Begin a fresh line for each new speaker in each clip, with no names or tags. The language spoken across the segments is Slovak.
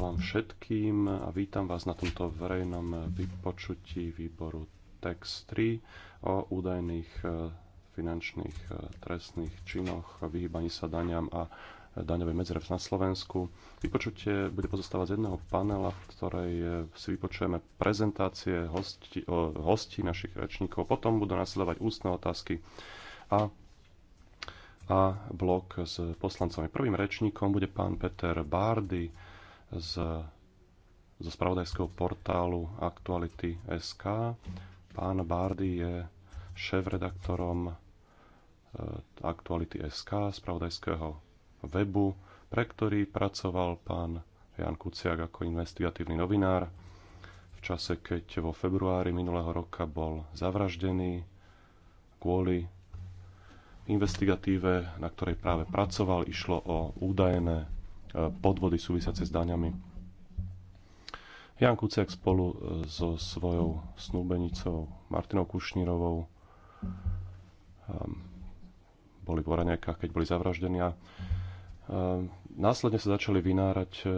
želám všetkým a vítam vás na tomto verejnom vypočutí výboru TEX 3 o údajných e, finančných e, trestných činoch, vyhýbaní sa daňam a daňovej medzere na Slovensku. Vypočutie bude pozostávať z jedného panela, v ktorej e, si vypočujeme prezentácie hosti, hostí našich rečníkov. Potom budú nasledovať ústne otázky a, a blok s poslancami. Prvým rečníkom bude pán Peter Bárdy, z, zo spravodajského portálu Aktuality.sk. Pán Bardy je šéf-redaktorom e, Aktuality.sk, spravodajského webu, pre ktorý pracoval pán Jan Kuciak ako investigatívny novinár v čase, keď vo februári minulého roka bol zavraždený kvôli investigatíve, na ktorej práve pracoval, išlo o údajné E, podvody súvisiace s daňami. Jan Kuciak spolu e, so svojou snúbenicou Martinou Kušnírovou e, boli v Oraňajkách, keď boli zavraždení a následne sa začali vynárať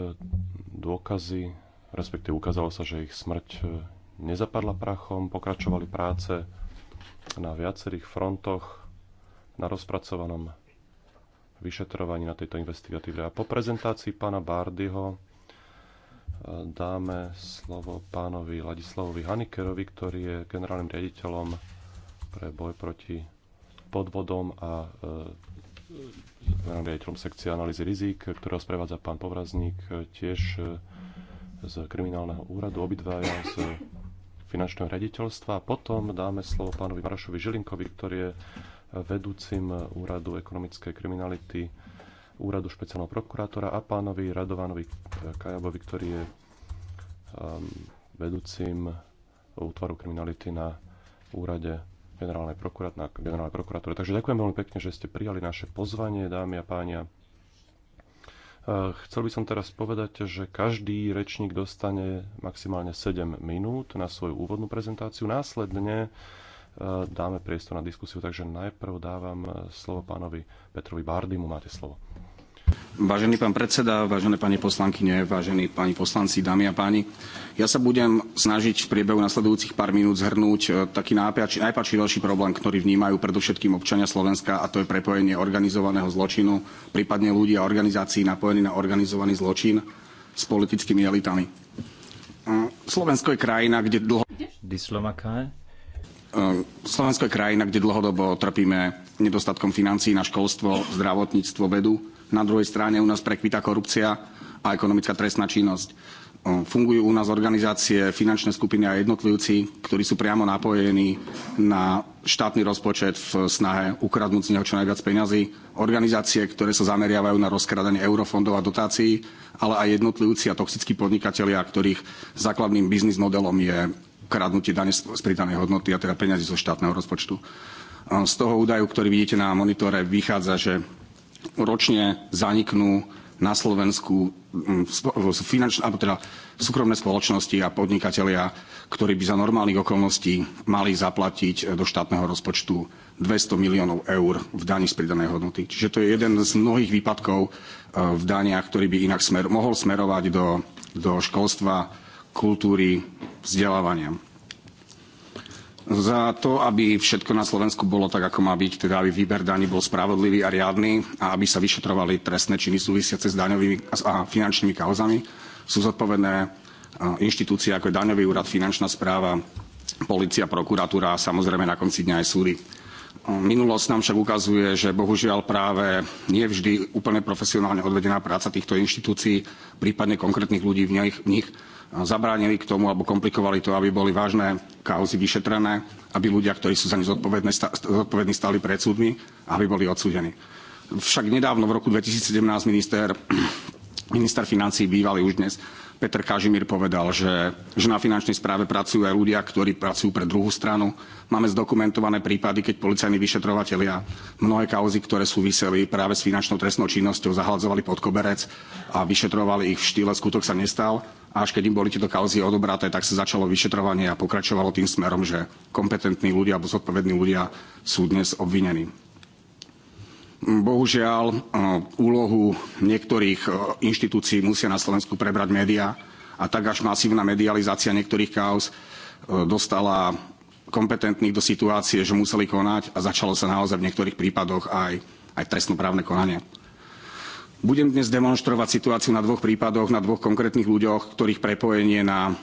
dôkazy, respektíve ukázalo sa, že ich smrť nezapadla prachom, pokračovali práce na viacerých frontoch na rozpracovanom vyšetrovaní na tejto investigatíve. A po prezentácii pána Bardyho e, dáme slovo pánovi Ladislavovi Hanikerovi, ktorý je generálnym riaditeľom pre boj proti podvodom a e, generálnym riaditeľom sekcie analýzy rizík, ktorého sprevádza pán Povrazník, e, tiež z kriminálneho úradu, obidvaja z finančného riaditeľstva. Potom dáme slovo pánovi Marašovi Žilinkovi, ktorý je vedúcim úradu ekonomickej kriminality úradu špeciálneho prokurátora a pánovi Radovanovi Kajabovi, ktorý je um, vedúcim útvaru kriminality na úrade generálnej, prokurát, na generálnej prokuratúre. Takže ďakujem veľmi pekne, že ste prijali naše pozvanie, dámy a páni. Uh, chcel by som teraz povedať, že každý rečník dostane maximálne 7 minút na svoju úvodnú prezentáciu. Následne Eh, dáme priestor na diskusiu, takže najprv dávam eh, slovo pánovi Petrovi Bardimu. Máte slovo.
Vážený pán predseda, vážené pani poslankyne, vážení pani poslanci, dámy a páni, ja sa budem snažiť v priebehu nasledujúcich pár minút zhrnúť eh, taký najpáčivejší problém, ktorý vnímajú predovšetkým občania Slovenska, a to je prepojenie organizovaného zločinu, prípadne ľudí a organizácií napojení na organizovaný zločin s politickými elitami. Slovensko je krajina, kde dlho...
Dislomaka
E, Slovensko je krajina, kde dlhodobo trpíme nedostatkom financií na školstvo, zdravotníctvo, vedu. Na druhej strane u nás prekvita korupcia a ekonomická trestná činnosť. E, Fungujú u nás organizácie, finančné skupiny a jednotlivci, ktorí sú priamo napojení na štátny rozpočet v snahe ukradnúť z neho čo najviac peňazí. Organizácie, ktoré sa zameriavajú na rozkradanie eurofondov a dotácií, ale aj jednotlivci a toxickí podnikatelia, ktorých základným biznis modelom je kradnutie dane z pridanej hodnoty a teda peňazí zo štátneho rozpočtu. Z toho údaju, ktorý vidíte na monitore, vychádza, že ročne zaniknú na Slovensku mm, finančné, alebo teda súkromné spoločnosti a podnikatelia, ktorí by za normálnych okolností mali zaplatiť e, do štátneho rozpočtu 200 miliónov eur v daní z pridanej hodnoty. Čiže to je jeden z mnohých výpadkov e, v daniach, ktorý by inak smer, mohol smerovať do, do školstva, kultúry, vzdelávania. Za to, aby všetko na Slovensku bolo tak, ako má byť, teda aby výber daní bol spravodlivý a riadny a aby sa vyšetrovali trestné činy súvisiace s daňovými a finančnými kauzami, sú zodpovedné e, inštitúcie ako je daňový úrad, finančná správa, policia, prokuratúra a samozrejme na konci dňa aj súdy. E, minulosť nám však ukazuje, že bohužiaľ práve nie vždy úplne profesionálne odvedená práca týchto inštitúcií, prípadne konkrétnych ľudí v nich, v nich zabránili k tomu alebo komplikovali to, aby boli vážne kauzy vyšetrené, aby ľudia, ktorí sú za ne zodpovední, stali pred súdmi a aby boli odsúdení. Však nedávno v roku 2017 minister, minister financí bývalý už dnes Peter Kažimír povedal, že, že na finančnej správe pracujú aj ľudia, ktorí pracujú pre druhú stranu. Máme zdokumentované prípady, keď policajní vyšetrovatelia mnohé kauzy, ktoré súviseli práve s finančnou trestnou činnosťou, zahladzovali pod koberec a vyšetrovali ich v štýle skutok sa nestal až keď im boli tieto kauzy odobraté, tak sa začalo vyšetrovanie a pokračovalo tým smerom, že kompetentní ľudia alebo zodpovední ľudia sú dnes obvinení. Bohužiaľ, eh, úlohu niektorých eh, inštitúcií musia na Slovensku prebrať médiá a tak až masívna medializácia niektorých kauz eh, dostala kompetentných do situácie, že museli konať a začalo sa naozaj v niektorých prípadoch aj, aj trestnoprávne konanie. Budem dnes demonštrovať situáciu na dvoch prípadoch, na dvoch konkrétnych ľuďoch, ktorých prepojenie na,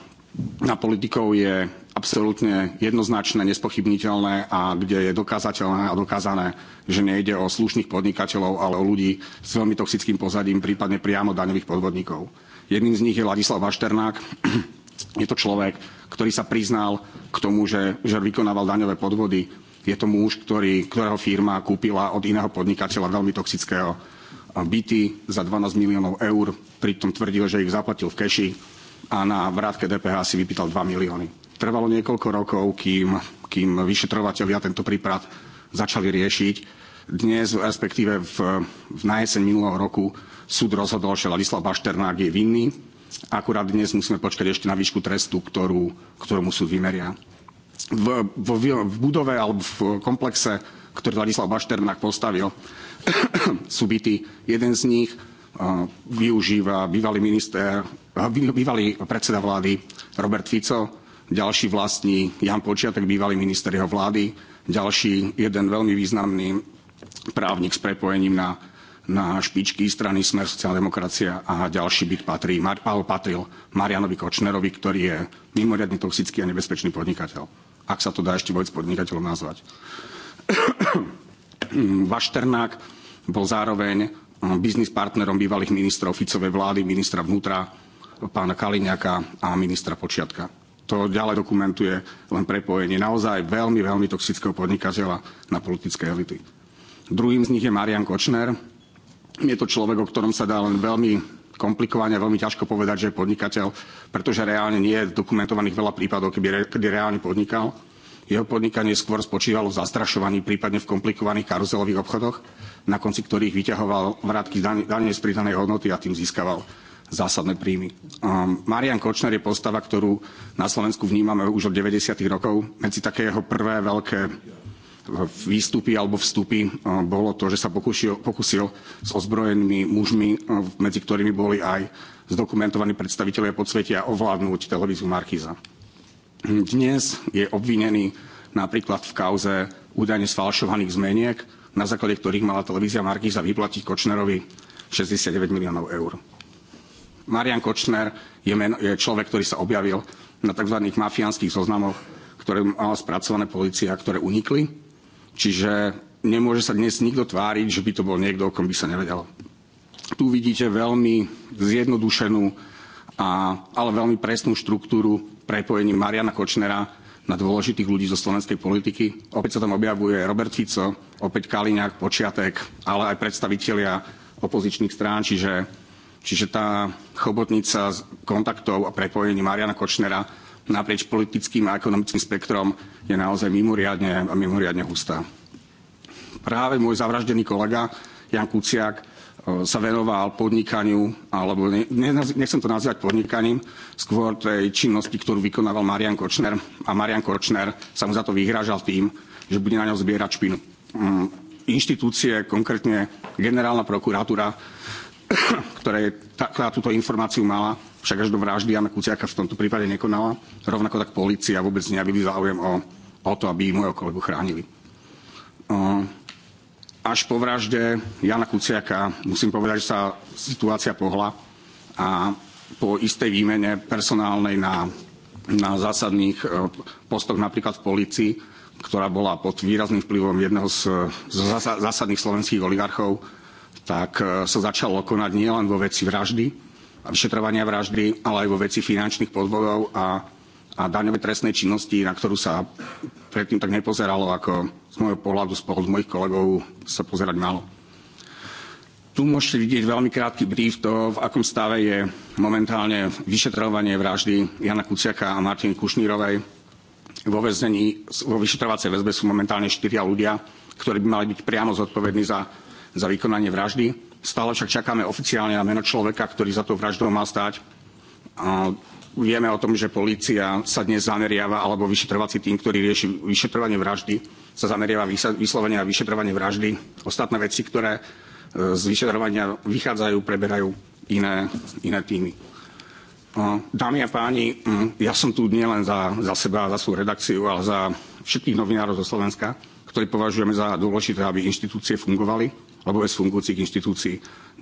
na politikov je absolútne jednoznačné, nespochybniteľné a kde je dokázateľné a dokázané, že nejde o slušných podnikateľov, ale o ľudí s veľmi toxickým pozadím, prípadne priamo daňových podvodníkov. Jedným z nich je Ladislav Vašternák. Je to človek, ktorý sa priznal k tomu, že, že vykonával daňové podvody. Je to muž, ktorý, ktorého firma kúpila od iného podnikateľa veľmi toxického byty za 12 miliónov eur, pritom tvrdil, že ich zaplatil v keši a na vrátke DPH si vypýtal 2 milióny. Trvalo niekoľko rokov, kým, kým vyšetrovateľia tento prípad začali riešiť. Dnes, respektíve v, v na jeseň minulého roku, súd rozhodol, že Ladislav Bašternák je vinný. Akurát dnes musíme počkať ešte na výšku trestu, ktorú, ktorú mu súd vymeria. V, v, v budove alebo v komplexe ktoré Ladislav Bašternák postavil, sú byty. Jeden z nich využíva bývalý, minister, bývalý predseda vlády Robert Fico, ďalší vlastní Jan Počiatek, bývalý minister jeho vlády, ďalší jeden veľmi významný právnik s prepojením na, na špičky strany Smer sociálna demokracia a ďalší byt patrí, Mar, patril Marianovi Kočnerovi, ktorý je mimoriadne toxický a nebezpečný podnikateľ. Ak sa to dá ešte vôbec podnikateľom nazvať. Hm, Vašternák bol zároveň hm, biznis partnerom bývalých ministrov Ficovej vlády, ministra vnútra pána Kaliňaka a ministra Počiatka. To ďalej dokumentuje len prepojenie naozaj veľmi, veľmi toxického podnikateľa na politické elity. Druhým z nich je Marian Kočner. Je to človek, o ktorom sa dá len veľmi komplikovane, veľmi ťažko povedať, že je podnikateľ, pretože reálne nie je dokumentovaných veľa prípadov, keby, re, kedy reálne podnikal. Jeho podnikanie skôr spočívalo v zastrašovaní, prípadne v komplikovaných karuzelových obchodoch, na konci ktorých vyťahoval vrátky dane z pridanej hodnoty a tým získaval zásadné príjmy. Um, Marian Kočner je postava, ktorú na Slovensku vnímame už od 90. rokov. Medzi také jeho prvé veľké eh, výstupy alebo vstupy eh, bolo to, že sa pokusil, pokusil s ozbrojenými mužmi, eh, medzi ktorými boli aj zdokumentovaní predstavitelia podsvetia, ovládnuť televíziu Markíza. Dnes je obvinený napríklad v kauze údajne sfalšovaných zmeniek, na základe ktorých mala televízia Markíza vyplatiť Kočnerovi 69 miliónov eur. Marian Kočner je, men, je človek, ktorý sa objavil na tzv. mafiánskych zoznamoch, ktoré mala spracované policia, ktoré unikli. Čiže nemôže sa dnes nikto tváriť, že by to bol niekto, o kom by sa nevedelo. Tu vidíte veľmi zjednodušenú, a, ale veľmi presnú štruktúru prepojením Mariana Kočnera na dôležitých ľudí zo slovenskej politiky. Opäť sa tam objavuje Robert Fico, opäť Kaliňák, Počiatek, ale aj predstavitelia opozičných strán, čiže, čiže tá chobotnica kontaktov a prepojení Mariana Kočnera naprieč politickým a ekonomickým spektrom je naozaj mimoriadne, mimoriadne hustá. Práve môj zavraždený kolega Jan Kuciak Eh, sa venoval podnikaniu, alebo ne, nechcem to nazývať podnikaním, skôr tej činnosti, ktorú vykonával Marian Kočner. A Marian Kočner sa mu za to vyhrážal tým, že bude na ňo zbierať špinu. Mm, inštitúcie, konkrétne generálna prokuratúra, ktorá túto informáciu mala, však až do vraždy Jana Kuciaka v tomto prípade nekonala, rovnako tak polícia vôbec nejavili záujem o, o to, aby môjho kolegu chránili. Mm, až po vražde Jana Kuciaka musím povedať, že sa situácia pohla a po istej výmene personálnej na, na zásadných e, postoch napríklad v polícii, ktorá bola pod výrazným vplyvom jedného z, z zásadných slovenských oligarchov, tak e, sa začalo konať nielen vo veci vraždy, vyšetrovania vraždy, ale aj vo veci finančných podvodov a a daňové trestnej činnosti, na ktorú sa predtým tak nepozeralo, ako z môjho pohľadu spolu z mojich kolegov sa pozerať malo. Tu môžete vidieť veľmi krátky brief toho, v akom stave je momentálne vyšetrovanie vraždy Jana Kuciaka a Martiny Kušnírovej. Vo, väznení, vo vyšetrovacej väzbe sú momentálne štyria ľudia, ktorí by mali byť priamo zodpovední za, za vykonanie vraždy. Stále však čakáme oficiálne na meno človeka, ktorý za tou vraždou má stáť. A vieme o tom, že polícia sa dnes zameriava, alebo vyšetrovací tým, ktorý rieši vyšetrovanie vraždy, sa zameriava vyslovene na vyšetrovanie vraždy. Ostatné veci, ktoré e, z vyšetrovania vychádzajú, preberajú iné, iné týmy. No, dámy a páni, mm, ja som tu nielen za, za seba, za svoju redakciu, ale za všetkých novinárov zo Slovenska, ktorí považujeme za dôležité, aby inštitúcie fungovali, lebo bez fungujúcich inštitúcií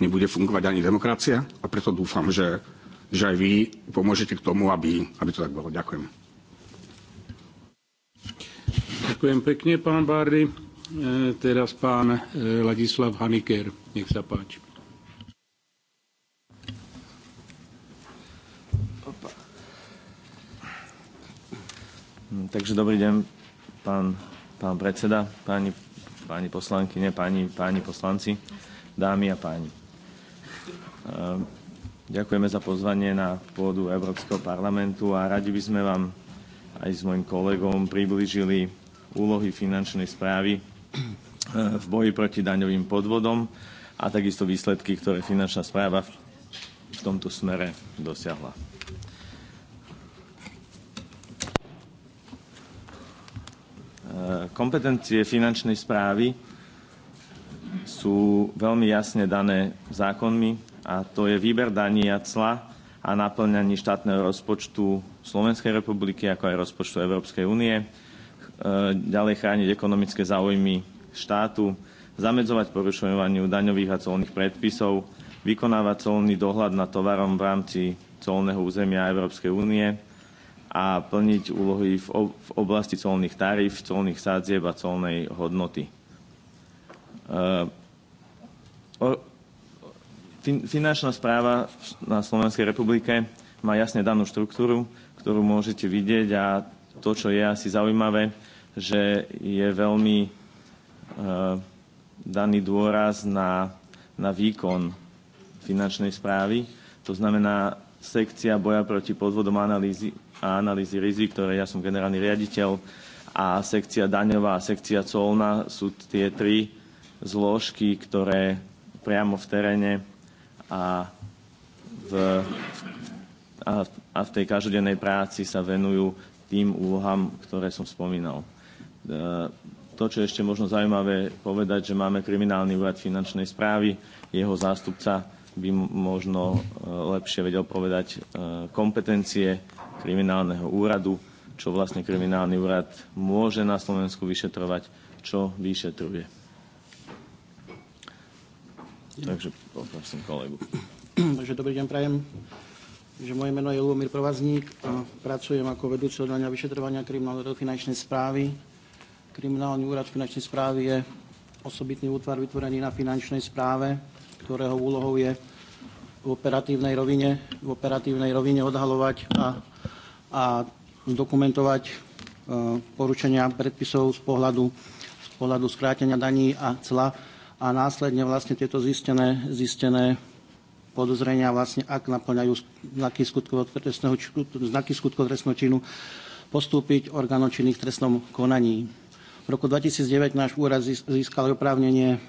nebude fungovať ani demokracia a preto dúfam, že že aj vy pomôžete k tomu, aby, aby to tak bolo. Ďakujem.
Ďakujem pekne, pán Bárdy. E, teraz pán e, Ladislav Haniker.
Nech sa páči. Opa. Hm, takže dobrý deň, pán, pán predseda, páni, páni poslanky, ne, páni, páni poslanci, dámy a páni. E, Ďakujeme za pozvanie na pôdu Európskeho parlamentu a radi by sme vám aj s mojim kolegom priblížili úlohy finančnej správy eh, v boji proti daňovým podvodom a takisto výsledky, ktoré finančná správa v tomto smere dosiahla. Eh, kompetencie finančnej správy sú veľmi jasne dané zákonmi, a to je výber daní a cla a naplňaní štátneho rozpočtu Slovenskej republiky, ako aj rozpočtu Európskej únie, e, ďalej chrániť ekonomické záujmy štátu, zamedzovať porušovaniu daňových a colných predpisov, vykonávať colný dohľad nad tovarom v rámci colného územia Európskej únie a plniť úlohy v oblasti colných tarif, colných sádzieb a colnej hodnoty. E, Finančná správa na Slovenskej republike má jasne danú štruktúru, ktorú môžete vidieť a to, čo je asi zaujímavé, že je veľmi e, daný dôraz na, na výkon finančnej správy. To znamená, sekcia boja proti podvodom analýzy a analýzy rizik, ktoré ja som generálny riaditeľ, a sekcia daňová a sekcia colná sú tie tri zložky, ktoré priamo v teréne a v, a, a v tej každodennej práci sa venujú tým úlohám, ktoré som spomínal. E, to, čo je ešte možno zaujímavé povedať, že máme kriminálny úrad finančnej správy, jeho zástupca by možno e, lepšie vedel povedať e, kompetencie kriminálneho úradu, čo vlastne kriminálny úrad môže na Slovensku vyšetrovať, čo vyšetruje. Takže poprosím kolegu.
Takže dobrý deň prajem. Že moje meno je Lubomír Provazník a pracujem ako vedúci oddelenia vyšetrovania kriminálneho finančnej správy. Kriminálny úrad finančnej správy je osobitný útvar vytvorený na finančnej správe, ktorého úlohou je v operatívnej rovine, v operatívnej rovine odhalovať a, a dokumentovať e, poručenia predpisov z pohľadu, z pohľadu skrátenia daní a cla a následne vlastne tieto zistené, zistené podozrenia, vlastne ak naplňajú znaky skutkov trestného, znaky skutkov trestného činu, postúpiť orgánom činných trestnom konaní. V roku 2009 náš úrad získal oprávnenie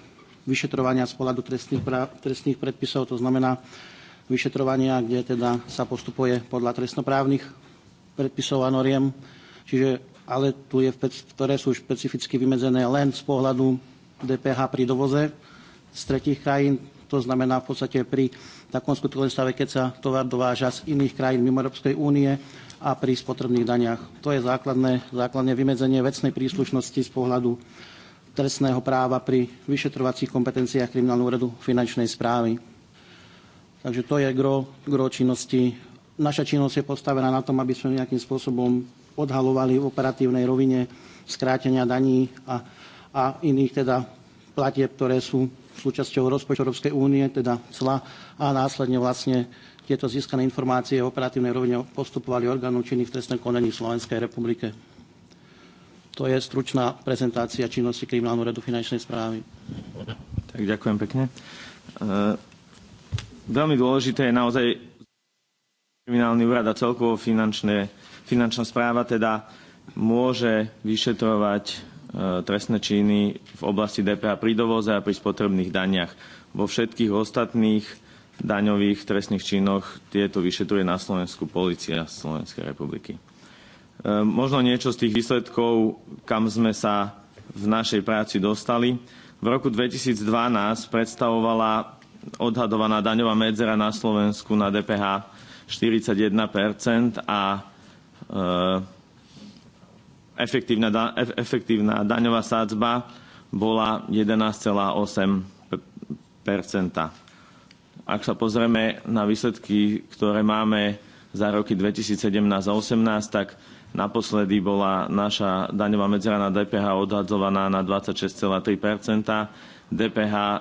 vyšetrovania z pohľadu trestných, práv, trestných predpisov, to znamená vyšetrovania, kde teda sa postupuje podľa trestnoprávnych predpisov a noriem, čiže ale tu je, ktoré sú špecificky vymedzené len z pohľadu DPH pri dovoze z tretich krajín. To znamená v podstate pri takom skutkovom stave, keď sa tovar dováža z iných krajín mimo Európskej únie a pri spotrebných daniach. To je základné, základné vymedzenie vecnej príslušnosti z pohľadu trestného práva pri vyšetrovacích kompetenciách Kriminálnu úradu finančnej správy. Takže to je gro, gro činnosti. Naša činnosť je postavená na tom, aby sme nejakým spôsobom odhalovali v operatívnej rovine skrátenia daní a a iných teda platieb, ktoré sú súčasťou rozpočtu Európskej únie, teda cla a následne vlastne tieto získané informácie o operatívnej rovine postupovali orgánom činných v trestnom konaní v Slovenskej republike. To je stručná prezentácia činnosti Kriminálneho radu finančnej správy.
Tak ďakujem pekne. E, veľmi dôležité je naozaj kriminálny úrad a celkovo finančné, finančná správa teda môže vyšetrovať E, trestné činy v oblasti DPH pri dovoze a pri spotrebných daniach. Vo všetkých ostatných daňových trestných činoch tieto vyšetruje na Slovensku policia Slovenskej republiky. E, možno niečo z tých výsledkov, kam sme sa v našej práci dostali. V roku 2012 predstavovala odhadovaná daňová medzera na Slovensku na DPH 41 a e, efektívna, efektívna daňová sádzba bola 11,8 ak sa pozrieme na výsledky, ktoré máme za roky 2017 a 2018, tak naposledy bola naša daňová medzera na DPH odhadzovaná na 26,3 DPH e,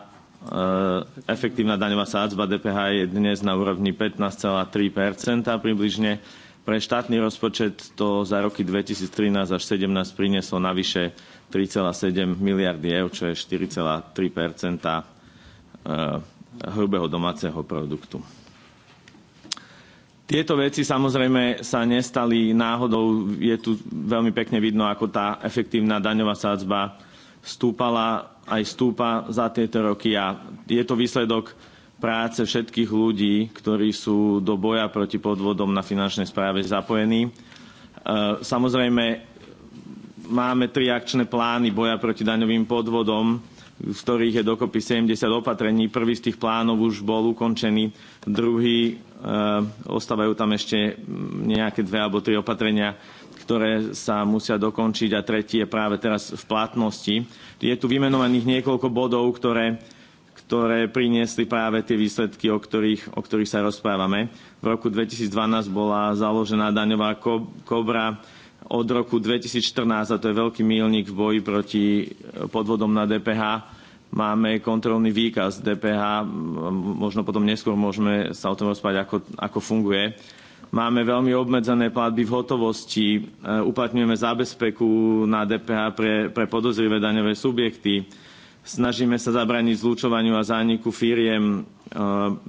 efektívna daňová sádzba DPH je dnes na úrovni 15,3 približne pre štátny rozpočet to za roky 2013 až 2017 prinieslo navyše 3,7 miliardy eur, čo je 4,3 e, hrubého domáceho produktu. Tieto veci samozrejme sa nestali náhodou. Je tu veľmi pekne vidno, ako tá efektívna daňová sádzba stúpala aj stúpa za tieto roky a je to výsledok práce všetkých ľudí, ktorí sú do boja proti podvodom na finančnej správe zapojení. E, samozrejme, máme tri akčné plány boja proti daňovým podvodom, z ktorých je dokopy 70 opatrení. Prvý z tých plánov už bol ukončený, druhý, e, ostávajú tam ešte nejaké dve alebo tri opatrenia, ktoré sa musia dokončiť a tretí je práve teraz v platnosti. Je tu vymenovaných niekoľko bodov, ktoré ktoré priniesli práve tie výsledky, o ktorých, o ktorých sa rozprávame. V roku 2012 bola založená daňová kobra od roku 2014, a to je veľký mílnik v boji proti e, podvodom na DPH, máme kontrolný výkaz DPH, možno potom neskôr môžeme sa o tom rozprávať, ako, ako funguje. Máme veľmi obmedzené platby v hotovosti, e, uplatňujeme zábezpeku na DPH pre, pre podozrivé daňové subjekty, Snažíme sa zabraniť zlúčovaniu a zániku firiem. E,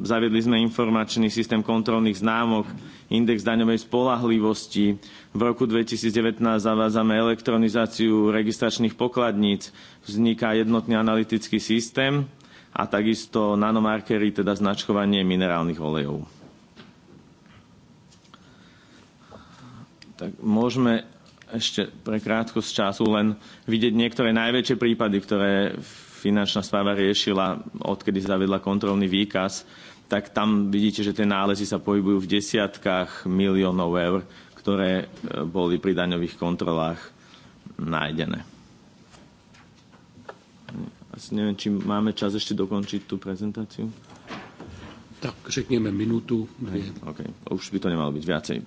zaviedli sme informačný systém kontrolných známok, index daňovej spolahlivosti. V roku 2019 zavádzame elektronizáciu registračných pokladníc. Vzniká jednotný analytický systém a takisto nanomarkery, teda značkovanie minerálnych olejov. Tak môžeme ešte pre krátkosť času len vidieť niektoré najväčšie prípady, ktoré v finančná správa riešila, odkedy zavedla kontrolný výkaz, tak tam vidíte, že tie nálezy sa pohybujú v desiatkách miliónov eur, ktoré e, boli pri daňových kontrolách nájdené. Asi neviem, či máme čas ešte dokončiť tú prezentáciu. Tak, řekneme minútu. Dvě. Okay. Už by to nemalo byť viacej.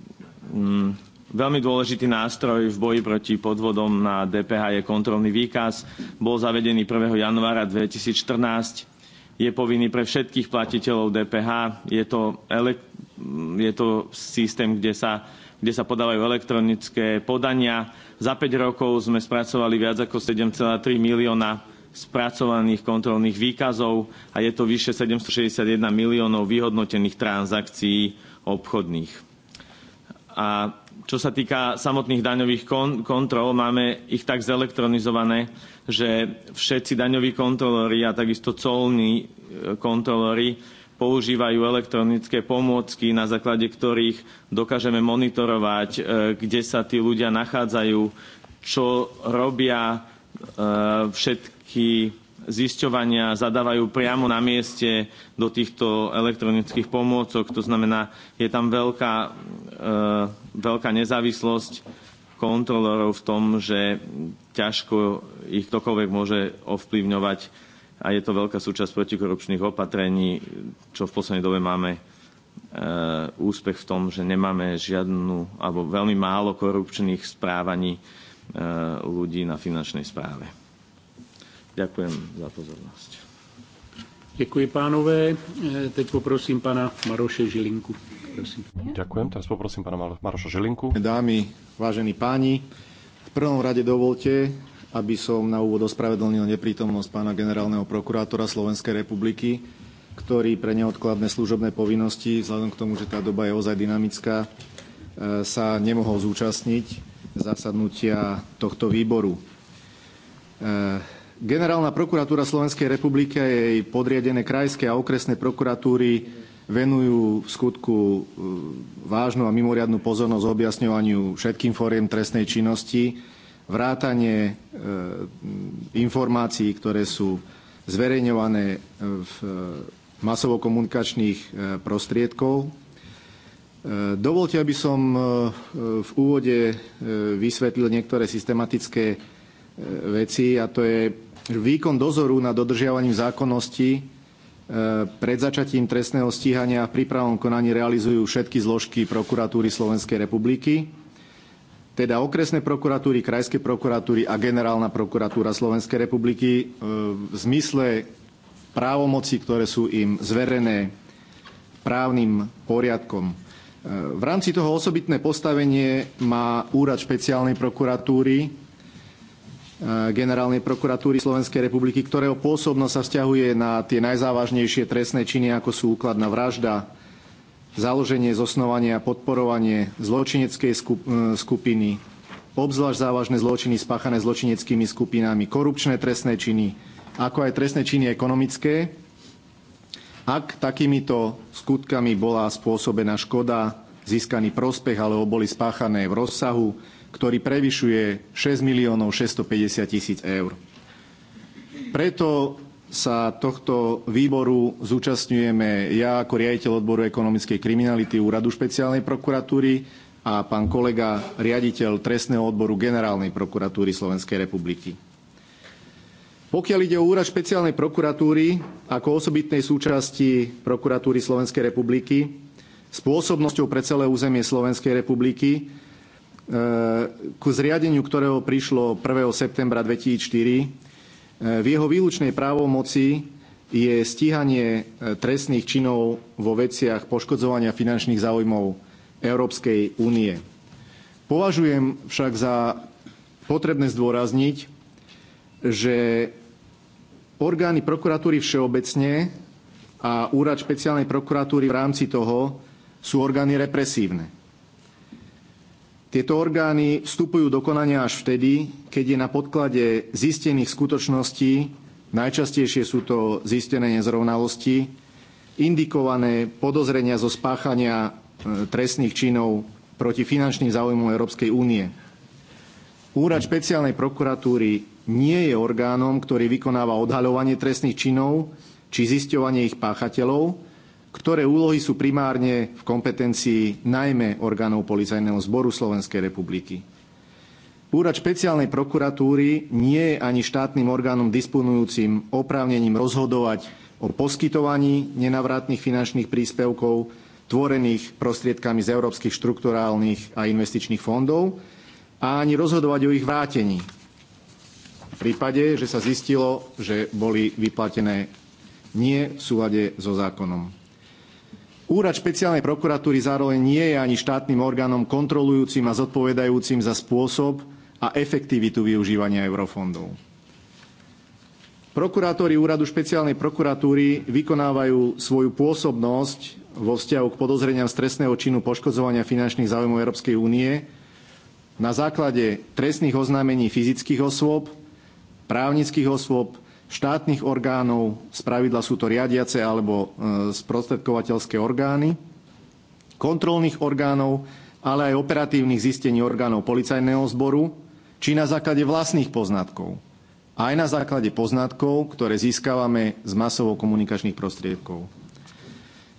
Mm. Veľmi dôležitý nástroj v boji proti podvodom na DPH je kontrolný výkaz. Bol zavedený 1. januára 2014. Je povinný pre všetkých platiteľov DPH. Je to, je to systém, kde sa, kde sa podávajú elektronické podania. Za 5 rokov sme spracovali viac ako 7,3 milióna spracovaných kontrolných výkazov a je to vyše 761 miliónov vyhodnotených transakcií obchodných. A čo sa týka samotných daňových kon- kontrol, máme ich tak zelektronizované, že všetci daňoví kontrolóri a takisto colní e, kontrolóri používajú elektronické pomôcky, na základe ktorých dokážeme monitorovať, e, kde sa tí ľudia nachádzajú, čo robia e, všetky zisťovania zadávajú priamo na mieste do týchto elektronických pomôcok. To znamená, je tam veľká, e, veľká nezávislosť kontrolorov v tom, že ťažko ich ktokoľvek môže ovplyvňovať a je to veľká súčasť protikorupčných opatrení, čo v poslednej dobe máme e, úspech v tom, že nemáme žiadnu alebo veľmi málo korupčných správaní e, ľudí na finančnej správe. Ďakujem za pozornosť.
Ďakujem pánové. Eh, teď poprosím pána Maroše Žilinku. Prosím. Ďakujem. Teraz poprosím pána Maroša Žilinku. Dámy, vážení páni, v prvom rade dovolte, aby som na úvod ospravedlnil neprítomnosť pána generálneho prokurátora Slovenskej republiky, ktorý pre neodkladné služobné povinnosti, vzhľadom k tomu, že tá doba je ozaj dynamická, eh, sa nemohol zúčastniť zasadnutia tohto výboru. Eh, Generálna prokuratúra Slovenskej republiky a jej podriadené krajské a okresné prokuratúry venujú v skutku e, vážnu a mimoriadnú pozornosť objasňovaniu všetkým fóriem trestnej činnosti, vrátanie e, informácií, ktoré sú zverejňované e, v masovo-komunikačných prostriedkov. Dovolte, aby som v úvode vysvetlil niektoré systematické veci a to je Výkon dozoru nad dodržiavaním zákonnosti e, pred začatím trestného stíhania a v prípravnom konaní realizujú všetky zložky prokuratúry Slovenskej republiky, teda okresné prokuratúry, krajské prokuratúry a generálna prokuratúra Slovenskej republiky e, v zmysle právomoci, ktoré sú im zverené právnym poriadkom. E, v rámci toho osobitné postavenie má úrad špeciálnej prokuratúry, Eh, generálnej prokuratúry Slovenskej republiky, ktorého pôsobnosť sa vzťahuje na tie najzávažnejšie trestné činy, ako sú úkladná vražda, založenie, zosnovanie a podporovanie zločineckej eh, skupiny, obzvlášť závažné zločiny spáchané zločineckými skupinami, korupčné trestné činy, ako aj trestné činy ekonomické, ak takýmito skutkami bola spôsobená škoda, získaný prospech alebo boli spáchané v rozsahu, ktorý prevyšuje 6 miliónov 650 tisíc eur. Preto sa tohto výboru zúčastňujeme ja ako riaditeľ odboru ekonomickej kriminality Úradu špeciálnej prokuratúry a pán kolega riaditeľ trestného odboru Generálnej prokuratúry Slovenskej republiky. Pokiaľ ide o Úrad špeciálnej prokuratúry ako osobitnej súčasti prokuratúry Slovenskej republiky, s pôsobnosťou pre celé územie Slovenskej republiky E, ku zriadeniu ktorého prišlo 1. septembra 2004. E, v jeho výlučnej právomoci je stíhanie e, trestných činov vo veciach poškodzovania finančných záujmov Európskej únie. Považujem však za potrebné zdôrazniť, že orgány prokuratúry všeobecne a úrad špeciálnej prokuratúry v rámci toho sú orgány represívne tieto orgány vstupujú do konania až vtedy, keď je na podklade zistených skutočností, najčastejšie sú to zistené nezrovnalosti, indikované podozrenia zo spáchania e, trestných činov proti finančným záujmom Európskej únie. Úrad špeciálnej prokuratúry nie je orgánom, ktorý vykonáva odhaľovanie trestných činov či zisťovanie ich páchateľov, ktoré úlohy sú primárne v kompetencii najmä orgánov Policajného zboru Slovenskej republiky. Úrad špeciálnej prokuratúry nie je ani štátnym orgánom disponujúcim oprávnením rozhodovať o poskytovaní nenavratných finančných príspevkov tvorených prostriedkami z európskych štrukturálnych a investičných fondov a ani rozhodovať o ich vrátení. V prípade, že sa zistilo, že boli vyplatené nie v súlade so zákonom. Úrad špeciálnej prokuratúry zároveň nie je ani štátnym orgánom kontrolujúcim a zodpovedajúcim za spôsob a efektivitu využívania eurofondov. Prokurátori Úradu špeciálnej prokuratúry vykonávajú svoju pôsobnosť vo vzťahu k podozreniam z trestného činu poškodzovania finančných záujmov Európskej únie na základe trestných oznámení fyzických osôb, právnických osôb, štátnych orgánov, spravidla sú to riadiace alebo e, sprostredkovateľské orgány, kontrolných orgánov, ale aj operatívnych zistení orgánov policajného zboru, či na základe vlastných poznatkov, aj na základe poznatkov, ktoré získavame z masovo komunikačných prostriedkov.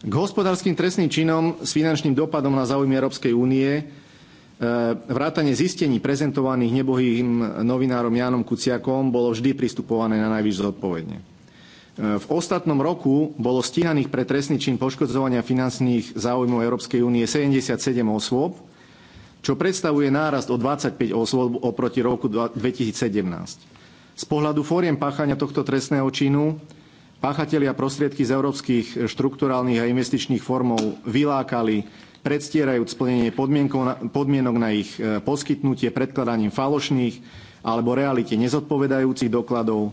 K hospodárskym trestným činom s finančným dopadom na záujmy Európskej únie E, vrátanie zistení prezentovaných nebohým novinárom Jánom Kuciakom bolo vždy pristupované na najvyššie zodpovedne. E, v ostatnom roku bolo stíhaných pre trestný čin poškodzovania finančných záujmov Európskej únie 77 osôb, čo predstavuje nárast o 25 osôb oproti roku 2017. Z pohľadu fóriem páchania tohto trestného činu páchatelia prostriedky z európskych štrukturálnych a investičných formov vylákali predstierajúc splnenie podmienok na ich e, poskytnutie predkladaním falošných alebo realite nezodpovedajúcich dokladov.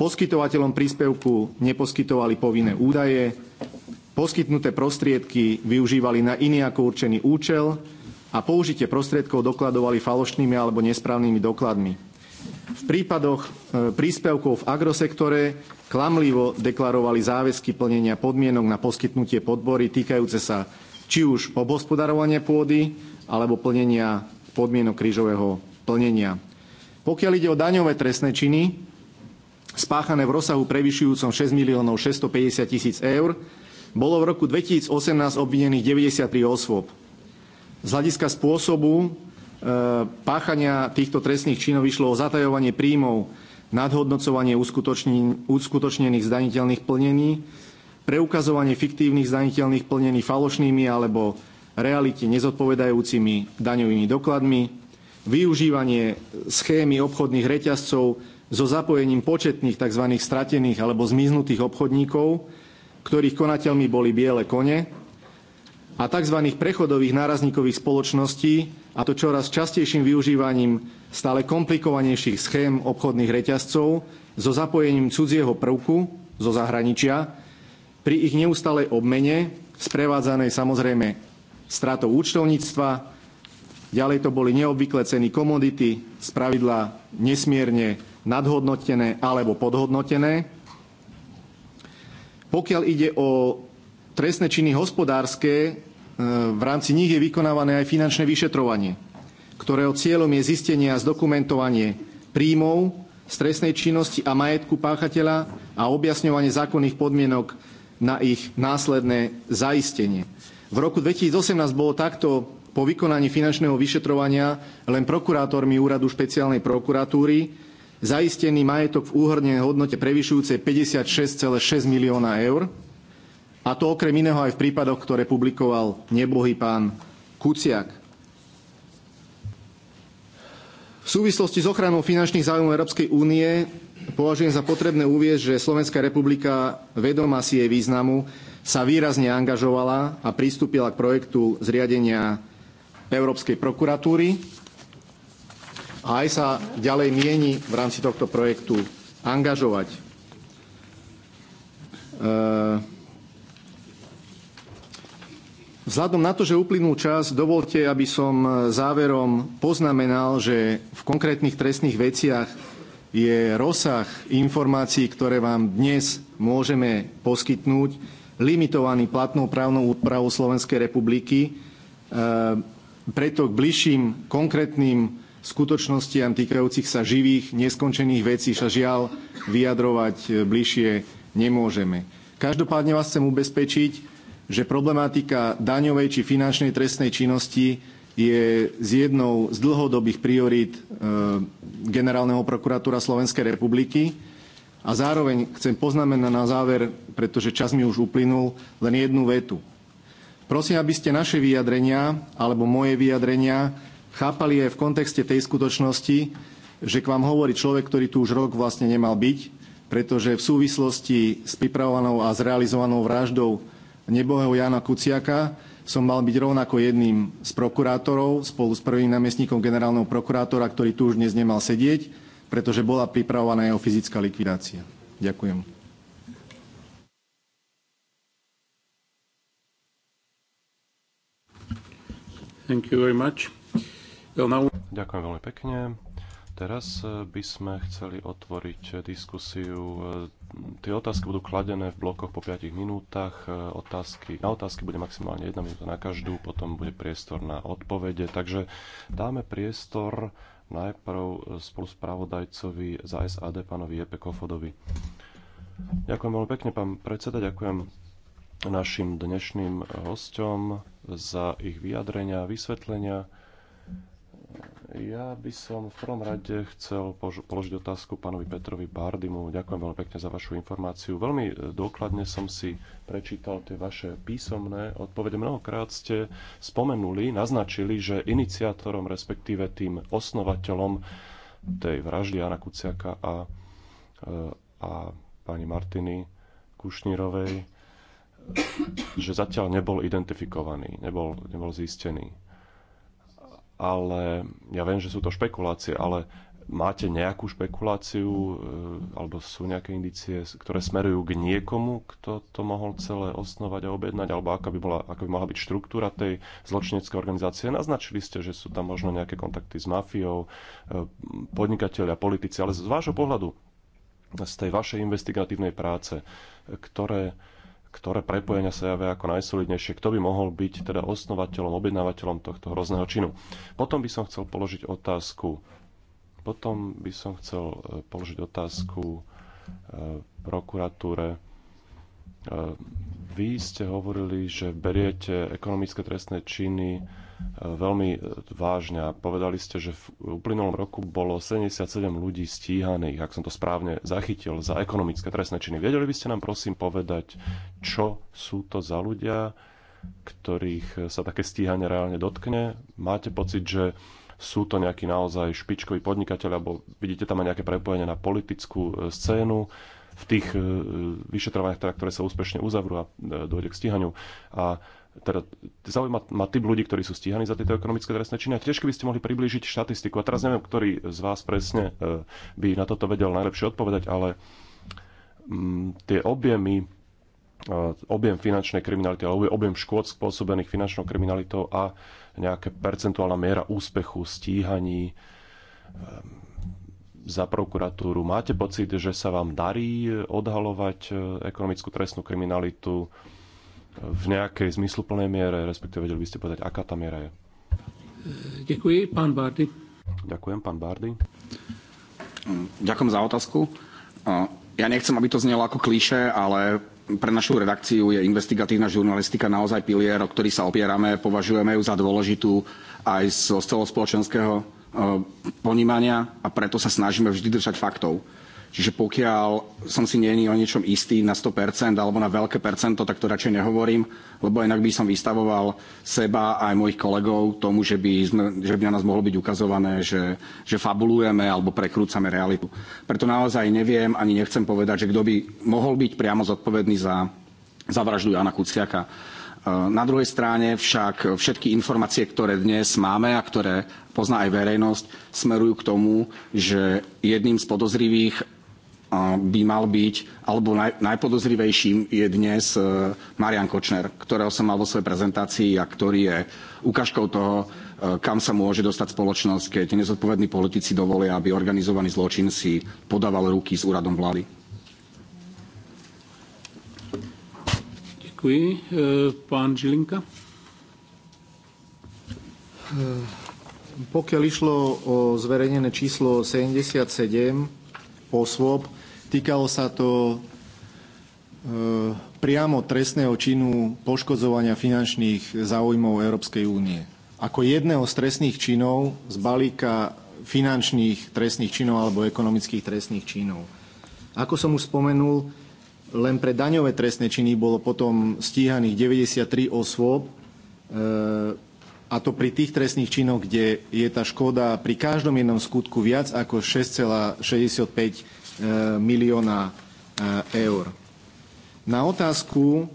Poskytovateľom príspevku neposkytovali povinné údaje, poskytnuté prostriedky využívali na iný ako určený účel a použitie prostriedkov dokladovali falošnými alebo nesprávnymi dokladmi. V prípadoch e, príspevkov v agrosektore klamlivo deklarovali záväzky plnenia podmienok na poskytnutie podpory týkajúce sa či už obhospodarovanie pôdy alebo plnenia podmienok krížového plnenia. Pokiaľ ide o daňové trestné činy, spáchané v rozsahu prevyšujúcom 6 miliónov 650 tisíc eur, bolo v roku 2018 obvinených 93 osôb. Z hľadiska spôsobu e, páchania týchto trestných činov išlo o zatajovanie príjmov, nadhodnocovanie uskutočnených zdaniteľných plnení, preukazovanie fiktívnych zdaniteľných plnení falošnými alebo realite nezodpovedajúcimi daňovými dokladmi, využívanie schémy obchodných reťazcov so zapojením početných tzv. stratených alebo zmiznutých obchodníkov, ktorých konateľmi boli biele kone, a tzv. prechodových nárazníkových spoločností, a to čoraz častejším využívaním stále komplikovanejších schém obchodných reťazcov so zapojením cudzieho prvku zo zahraničia, pri ich neustálej obmene, sprevádzanej samozrejme stratou účtovníctva. Ďalej to boli neobvyklé ceny komodity, spravidla nesmierne nadhodnotené alebo podhodnotené. Pokiaľ ide o trestné činy hospodárske, e, v rámci nich je vykonávané aj finančné vyšetrovanie, ktorého cieľom je zistenie a zdokumentovanie príjmov z trestnej činnosti a majetku páchateľa a objasňovanie zákonných podmienok na ich následné zaistenie. V roku 2018 bolo takto po vykonaní finančného vyšetrovania len prokurátormi úradu špeciálnej prokuratúry zaistený majetok v úhrnej hodnote prevyšujúcej 56,6 milióna eur, a to okrem iného aj v prípadoch, ktoré publikoval nebohý pán Kuciak. V súvislosti s ochranou finančných záujmov Európskej únie Považujem za potrebné uvieť, že Slovenská republika vedomá si jej významu sa výrazne angažovala a pristúpila k projektu zriadenia Európskej prokuratúry a aj sa ďalej mieni v rámci tohto projektu angažovať. E, vzhľadom na to, že uplynul čas, dovolte, aby som záverom poznamenal, že v konkrétnych trestných veciach je rozsah informácií, ktoré vám dnes môžeme poskytnúť, limitovaný platnou právnou úpravou Slovenskej republiky, e, preto k bližším konkrétnym skutočnostiam týkajúcich sa živých, neskončených vecí sa žiaľ vyjadrovať e, bližšie nemôžeme. Každopádne vás chcem ubezpečiť, že problematika daňovej či finančnej trestnej činnosti je z jednou z dlhodobých priorít e, generálneho prokuratúra Slovenskej republiky. A zároveň chcem poznamenať na záver, pretože čas mi už uplynul, len jednu vetu. Prosím, aby ste naše vyjadrenia, alebo moje vyjadrenia, chápali aj v kontexte tej skutočnosti, že k vám hovorí človek, ktorý tu už rok vlastne nemal byť, pretože v súvislosti s pripravovanou a zrealizovanou vraždou nebohého Jana Kuciaka som mal byť rovnako jedným z prokurátorov spolu s prvým námestníkom generálneho prokurátora, ktorý tu už dnes nemal sedieť, pretože bola pripravovaná jeho fyzická likvidácia. Ďakujem.
Thank you very much. Well, now... Ďakujem veľmi pekne. Teraz eh, by sme chceli otvoriť eh, diskusiu eh, tie otázky budú kladené v blokoch po 5 minútach. E, otázky, na otázky bude maximálne jedna minúta na každú, potom bude priestor na odpovede. Takže dáme priestor najprv spolu spravodajcovi za SAD, pánovi Jepe Kofodovi. Ďakujem veľmi pekne, pán predseda, ďakujem našim dnešným hosťom za ich vyjadrenia, a vysvetlenia. Ja by som v prvom rade chcel položiť otázku pánovi Petrovi Bardimu. Ďakujem veľmi pekne za vašu informáciu. Veľmi e, dôkladne som si prečítal tie vaše písomné odpovede. Mnohokrát ste spomenuli, naznačili, že iniciátorom, respektíve tým osnovateľom tej vraždy Jana Kuciaka a, e, a pani Martiny Kušnírovej, že zatiaľ nebol identifikovaný, nebol, nebol zistený ale ja viem, že sú to špekulácie, ale máte nejakú špekuláciu e, alebo sú nejaké indície, ktoré smerujú k niekomu, kto to mohol celé osnovať a objednať, alebo aká by, bola, aká by mohla byť štruktúra tej zločineckej organizácie. Naznačili ste, že sú tam možno nejaké kontakty s mafiou, e, podnikatelia, politici, ale z vášho pohľadu, z tej vašej investigatívnej práce, ktoré ktoré prepojenia sa javia ako najsolidnejšie, kto by mohol byť teda osnovateľom, objednávateľom tohto hrozného činu. Potom by som chcel položiť otázku, potom by som chcel e, položiť otázku e, prokuratúre. E, vy ste hovorili, že beriete ekonomické trestné činy veľmi e, vážne povedali ste, že v uplynulom roku bolo 77 ľudí stíhaných, ak som to správne zachytil, za ekonomické trestné činy. Vedeli by ste nám prosím povedať, čo sú to za ľudia, ktorých sa také stíhanie reálne dotkne? Máte pocit, že sú to nejakí naozaj špičkoví podnikateľi, alebo vidíte tam aj nejaké prepojenie na politickú e, scénu v tých e, vyšetrovaniach, ktoré sa úspešne uzavrú a dojde k stíhaniu. A teda zaujíma ma typ ľudí, ktorí sú stíhaní za tieto ekonomické trestné činy. A tiež keby ste mohli priblížiť štatistiku. A teraz neviem, ktorý z vás presne e, by na toto vedel najlepšie odpovedať, ale mm, tie objemy e, objem finančnej kriminality alebo objem škôd spôsobených finančnou kriminalitou a nejaká percentuálna miera úspechu, stíhaní e, za prokuratúru. Máte pocit, že sa vám darí odhalovať ekonomickú trestnú kriminalitu? v nejakej zmysluplnej miere, respektíve vedeli by ste povedať, aká tá miera je? Ďakujem, pán Bardy. Ďakujem, pán Bardy.
Ďakujem za otázku. Ja nechcem, aby to znelo ako klíše, ale pre našu redakciu je investigatívna žurnalistika naozaj pilier, o ktorý sa opierame, považujeme ju za dôležitú aj z celospoločenského e, ponímania a preto sa snažíme vždy držať faktov. Čiže pokiaľ som si není o niečom istý na 100% alebo na veľké percento, tak to radšej nehovorím, lebo inak by som vystavoval seba aj mojich kolegov tomu, že by, sme, že by na nás mohlo byť ukazované, že, že fabulujeme alebo prekrúcame realitu. Preto naozaj neviem ani nechcem povedať, že kto by mohol byť priamo zodpovedný za, za vraždu Jana Kuciaka. E, na druhej strane však všetky informácie, ktoré dnes máme a ktoré pozná aj verejnosť, smerujú k tomu, že jedným z podozrivých by mal byť, alebo naj, najpodozrivejším je dnes e, Marian Kočner, ktorého som mal vo svojej prezentácii a ktorý je ukážkou toho, e, kam sa môže dostať spoločnosť, keď nezodpovední politici dovolia, aby organizovaný zločin si podával ruky s úradom vlády.
Ďakujem. E, pán Žilinka. Pokiaľ išlo o zverejnené číslo 77, spôsob. Týkalo sa to e, priamo trestného činu poškodzovania finančných záujmov Európskej únie. Ako jedného z trestných činov z balíka finančných trestných činov alebo ekonomických trestných činov. Ako som už spomenul, len pre daňové trestné činy bolo potom stíhaných 93 osôb. E, a to pri tých trestných činoch, kde je tá škoda pri každom jednom skutku viac ako 6,65 e, milióna e, eur. Na otázku,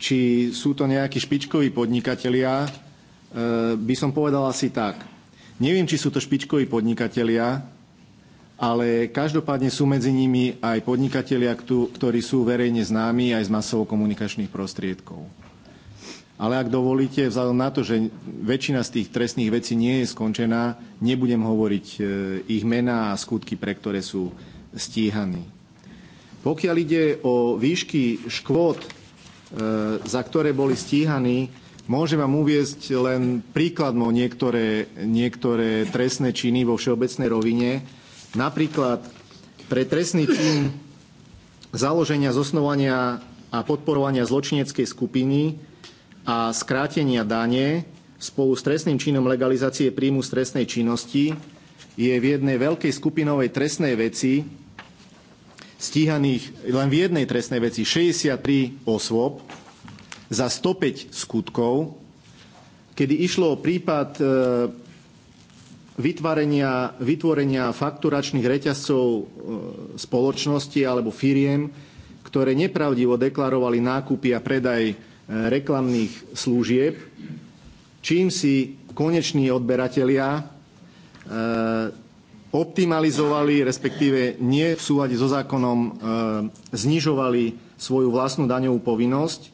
či sú to nejakí špičkoví podnikatelia, e, by som povedal asi tak. Neviem, či sú to špičkoví podnikatelia, ale každopádne sú medzi nimi aj podnikatelia, ktorí sú verejne známi aj z masovo komunikačných prostriedkov. Ale ak dovolíte, vzhľadom na to, že väčšina z tých trestných vecí nie je skončená, nebudem hovoriť e, ich mená a skutky, pre ktoré sú stíhaní. Pokiaľ ide o výšky škôd, e, za ktoré boli stíhaní, môžem vám uviezť len príkladmo niektoré, niektoré trestné činy vo všeobecnej rovine. Napríklad pre trestný čin založenia, zosnovania a podporovania zločineckej skupiny a skrátenia dane spolu s trestným činom legalizácie príjmu z trestnej činnosti je v jednej veľkej skupinovej trestnej veci stíhaných len v jednej trestnej veci 63 osôb za 105 skutkov, kedy išlo o prípad e, vytvorenia, vytvorenia fakturačných reťazcov e, spoločnosti alebo firiem, ktoré nepravdivo deklarovali nákupy a predaj reklamných služieb, čím si koneční odberatelia e, optimalizovali, respektíve nie v súlade so zákonom e, znižovali svoju vlastnú daňovú povinnosť.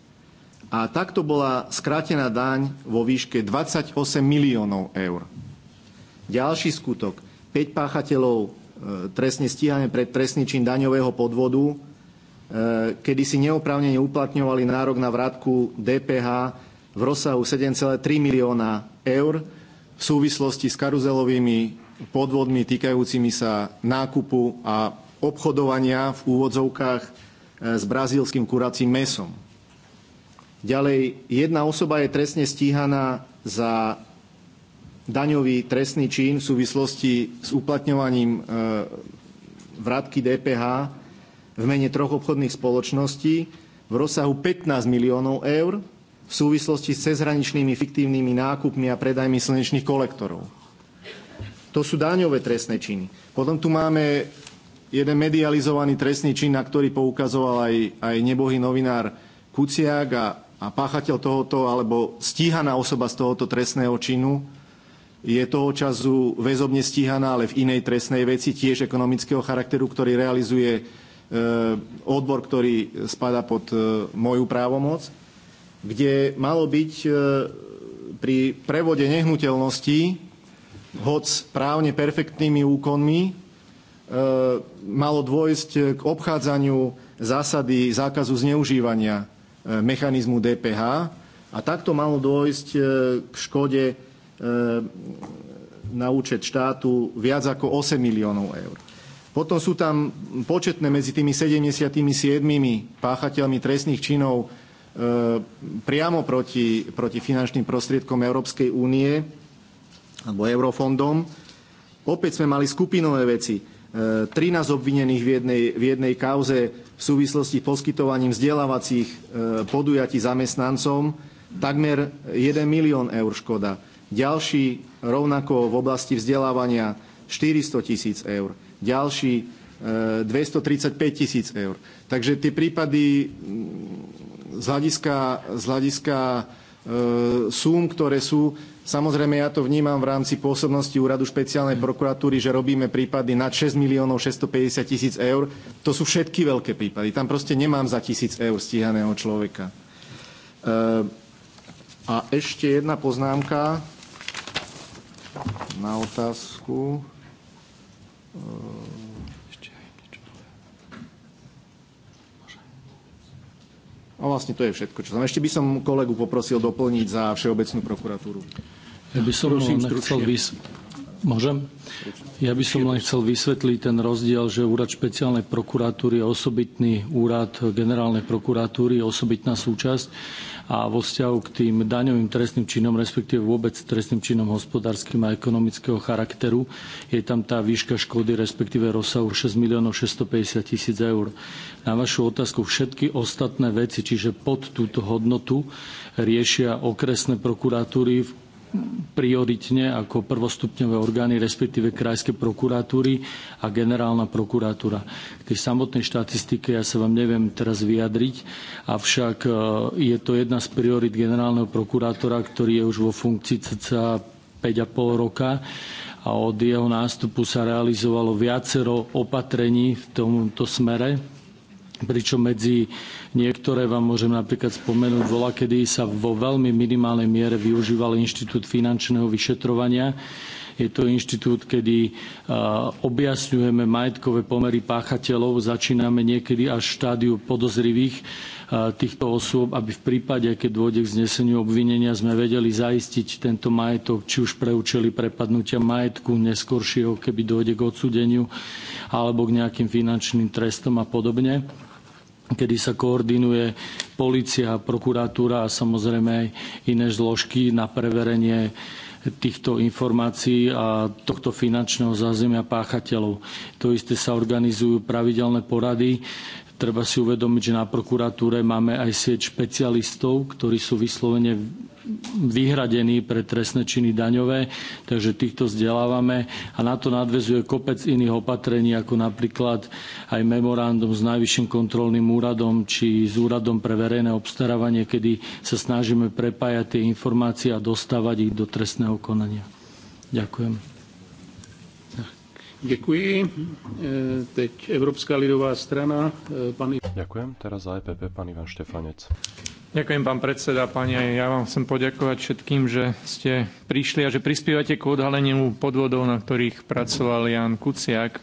A takto bola skrátená daň vo výške 28 miliónov eur. Ďalší skutok. 5 páchateľov e, trestne stíhané pre trestný čin daňového podvodu Eh, kedy si neoprávnene uplatňovali nárok na vrátku DPH v rozsahu 7,3 milióna eur v súvislosti s karuzelovými podvodmi týkajúcimi sa nákupu a obchodovania v úvodzovkách eh, s brazílským kuracím mesom. Ďalej, jedna osoba je trestne stíhaná za daňový trestný čin v súvislosti s uplatňovaním eh, vrátky DPH v mene troch obchodných spoločností v rozsahu 15 miliónov eur v súvislosti s cezhraničnými fiktívnymi nákupmi a predajmi slnečných kolektorov. To sú daňové trestné činy. Potom tu máme jeden medializovaný trestný čin, na ktorý poukazoval aj, aj nebohý novinár Kuciak a, a páchateľ tohoto, alebo stíhaná osoba z tohoto trestného činu, je toho času väzobne stíhaná, ale v inej trestnej veci, tiež ekonomického charakteru, ktorý realizuje E, odbor, ktorý spada pod e, moju právomoc, kde malo byť e, pri prevode nehnuteľností, hoc právne perfektnými úkonmi, malo dôjsť k obchádzaniu zásady zákazu zneužívania mechanizmu DPH a takto malo dôjsť k škode na účet štátu viac ako 8 miliónov eur. Potom sú tam početné medzi tými 77 páchateľmi trestných činov e, priamo proti, proti finančným prostriedkom Európskej únie alebo eurofondom. Opäť sme mali skupinové veci. 13 e, obvinených v jednej, v jednej kauze v súvislosti s poskytovaním vzdelávacích e, podujatí zamestnancom, takmer 1 milión eur škoda. Ďalší rovnako v oblasti vzdelávania 400 tisíc eur ďalší 235 e, tisíc eur. Takže tie prípady mm, z hľadiska, z hľadiska e, súm, ktoré sú. Samozrejme, ja to vnímam v rámci pôsobnosti úradu špeciálnej prokuratúry, že robíme prípady nad 6 miliónov 650 tisíc eur. To sú všetky veľké prípady. Tam proste nemám za tisíc eur stíhaného človeka. E, a ešte jedna poznámka na otázku. Ehm, A vlastne to je všetko, čo som. Ešte by som kolegu poprosil doplniť za Všeobecnú prokuratúru.
Ja by som Prosím, len chcel vys... Môžem? Ja by som len chcel vysvetliť ten rozdiel, že úrad špeciálnej prokuratúry je osobitný úrad generálnej prokuratúry, je osobitná súčasť a vo vzťahu k tým daňovým trestným činom, respektíve vôbec trestným činom hospodárskym a ekonomického charakteru, je tam tá výška škody, respektíve rozsahu 6 miliónov 650 tisíc eur. Na vašu otázku všetky ostatné veci, čiže pod túto hodnotu, riešia okresné prokuratúry v prioritne ako prvostupňové orgány, respektíve krajské prokuratúry a generálna prokuratúra. K tej samotnej štatistike ja sa vám neviem teraz vyjadriť, avšak e, je to jedna z priorit generálneho prokurátora, ktorý je už vo funkcii cca 5,5 roka a od jeho nástupu sa realizovalo viacero opatrení v tomto smere pričom medzi niektoré vám môžem napríklad spomenúť, bola, kedy sa vo veľmi minimálnej miere využíval inštitút finančného vyšetrovania. Je to inštitút, kedy e, objasňujeme majetkové pomery páchateľov, začíname niekedy až štádiu podozrivých e, týchto osôb, aby v prípade, keď dôjde k zneseniu obvinenia, sme vedeli zaistiť tento majetok, či už pre účely prepadnutia majetku neskoršieho, keby dôjde k odsúdeniu, alebo k nejakým finančným trestom a podobne kedy sa koordinuje policia, prokuratúra a samozrejme aj iné zložky na preverenie týchto informácií a tohto finančného zázemia páchateľov. To isté sa organizujú pravidelné porady Treba si uvedomiť, že na prokuratúre máme aj sieť špecialistov, ktorí sú vyslovene vyhradení pre trestné činy daňové, takže týchto vzdelávame a na to nadvezuje kopec iných opatrení, ako napríklad aj memorandum s Najvyšším kontrolným úradom či s Úradom pre verejné obstarávanie, kedy sa snažíme prepájať tie informácie a dostávať ich do trestného konania.
Ďakujem. Děkuji. E, teď Európska lidová strana. E, pan... Ďakujem. Teraz za EPP pán Ivan Štefanec.
Ďakujem, pán predseda. Pani, ja vám chcem poďakovať všetkým, že ste prišli a že prispievate k odhaleniu podvodov, na ktorých pracoval Jan Kuciak.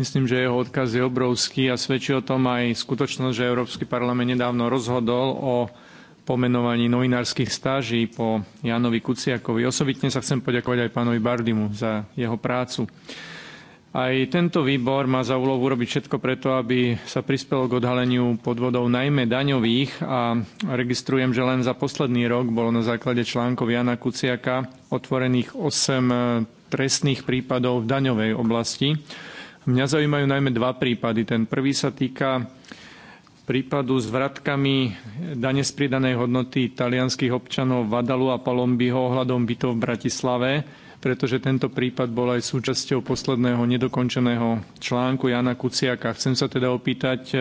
Myslím, že jeho odkaz je obrovský a svedčí o tom aj skutočnosť, že Európsky parlament nedávno rozhodol o pomenovaní novinárskych stáží po Janovi Kuciakovi. Osobitne sa chcem poďakovať aj pánovi Bardimu za jeho prácu. Aj tento výbor má za úlohu urobiť všetko preto, aby sa prispelo k odhaleniu podvodov najmä daňových a registrujem, že len za posledný rok bolo na základe článkov Jana Kuciaka otvorených 8 e, trestných prípadov v daňovej oblasti. Mňa zaujímajú najmä dva prípady. Ten prvý sa týka prípadu s vratkami dane z pridanej hodnoty talianskych občanov Vadalu a Palombiho ohľadom bytov v Bratislave pretože tento prípad bol aj súčasťou posledného nedokončeného článku Jana Kuciaka. Chcem sa teda opýtať, e,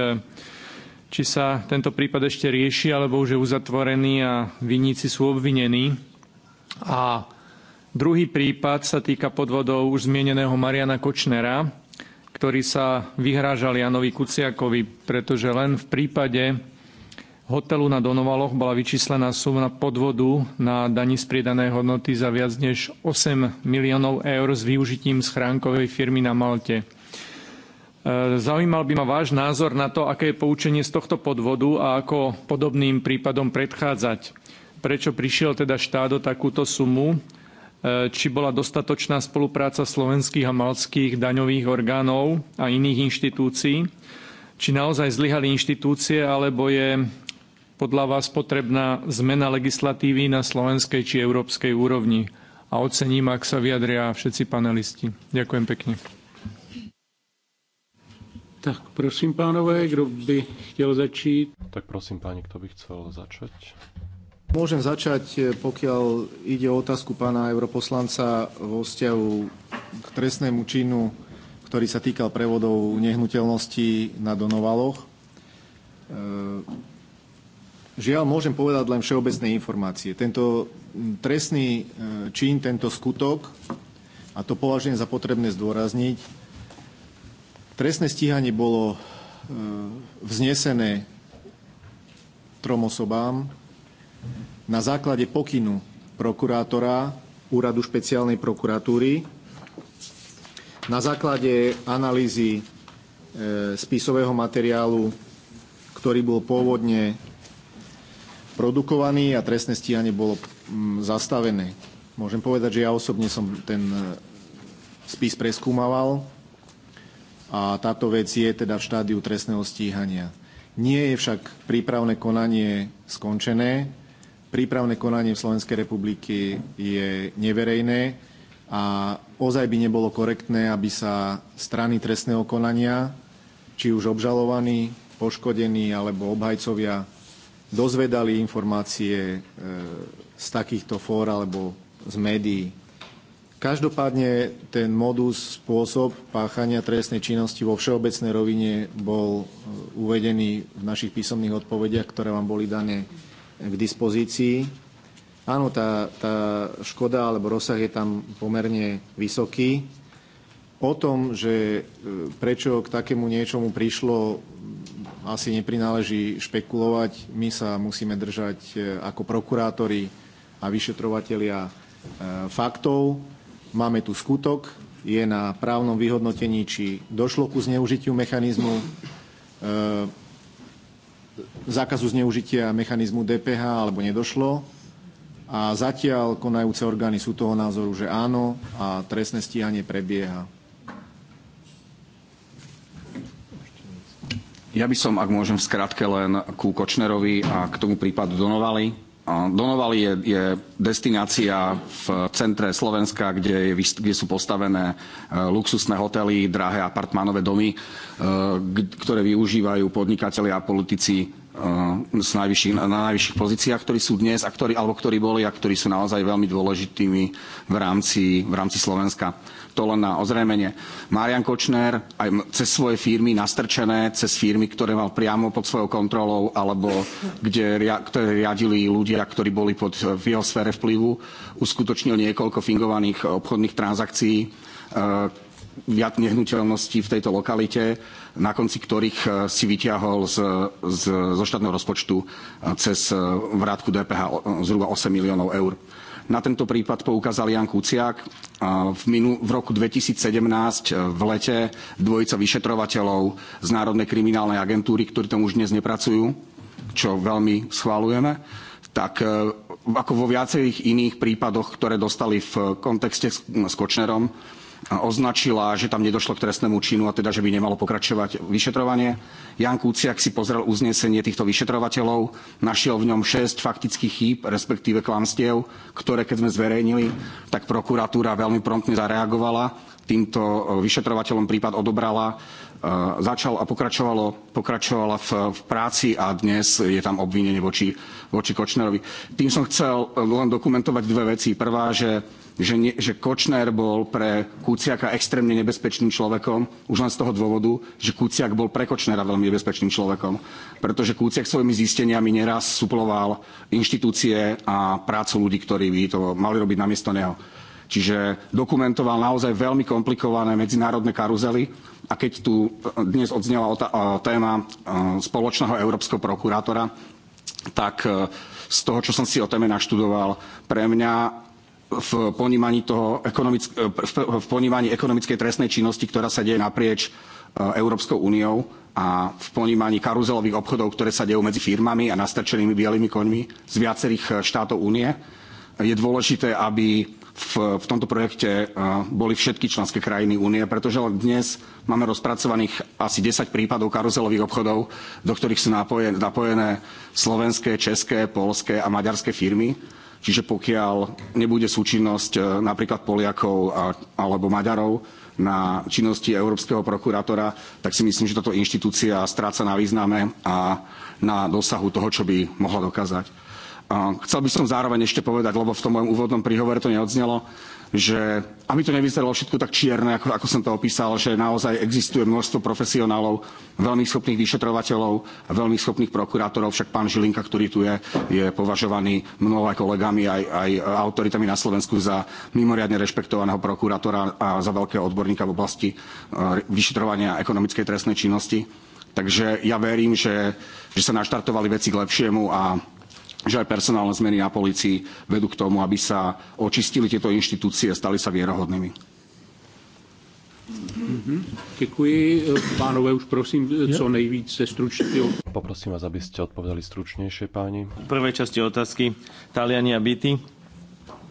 či sa tento prípad ešte rieši, alebo už je uzatvorený a vinníci sú obvinení. A druhý prípad sa týka podvodov už zmieneného Mariana Kočnera, ktorý sa vyhrážal Janovi Kuciakovi, pretože len v prípade, hotelu na Donovaloch bola vyčíslená suma podvodu na dani z pridanej hodnoty za viac než 8 miliónov eur s využitím schránkovej firmy na Malte. E, zaujímal by ma váš názor na to, aké je poučenie z tohto podvodu a ako podobným prípadom predchádzať. Prečo prišiel teda štát o takúto sumu? E, či bola dostatočná spolupráca slovenských a malských daňových orgánov a iných inštitúcií? Či naozaj zlyhali inštitúcie, alebo je podľa vás potrebná zmena legislatívy na slovenskej či európskej úrovni? A ocením, ak sa vyjadria všetci panelisti. Ďakujem pekne.
Tak prosím pánové, kto by chcel začať? Tak prosím páni, kto by chcel začať?
Môžem začať, eh, pokiaľ ide o otázku pána europoslanca vo vzťahu k trestnému činu, ktorý sa týkal prevodov nehnuteľností na Donovaloch. E Žiaľ, môžem povedať len všeobecné informácie. Tento trestný e, čin, tento skutok, a to považujem za potrebné zdôrazniť, trestné stíhanie bolo e, vznesené trom osobám na základe pokynu prokurátora Úradu špeciálnej prokuratúry, na základe analýzy e, spisového materiálu, ktorý bol pôvodne produkovaný a trestné stíhanie bolo mm, zastavené. Môžem povedať, že ja osobne som ten e, spis preskúmaval a táto vec je teda v štádiu trestného stíhania. Nie je však prípravné konanie skončené. Prípravné konanie v Slovenskej republiky je neverejné a ozaj by nebolo korektné, aby sa strany trestného konania, či už obžalovaní, poškodení alebo obhajcovia dozvedali informácie e, z takýchto fór alebo z médií. Každopádne ten modus, spôsob páchania trestnej činnosti vo všeobecnej rovine bol e, uvedený v našich písomných odpovediach, ktoré vám boli dané k dispozícii. Áno, tá, tá škoda alebo rozsah je tam pomerne vysoký. O tom, že e, prečo k takému niečomu prišlo, asi neprináleží špekulovať. My sa musíme držať e, ako prokurátori a vyšetrovatelia e, faktov. Máme tu skutok, je na právnom vyhodnotení, či došlo ku zneužitiu mechanizmu e, zákazu zneužitia mechanizmu DPH alebo nedošlo. A zatiaľ konajúce orgány sú toho názoru, že áno a trestné stíhanie prebieha.
Ja by som, ak môžem v skratke len ku Kočnerovi a k tomu prípadu Donovali. Donovali je, je destinácia v centre Slovenska, kde, je, kde sú postavené e, luxusné hotely, drahé apartmánové domy, e, ktoré využívajú podnikatelia a politici Uh, na najvyšších pozíciách, ktorí sú dnes, a ktorí, alebo ktorí boli a ktorí sú naozaj veľmi dôležitými v rámci, v rámci Slovenska. To len na ozrejmenie. Marian Kočner aj cez svoje firmy nastrčené, cez firmy, ktoré mal priamo pod svojou kontrolou, alebo kde, ktoré riadili ľudia, ktorí boli pod, v jeho sfére vplyvu, uskutočnil niekoľko fingovaných obchodných transakcií, uh, viac nehnuteľností v tejto lokalite, na konci ktorých eh, si vyťahol z, z, zo štátneho rozpočtu eh, cez eh, vrátku DPH zhruba 8 miliónov eur. Na tento prípad poukázal Jan Kuciak. V, minu, v roku 2017 v lete dvojica vyšetrovateľov z Národnej kriminálnej agentúry, ktorí tam už dnes nepracujú, čo veľmi schválujeme, tak ako vo viacerých iných prípadoch, ktoré dostali v kontexte s Kočnerom, označila, že tam nedošlo k trestnému činu a teda, že by nemalo pokračovať vyšetrovanie. Jan Kuciak si pozrel uznesenie týchto vyšetrovateľov, našiel v ňom šesť faktických chýb, respektíve klamstiev, ktoré keď sme zverejnili, tak prokuratúra veľmi promptne zareagovala. Týmto e, vyšetrovateľom prípad odobrala začal a pokračovalo, pokračovala v, v, práci a dnes je tam obvinenie voči, voči Kočnerovi. Tým som chcel len dokumentovať dve veci. Prvá, že, že, nie, že Kočner bol pre Kuciaka extrémne nebezpečným človekom, už len z toho dôvodu, že Kuciak bol pre Kočnera veľmi nebezpečným človekom, pretože Kuciak svojimi zisteniami neraz suploval inštitúcie a prácu ľudí, ktorí by to mali robiť namiesto neho. Čiže dokumentoval naozaj veľmi komplikované medzinárodné karuzely, a keď tu e, dnes odznela e, téma e, spoločného európskeho prokurátora, tak z toho, čo som si o téme naštudoval, pre mňa v ponímaní, toho ekonomick- v ponímaní ekonomickej trestnej činnosti, ktorá sa deje naprieč Európskou úniou a v ponímaní karuzelových obchodov, ktoré sa dejú medzi firmami a nastrčenými bielými koňmi z viacerých štátov únie, je dôležité, aby v, v tomto projekte eh, boli všetky členské krajiny únie, pretože len dnes máme rozpracovaných asi 10 prípadov karuzelových obchodov, do ktorých sú napojené, napojené slovenské, české, poľské a maďarské firmy. Čiže pokiaľ nebude súčinnosť eh, napríklad Poliakov a, alebo Maďarov na činnosti Európskeho prokurátora, tak si myslím, že táto inštitúcia stráca na význame a na dosahu toho, čo by mohla dokázať. Chcel by som zároveň ešte povedať, lebo v tom mojom úvodnom príhovore to neodznelo, že aby to nevyzeralo všetko tak čierne, ako, ako som to opísal, že naozaj existuje množstvo profesionálov, veľmi schopných vyšetrovateľov, a veľmi schopných prokurátorov, však pán Žilinka, ktorý tu je, je považovaný mnou aj kolegami, aj, aj autoritami na Slovensku za mimoriadne rešpektovaného prokurátora a za veľkého odborníka v oblasti eh, vyšetrovania ekonomickej trestnej činnosti. Takže ja verím, že, že sa naštartovali veci k lepšiemu a že aj personálne zmeny na polícii vedú k tomu, aby sa očistili tieto inštitúcie a stali sa vierohodnými.
Mhm. Děkuji. Pánové, už prosím, co nejvíce stručně. Poprosím vás, aby ste odpovedali stručnejšie, páni. V
prvej časti otázky Taliani a byty.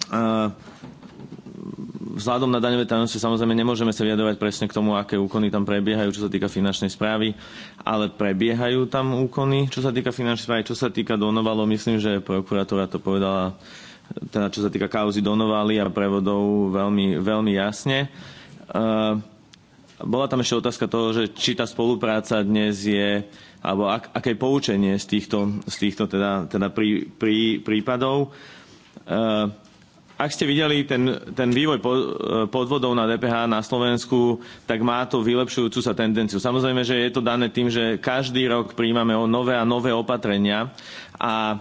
Uh, Vzhľadom na daňové tajomstvo samozrejme nemôžeme sa vyjadrovať presne k tomu, aké úkony tam prebiehajú, čo sa týka finančnej správy, ale prebiehajú tam úkony, čo sa týka finančnej správy, čo sa týka Donovalo, myslím, že prokurátora to povedala, teda čo sa týka kauzy Donovali a prevodov veľmi, veľmi jasne. E, bola tam ešte otázka toho, že či tá spolupráca dnes je, alebo ak, aké poučenie z týchto, z týchto teda, teda prí, prí, prípadov. E, ak ste videli ten, ten vývoj e, podvodov na DPH na Slovensku, tak má to vylepšujúcu sa tendenciu. Samozrejme, že je to dané tým, že každý rok príjmame nové a nové opatrenia a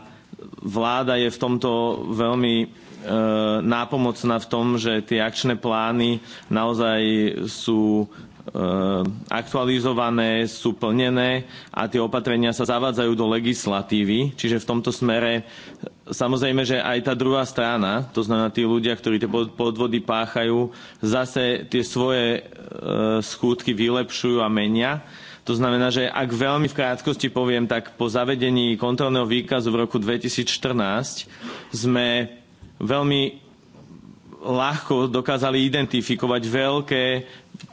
vláda je v tomto veľmi e, nápomocná v tom, že tie akčné plány naozaj sú Eh, aktualizované, sú plnené a tie opatrenia sa zavádzajú do legislatívy. Čiže v tomto smere samozrejme, že aj tá druhá strana, to znamená tí ľudia, ktorí tie podvody páchajú, zase tie svoje eh, skutky vylepšujú a menia. To znamená, že ak veľmi v krátkosti poviem, tak po zavedení kontrolného výkazu v roku 2014 sme veľmi ľahko dokázali identifikovať veľké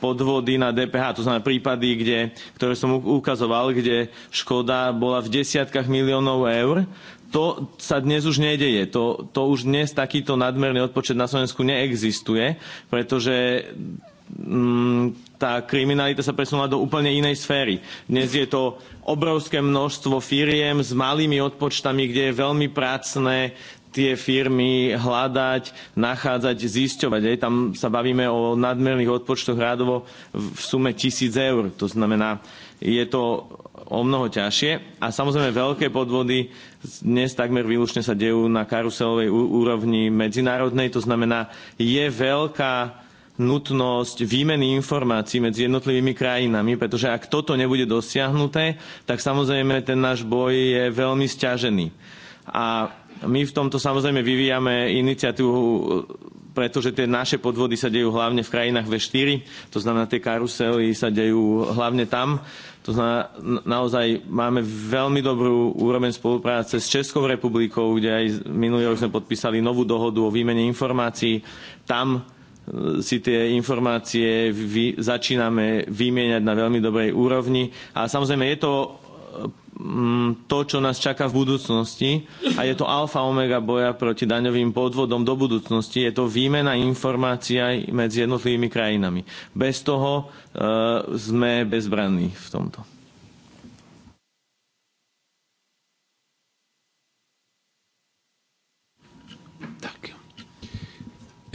podvody na DPH, to znamená prípady, kde, ktoré som ukazoval, kde škoda bola v desiatkách miliónov eur. To sa dnes už nedeje. To, to už dnes takýto nadmerný odpočet na Slovensku neexistuje, pretože mm, tá kriminalita sa presunula do úplne inej sféry. Dnes je to obrovské množstvo firiem s malými odpočtami, kde je veľmi prácne tie firmy hľadať, nachádzať, zisťovať. Aj tam sa bavíme o nadmerných odpočtoch rádovo v sume tisíc eur. To znamená, je to o mnoho ťažšie. A samozrejme veľké podvody dnes takmer výlučne sa dejú na karuselovej úrovni medzinárodnej. To znamená, je veľká nutnosť výmeny informácií medzi jednotlivými krajinami, pretože ak toto nebude dosiahnuté, tak samozrejme ten náš boj je veľmi stiažený. A my v tomto samozrejme vyvíjame iniciatívu, pretože tie naše podvody sa dejú hlavne v krajinách V4, to znamená, tie karusely sa dejú hlavne tam. To znamená, naozaj máme veľmi dobrú úroveň spolupráce s Českou republikou, kde aj minulý rok sme podpísali novú dohodu o výmene informácií. Tam e, si tie informácie vy, začíname vymieňať na veľmi dobrej úrovni. A samozrejme je to Mm, to, čo nás čaká v budúcnosti a je to alfa omega boja proti daňovým podvodom do budúcnosti. Je to výmena informácií medzi jednotlivými krajinami. Bez toho e, sme bezbranní
v tomto. Tak.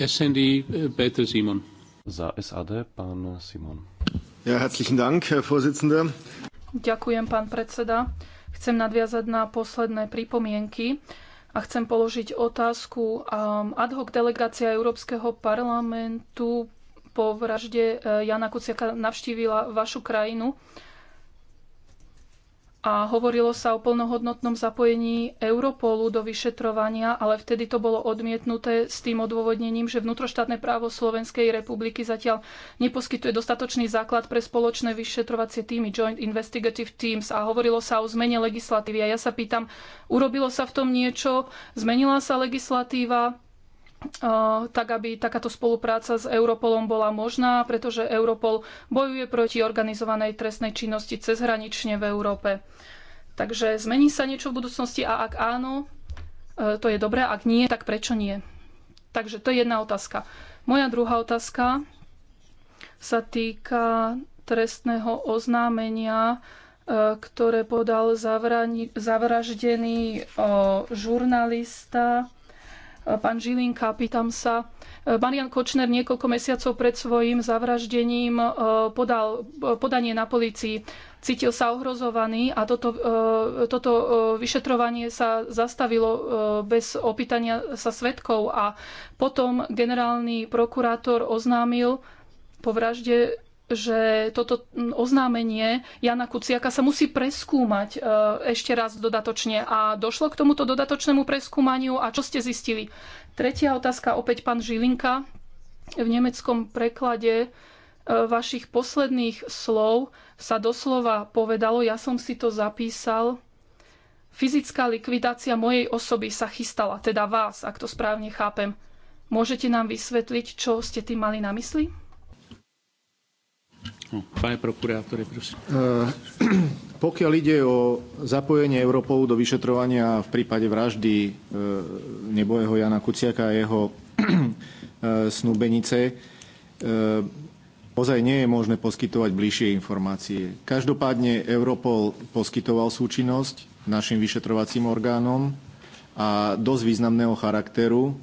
SND e, Peter Simon. Za SAD pán Simon. Ja, herzlichen Dank, Herr Vorsitzender.
Ďakujem, pán predseda. Chcem nadviazať na posledné pripomienky a chcem položiť otázku. Um, ad hoc delegácia Európskeho parlamentu po vražde eh, Jana Kuciaka navštívila vašu krajinu a hovorilo sa o plnohodnotnom zapojení Europolu do vyšetrovania, ale vtedy to bolo odmietnuté s tým odôvodnením, že vnútroštátne právo Slovenskej republiky zatiaľ neposkytuje dostatočný základ pre spoločné vyšetrovacie týmy Joint Investigative Teams a hovorilo sa o zmene legislatívy. A ja sa pýtam, urobilo sa v tom niečo? Zmenila sa legislatíva? tak aby takáto spolupráca s Europolom bola možná, pretože Europol bojuje proti organizovanej trestnej činnosti cezhranične v Európe. Takže zmení sa niečo v budúcnosti a ak áno, e, to je dobré, ak nie, tak prečo nie? Takže to je jedna otázka. Moja druhá otázka sa týka trestného oznámenia, e, ktoré podal zavraždený žurnalista Pán Žilinka, pýtam sa. E, Marian Kočner niekoľko mesiacov pred svojim zavraždením e, podal e, podanie na policii. Cítil sa ohrozovaný a toto, toto vyšetrovanie sa zastavilo bez opýtania sa svetkov a potom generálny prokurátor oznámil po vražde že toto oznámenie Jana Kuciaka sa musí preskúmať e, ešte raz dodatočne. A došlo k tomuto dodatočnému preskúmaniu a čo ste zistili? Tretia otázka, opäť pán Žilinka. V nemeckom preklade e, vašich posledných slov sa doslova povedalo, ja som si to zapísal, fyzická likvidácia mojej osoby sa chystala, teda vás, ak to správne chápem. Môžete nám vysvetliť, čo ste tým mali na mysli?
Pane prokurátore, prosím.
Eh, pokiaľ ide o zapojenie Europolu do vyšetrovania v prípade vraždy eh, nebojeho Jana Kuciaka a jeho eh, snúbenice, Ozaj nie je možné poskytovať bližšie informácie. Každopádne Europol poskytoval súčinnosť našim vyšetrovacím orgánom a dosť významného charakteru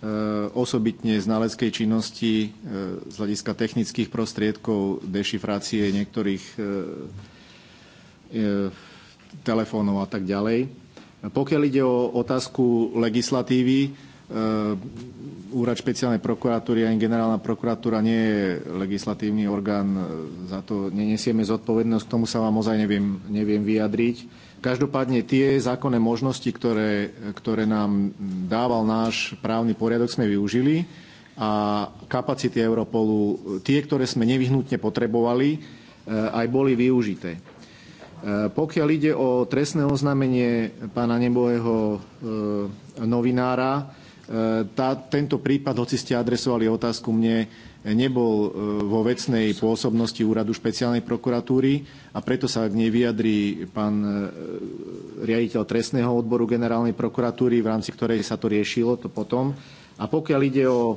E, osobitne z náleckej činnosti e, z hľadiska technických prostriedkov dešifrácie niektorých e, telefónov a tak ďalej. Pokiaľ ide o otázku legislatívy, Úrad špeciálnej prokuratúry ani generálna prokuratúra nie je legislatívny orgán, za to nenesieme zodpovednosť, k tomu sa vám ozaj neviem, neviem vyjadriť. Každopádne tie zákonné možnosti, ktoré, ktoré nám dával náš právny poriadok, sme využili a kapacity Europolu, tie, ktoré sme nevyhnutne potrebovali, e, aj boli využité. E, pokiaľ ide o trestné oznámenie pána nebojeho e, novinára, tá, tento prípad, hoci ste adresovali otázku mne, nebol e, vo vecnej pôsobnosti úradu špeciálnej prokuratúry a preto sa k nej vyjadrí pán e, riaditeľ trestného odboru generálnej prokuratúry, v rámci ktorej sa to riešilo, to potom. A pokiaľ ide o e,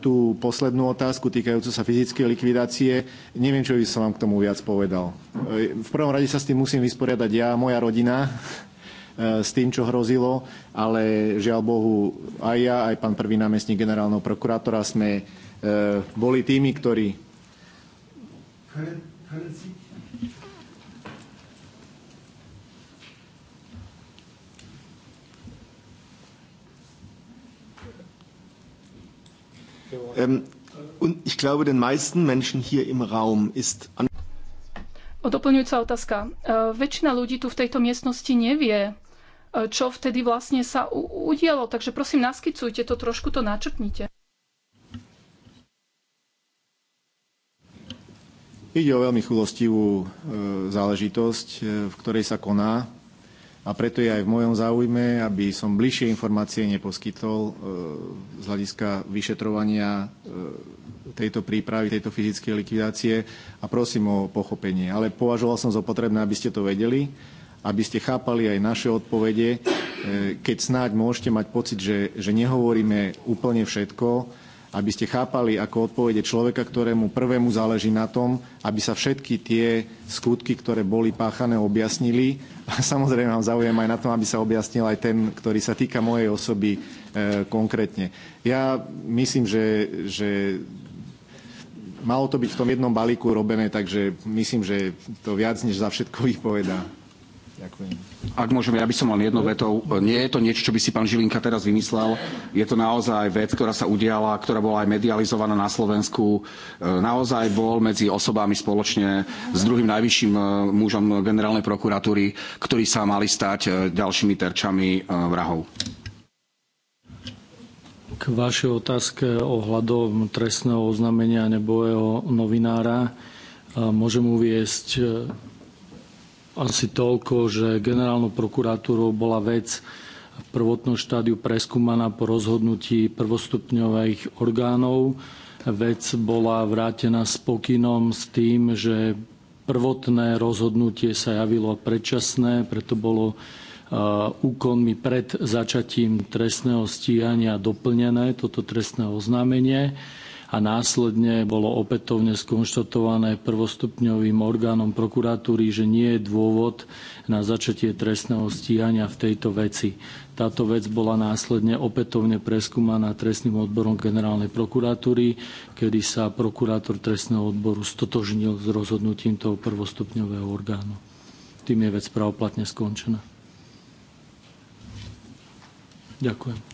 tú poslednú otázku týkajúcu sa fyzickej likvidácie. Neviem, čo by som vám k tomu viac povedal. V prvom rade sa s tým musím vysporiadať ja, moja rodina, s tým, čo hrozilo, ale žiaľ Bohu, aj ja, aj pán prvý námestník generálneho prokurátora sme E, boli tými, ktorí Und ich glaube, den meisten Menschen hier im Raum ist
Doplňujúca otázka. E, väčšina ľudí tu v tejto miestnosti nevie, e, čo vtedy vlastne sa udialo. Takže prosím, naskycujte to, trošku to načrtnite.
Ide o veľmi chulostivú e, záležitosť, e, v ktorej sa koná a preto je aj v mojom záujme, aby som bližšie informácie neposkytol e, z hľadiska vyšetrovania tejto prípravy, tejto fyzickej likvidácie a prosím o pochopenie. Ale považoval som za potrebné, aby ste to vedeli, aby ste chápali aj naše odpovede, keď snáď môžete mať pocit, že, že nehovoríme úplne všetko, aby ste chápali ako odpovede človeka, ktorému prvému záleží na tom, aby sa všetky tie skutky, ktoré boli páchané, objasnili. A samozrejme mám záujem aj na tom, aby sa objasnil aj ten, ktorý sa týka mojej osoby e, konkrétne. Ja myslím, že, že malo to byť v tom jednom balíku robené, takže myslím, že to viac než za všetko vypovedá. Ďakujem. Ak môžem, ja by som len jednou vetou.
Nie je to niečo, čo by si pán Žilinka teraz vymyslel. Je to naozaj vec, ktorá sa udiala, ktorá bola aj medializovaná na Slovensku. E, naozaj bol medzi osobami spoločne s druhým najvyšším e, mužom generálnej prokuratúry, ktorí sa mali stať e, ďalšími terčami vrahov.
K vašej otázke ohľadom trestného oznámenia nebojeho novinára môžem uviesť asi toľko, že generálnou prokuratúrou bola vec v prvotnom štádiu preskúmaná po rozhodnutí prvostupňových orgánov. Vec bola vrátená s pokynom s tým, že prvotné rozhodnutie sa javilo predčasné, preto bolo e, úkonmi pred začatím trestného stíhania doplnené toto trestné oznámenie a následne bolo opätovne skonštatované prvostupňovým orgánom prokuratúry, že nie je dôvod na začatie trestného stíhania v tejto veci. Táto vec bola následne opätovne preskúmaná trestným odborom generálnej prokuratúry, kedy sa prokurátor trestného odboru stotožnil s rozhodnutím toho prvostupňového orgánu. Tým je vec pravoplatne skončená. Ďakujem.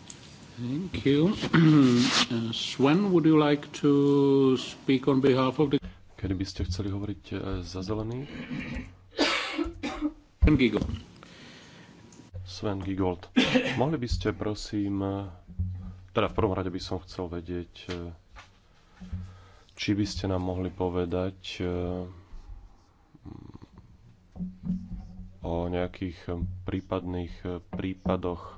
Thank you. Sven, would you like to speak on behalf of the... Kedy by ste chceli hovoriť eh, za zelených? Sven Gigold. Sven Giegold. Mohli by ste prosím, eh, teda v prvom rade by som chcel vedieť, eh, či by ste nám mohli povedať o nejakých prípadných prípadoch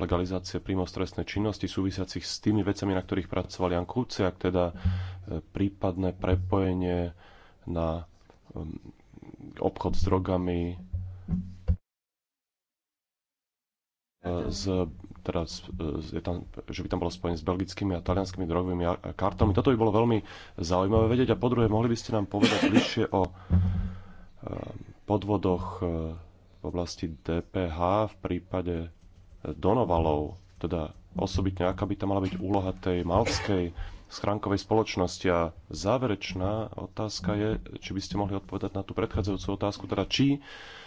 legalizácie príjmov stresnej činnosti súvisiacich s tými vecami, na ktorých pracoval Jan Kuciak, teda e, prípadné prepojenie na mm, obchod s drogami, z, e, teda z, e, je tam, že by tam bolo spojené s belgickými a talianskými drogovými kartami. Toto by bolo veľmi zaujímavé vedieť. A po druhé, mohli by ste nám povedať bližšie o podvodoch v oblasti DPH v prípade donovalov, teda osobitne aká by tam mala byť úloha tej malskej schránkovej spoločnosti. A záverečná otázka je, či by ste mohli odpovedať na tú predchádzajúcu otázku, teda či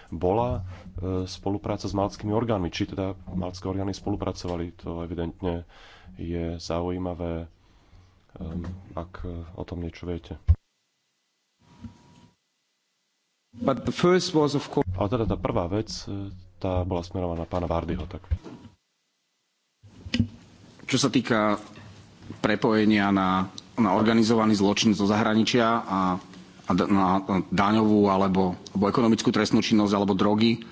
bola e, spolupráca s malckými orgánmi, či teda malcké orgány spolupracovali, to evidentne je zaujímavé, ehm, ak e, o tom niečo viete. But the first was of course... Ale teda tá prvá vec, e, tá bola smerovaná pána Vardyho. Tak. Čo sa týka
prepojenia na, na organizovaný zločin zo zahraničia a, a na daňovú alebo, alebo ekonomickú trestnú činnosť alebo drogy,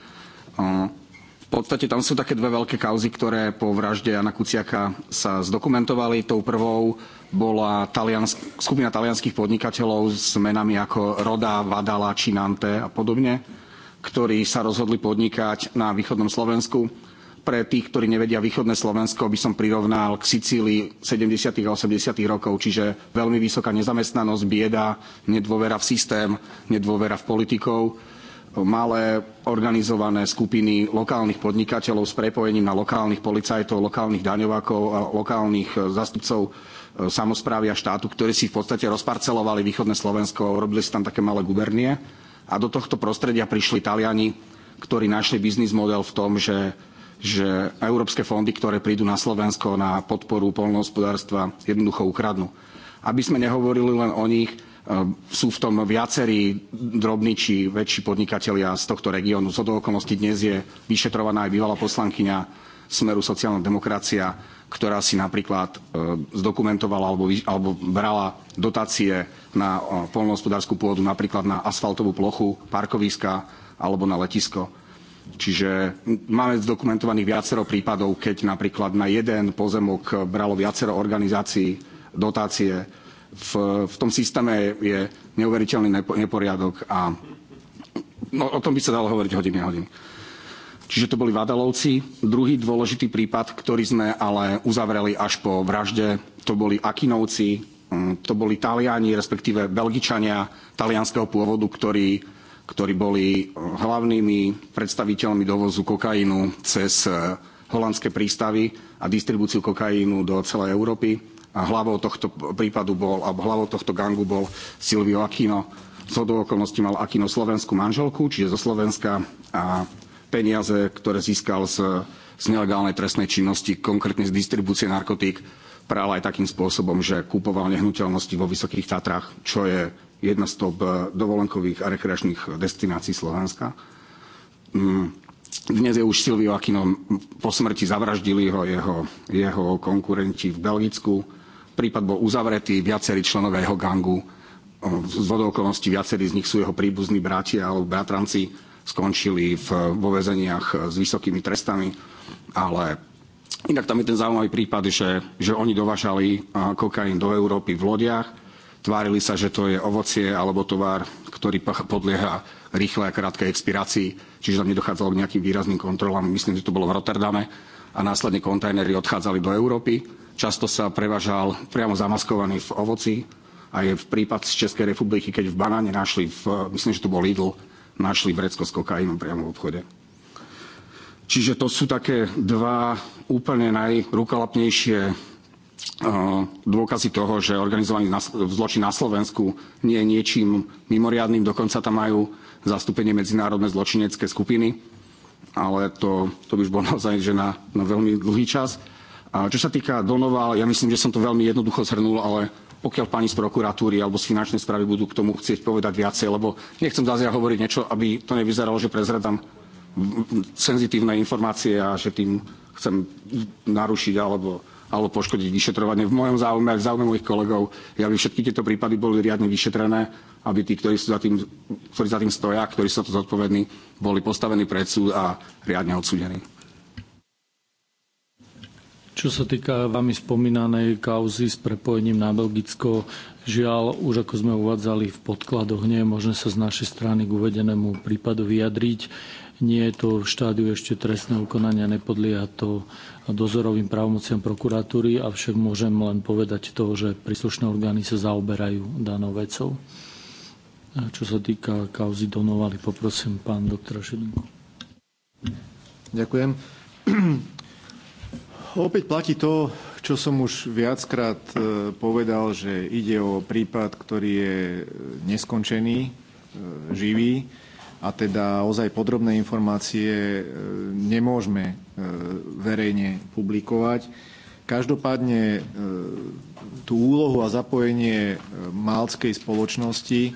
v podstate tam sú také dve veľké kauzy, ktoré po vražde Jana Kuciaka sa zdokumentovali. Tou prvou bola taliansk, skupina talianských podnikateľov s menami ako Roda, Vadala, Činante a podobne ktorí sa rozhodli podnikať na východnom Slovensku. Pre tých, ktorí nevedia východné Slovensko, by som prirovnal k Sicílii 70. a 80. rokov, čiže veľmi vysoká nezamestnanosť, bieda, nedôvera v systém, nedôvera v politikov malé organizované skupiny lokálnych podnikateľov s prepojením na lokálnych policajtov, lokálnych daňovákov a lokálnych e, zastupcov e, samozprávy a štátu, ktorí si v podstate rozparcelovali východné Slovensko, a robili si tam také malé gubernie a do tohto prostredia prišli Taliani, ktorí našli biznis model v tom, že že európske fondy, ktoré prídu na Slovensko na podporu poľnohospodárstva, jednoducho ukradnú. Aby sme nehovorili len o nich, e, sú v tom viacerí drobní či väčší podnikatelia z tohto regiónu. Z okolností dnes je vyšetrovaná aj bývalá poslankyňa Smeru sociálna demokracia ktorá si napríklad e, zdokumentovala alebo, alebo brala dotácie na e, poľnohospodárskú pôdu, napríklad na asfaltovú plochu, parkoviska alebo na letisko. Čiže máme zdokumentovaných viacero prípadov, keď napríklad na jeden pozemok bralo viacero organizácií dotácie. V, v tom systéme je neuveriteľný neporiadok a no, o tom by sa dalo hovoriť hodiny a hodiny. Čiže to boli Vadalovci. Druhý dôležitý prípad, ktorý sme ale uzavreli až po vražde, to boli Akinovci, mm, to boli Taliani, respektíve Belgičania talianského pôvodu, ktorí, ktorí boli eh, hlavnými predstaviteľmi dovozu kokainu cez eh, holandské prístavy a distribúciu kokainu do celej Európy. A hlavou tohto prípadu bol, alebo hlavou tohto gangu bol Silvio Aquino. Z okolností mal Aquino slovenskú manželku, čiže zo Slovenska a peniaze, ktoré získal z, z nelegálnej trestnej činnosti, konkrétne z distribúcie narkotík, práve aj takým spôsobom, že kupoval nehnuteľnosti vo Vysokých Tatrách, čo je jedna z top eh, dovolenkových a rekreačných destinácií Slovenska. Mm, dnes je už Silvio Aquino, po smrti zavraždili ho jeho, jeho konkurenti v Belgicku. Prípad bol uzavretý, viacerí členovia jeho gangu, eh, z vodokolnosti viacerí z nich sú jeho príbuzní bratia alebo bratranci skončili v, vo väzeniach eh, s vysokými trestami, ale inak tam je ten zaujímavý prípad, že, že oni dovažali eh, kokain do Európy v lodiach, tvárili sa, že to je ovocie alebo tovar, ktorý podlieha rýchlej a krátkej expirácii, čiže tam nedochádzalo k nejakým výrazným kontrolám. Myslím, že to bolo v Rotterdame a následne kontajnery odchádzali do Európy. Často sa prevažal priamo zamaskovaný v ovoci a je v prípad z Českej republiky, keď v banáne našli, v, eh, myslím, že to bol Lidl, našli vrecko s kokainom priamo v obchode. Čiže to sú také dva úplne najrukalapnejšie uh, dôkazy toho, že organizovaný zločin na Slovensku nie je niečím mimoriadným, dokonca tam majú zastúpenie medzinárodné zločinecké skupiny, ale to, to by už bolo naozaj že na, na veľmi dlhý čas. A čo sa týka Donova, ja myslím, že som to veľmi jednoducho zhrnul, ale pokiaľ pani z prokuratúry alebo z finančnej správy budú k tomu chcieť povedať viacej, lebo nechcem zase ja hovoriť niečo, aby to nevyzeralo, že prezradám senzitívne informácie a že tým chcem narušiť alebo, alebo poškodiť vyšetrovanie. V mojom záujme aj v záujme mojich kolegov je, aby všetky tieto prípady boli riadne vyšetrené, aby tí, ktorí, sú za tým, ktorí za tým stoja, ktorí sú za to zodpovední, boli postavení pred súd a riadne odsúdení.
Čo sa týka vami spomínanej kauzy s prepojením na Belgicko, žiaľ, už ako sme uvádzali v podkladoch, nie je možné sa z našej strany k uvedenému prípadu vyjadriť. Nie je to v štádiu ešte trestného konania, nepodlieha to dozorovým právomociam prokuratúry, avšak môžem len povedať to, že príslušné orgány sa zaoberajú danou vecou. Čo sa týka kauzy Donovali, poprosím pán doktora Šilinku.
Ďakujem Opäť platí to, čo som už viackrát e, povedal, že ide o prípad, ktorý je e, neskončený, e, živý a teda ozaj podrobné informácie nemôžeme verejne publikovať. Každopádne tú úlohu a zapojenie malckej spoločnosti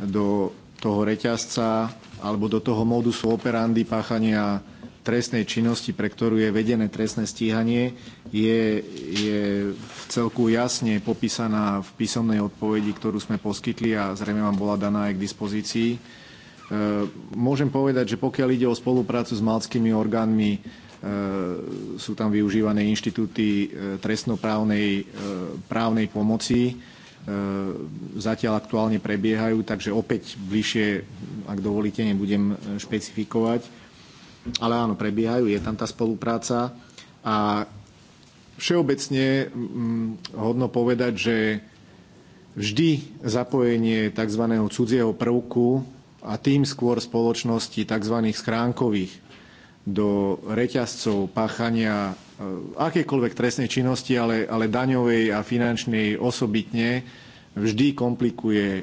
do toho reťazca alebo do toho modusu operandi páchania trestnej činnosti, pre ktorú je vedené trestné stíhanie, je, je v celku jasne popísaná v písomnej odpovedi, ktorú sme poskytli a zrejme vám bola daná aj k dispozícii. E, môžem povedať, že pokiaľ ide o spoluprácu s malckými orgánmi, e, sú tam využívané inštitúty e, trestnoprávnej právnej pomoci. Zatiaľ aktuálne prebiehajú, takže opäť bližšie, ak dovolíte, nebudem špecifikovať ale áno, prebiehajú, je tam tá spolupráca a všeobecne hm, hodno povedať, že vždy zapojenie tzv. cudzieho prvku a tým skôr spoločnosti tzv. schránkových do reťazcov páchania e, akékoľvek trestnej činnosti, ale, ale daňovej a finančnej osobitne, vždy komplikuje e,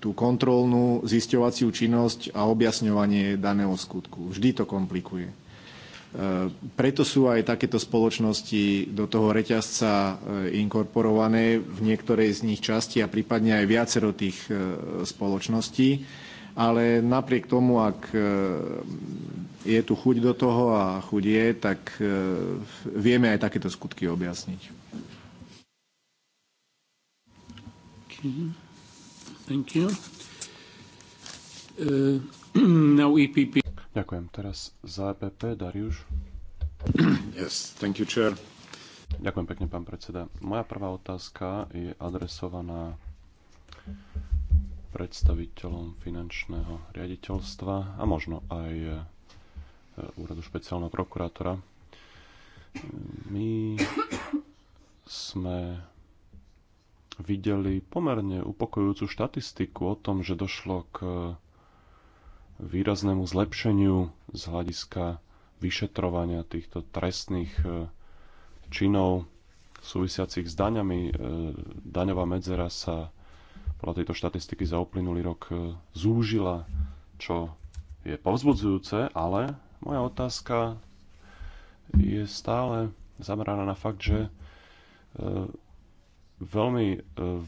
tú kontrolnú zisťovaciu činnosť a objasňovanie daného skutku. Vždy to komplikuje. E, preto sú aj takéto spoločnosti do toho reťazca e, inkorporované v niektorej z nich časti a prípadne aj viacero tých spoločností. Ale napriek tomu, ak je tu chuť do toho a chuť je, tak vieme aj takéto skutky objasniť.
Mhm. Thank you. Uh, now EPP. Ďakujem. Teraz za EPP Dariuš. Yes, thank you, chair. Ďakujem pekne, pán predseda. Moja prvá otázka je adresovaná predstaviteľom finančného riaditeľstva a možno aj e, úradu špeciálneho prokurátora. My sme videli pomerne upokojujúcu štatistiku o tom, že došlo k výraznému zlepšeniu z hľadiska vyšetrovania týchto trestných e, činov súvisiacich s daňami. E, daňová medzera sa podľa tejto štatistiky za uplynulý rok e, zúžila, čo je povzbudzujúce, ale moja otázka je stále zameraná na fakt, že veľmi e,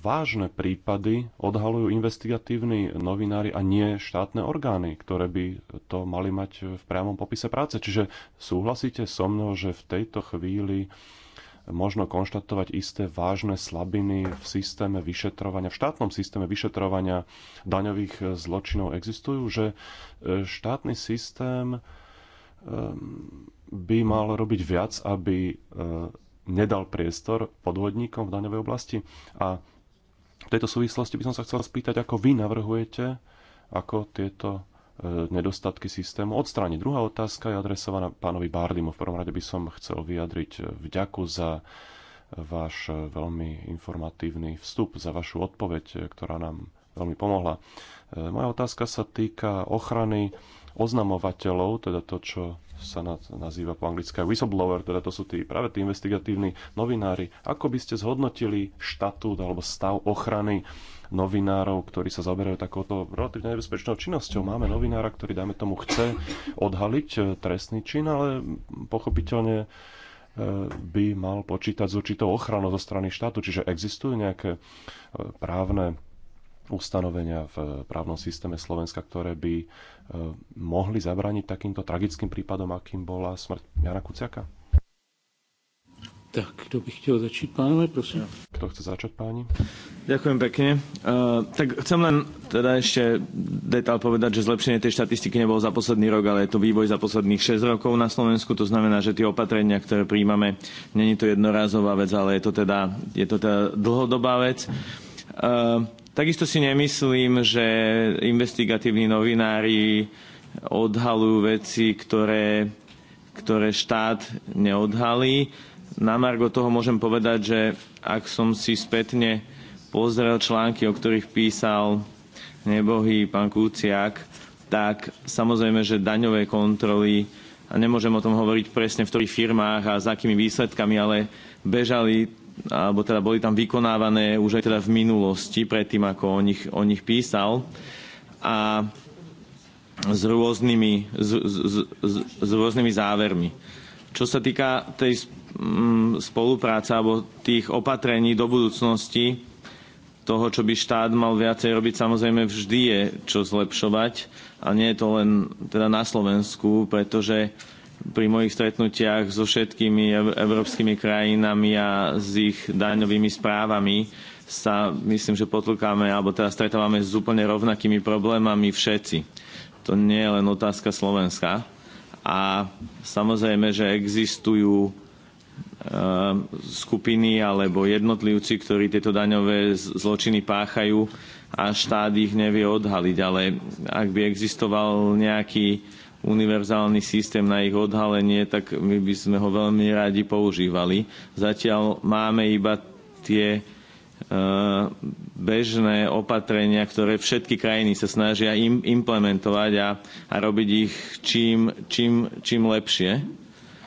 vážne prípady odhalujú investigatívni novinári a nie štátne orgány, ktoré by to mali mať v priamom popise práce. Čiže súhlasíte so mnou, že v tejto chvíli možno konštatovať isté vážne slabiny v systéme vyšetrovania, v štátnom systéme vyšetrovania daňových e, zločinov existujú, že e, štátny systém by mal robiť viac, aby nedal priestor podvodníkom v daňovej oblasti. A v tejto súvislosti by som sa chcel spýtať, ako vy navrhujete, ako tieto e, nedostatky systému odstrániť. Druhá otázka je adresovaná pánovi Bardimu. V prvom rade by som chcel vyjadriť vďaku za váš e, veľmi informatívny vstup, za vašu odpoveď, e, ktorá nám veľmi pomohla. Moja otázka sa týka ochrany oznamovateľov, teda to, čo sa nazýva po anglické whistleblower, teda to sú tí, práve tí investigatívni novinári. Ako by ste zhodnotili štatút alebo stav ochrany novinárov, ktorí sa zaberajú takouto relatívne nebezpečnou činnosťou. Máme novinára, ktorý, dajme tomu, chce odhaliť e, trestný čin, ale pochopiteľne e, by mal počítať s určitou ochranou zo strany štátu. Čiže existujú nejaké e, právne ustanovenia v právnom systéme Slovenska, ktoré by e, mohli zabrániť takýmto tragickým prípadom, akým bola smrť Jana Kuciaka? Tak, kto by chcel začať, pánové, prosím? Kto chce začať, páni?
Ďakujem pekne. Uh, tak chcem len teda ešte detail povedať, že zlepšenie tej štatistiky nebolo za posledný rok, ale je to vývoj za posledných 6 rokov na Slovensku. To znamená, že tie opatrenia, ktoré príjmame, není to jednorázová vec, ale je to teda, je to teda dlhodobá vec. Uh, Takisto si nemyslím, že investigatívni novinári odhalujú veci, ktoré, ktoré štát neodhalí. Na Margo toho môžem povedať, že ak som si spätne pozrel články, o ktorých písal nebohý pán Kúciak, tak samozrejme, že daňové kontroly, a nemôžem o tom hovoriť presne v ktorých firmách a s akými výsledkami, ale bežali alebo teda boli tam vykonávané už aj teda v minulosti, predtým ako o nich, o nich písal. A s rôznymi, s, s, s, s rôznymi závermi. Čo sa týka tej mm, spolupráce alebo tých opatrení do budúcnosti, toho, čo by štát mal viacej robiť, samozrejme vždy je čo zlepšovať a nie je to len teda na Slovensku, pretože pri mojich stretnutiach so všetkými európskymi krajinami a s ich daňovými správami sa myslím, že potlkáme, alebo teda stretávame s úplne rovnakými problémami všetci. To nie je len otázka Slovenska. A samozrejme, že existujú e, skupiny alebo jednotlivci, ktorí tieto daňové zločiny páchajú a štát ich nevie odhaliť. Ale ak by existoval nejaký univerzálny systém na ich odhalenie, tak my by sme ho veľmi radi používali. Zatiaľ máme iba tie e, bežné opatrenia, ktoré všetky krajiny sa snažia im implementovať a, a robiť ich čím, čím, čím lepšie.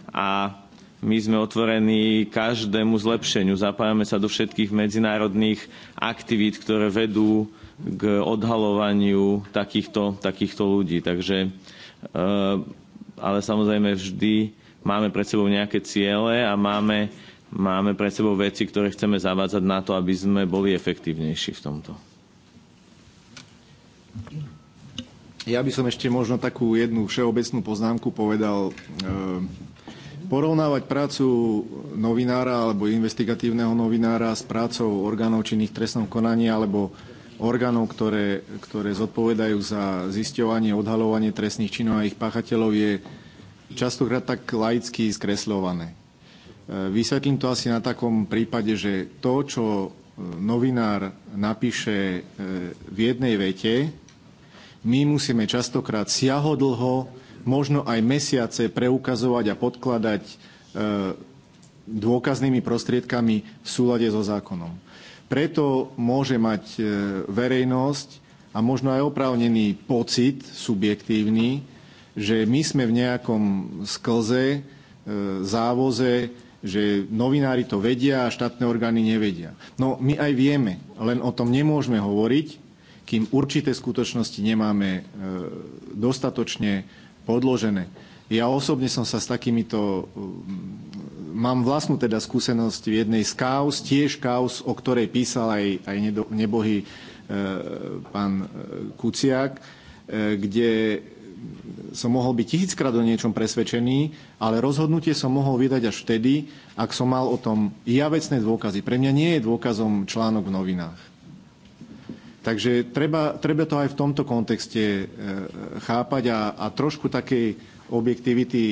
A my sme otvorení každému zlepšeniu. Zapájame sa do všetkých medzinárodných aktivít, ktoré vedú k odhalovaniu takýchto, takýchto ľudí. Takže Eh, ale samozrejme vždy máme pred sebou nejaké ciele a máme, máme pred sebou veci, ktoré chceme zavádzať na to, aby sme boli efektívnejší v tomto.
Ja by som ešte možno takú jednu všeobecnú poznámku povedal. Eh, porovnávať prácu novinára alebo investigatívneho novinára s prácou orgánov činných trestnom konaní alebo orgánov, ktoré, ktoré zodpovedajú za zisťovanie, odhalovanie trestných činov a ich páchateľov je častokrát tak laicky skresľované. E, vysvetlím to asi na takom prípade, že to, čo e, novinár napíše e, v jednej vete, my musíme častokrát siahodlho, možno aj mesiace preukazovať a podkladať dôkaznými prostriedkami v súlade so zákonom. Preto môže mať e, verejnosť a možno aj oprávnený pocit, subjektívny, že my sme v nejakom sklze, e, závoze, že novinári to vedia a štátne orgány nevedia. No my aj vieme, len o tom nemôžeme hovoriť, kým určité skutočnosti nemáme e, dostatočne podložené. Ja osobne som sa s takýmito mám vlastnú teda skúsenosť v jednej z kaos, tiež kaos, o ktorej písal aj, aj nebohý e, pán e, Kuciak, e, kde som mohol byť tisíckrát o niečom presvedčený, ale rozhodnutie som mohol vydať až vtedy, ak som mal o tom javecné dôkazy. Pre mňa nie je dôkazom článok v novinách. Takže treba, treba to aj v tomto kontexte e, e, chápať a, a trošku takej objektivity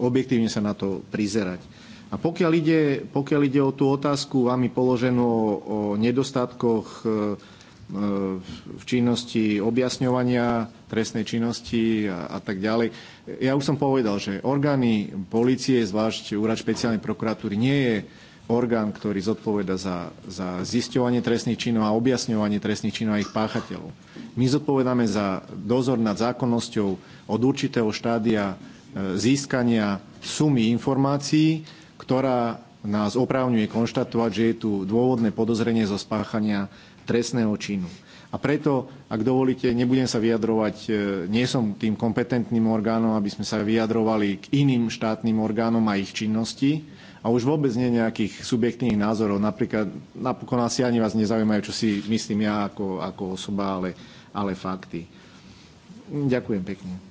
objektívne sa na to prizerať. A pokiaľ ide, pokiaľ ide o tú otázku vami položenú o nedostatkoch e, e, v činnosti objasňovania trestnej činnosti a, a tak ďalej. Ja už som povedal, že orgány policie, zvlášť úrad špeciálnej prokuratúry, nie je orgán, ktorý zodpoveda za, za zisťovanie trestných činov a objasňovanie trestných činov a ich páchateľov. My zodpovedáme za dozor nad zákonnosťou od určitého štádia získania sumy informácií, ktorá nás oprávňuje konštatovať, že je tu dôvodné podozrenie zo spáchania trestného činu. A preto, ak dovolíte, nebudem sa vyjadrovať, e, nie som tým kompetentným orgánom, aby sme sa vyjadrovali k iným štátnym orgánom a ich činnosti a už vôbec nie nejakých subjektívnych názorov. Napríklad, napokon asi ani vás nezaujímajú, čo si myslím ja ako, ako osoba, ale, ale fakty. Ďakujem pekne.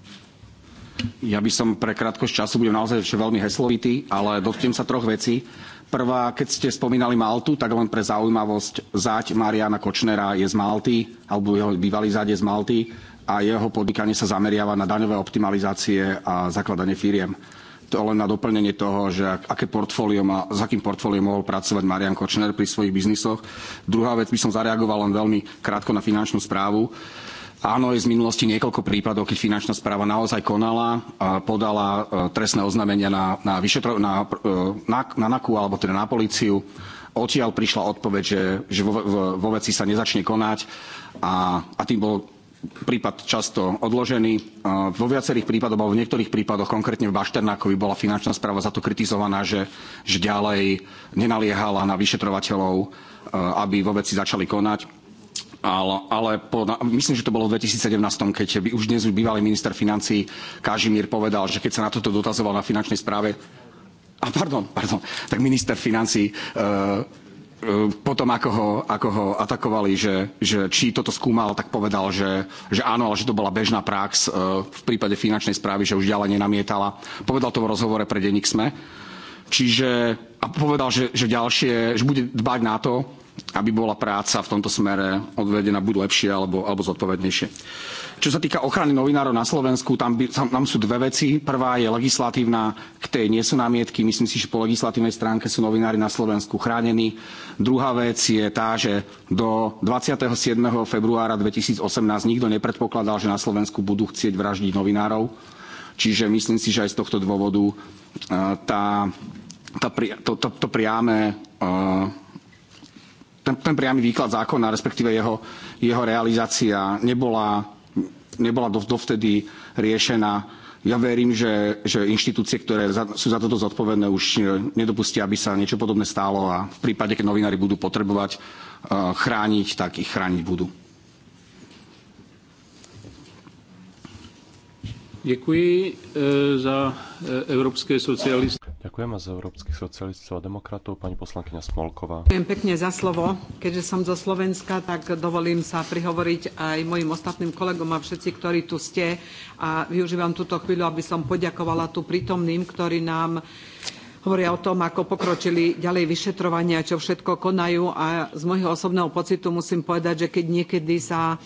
Ja by som pre krátkosť času, budem naozaj veľmi heslovitý, ale dotknem sa troch vecí. Prvá, keď ste spomínali Maltu, tak len pre zaujímavosť, záť Mariana Kočnera je z Malty, alebo jeho bývalý záď je z Malty a jeho podnikanie sa zameriava na daňové optimalizácie a zakladanie firiem. To len na doplnenie toho, že aké portfólio má, s akým portfóliom mohol pracovať Marian Kočner pri svojich biznisoch. Druhá vec, by som zareagoval len veľmi krátko na finančnú správu. Áno, je z minulosti niekoľko prípadov, keď finančná správa naozaj konala a podala e, trestné oznámenia na, na, vyšetro, na, e, na, na NAKU alebo teda na políciu. Odtiaľ prišla odpoveď, že, že vo, vo, veci sa nezačne konať a, a tým bol prípad často odložený. E, vo viacerých prípadoch, alebo v niektorých prípadoch, konkrétne v Bašternákovi, bola finančná správa za to kritizovaná, že, že ďalej nenaliehala na vyšetrovateľov, aby vo veci začali konať ale, ale po, myslím, že to bolo v 2017, keď by už dnes bývalý minister financí Kažimír povedal, že keď sa na toto dotazoval na finančnej správe, a pardon, pardon, tak minister financí uh, potom ako ho, ako ho atakovali, že, že, či toto skúmal, tak povedal, že, že áno, ale že to bola bežná prax e, v prípade finančnej správy, že už ďalej nenamietala. Povedal to v rozhovore pre denník SME. Čiže a povedal, že, že ďalšie, že bude dbať na to, aby bola práca v tomto smere odvedená buď lepšie alebo, alebo zodpovednejšie. Čo sa týka ochrany novinárov na Slovensku, tam, by, tam, tam sú dve veci. Prvá je legislatívna, k tej nie sú námietky. Myslím si, že po legislatívnej stránke sú novinári na Slovensku chránení. Druhá vec je tá, že do 27. februára 2018 nikto nepredpokladal, že na Slovensku budú chcieť vraždiť novinárov. Čiže myslím si, že aj z tohto dôvodu e, tá, tá, to, to, to priame uh, ten, ten priamy výklad zákona, respektíve jeho, jeho realizácia nebola, nebola dovtedy riešená. Ja verím, že, že inštitúcie, ktoré za, sú za toto zodpovedné, už e, nedopustia, aby sa niečo podobné stálo a v prípade, keď novinári budú potrebovať uh, chrániť, tak ich chrániť budú.
E, e, Ďakujem za socialisty. Ďakujem za európskych socialistov a demokratov, pani poslankyňa Smolková. Ďakujem
pekne za slovo. Keďže som zo Slovenska, tak dovolím sa prihovoriť aj mojim ostatným kolegom a všetci, ktorí tu ste. A využívam túto chvíľu, aby som poďakovala tu prítomným, ktorí nám hovoria o tom, ako pokročili ďalej vyšetrovania, čo všetko konajú. A z môjho osobného pocitu musím povedať, že keď niekedy sa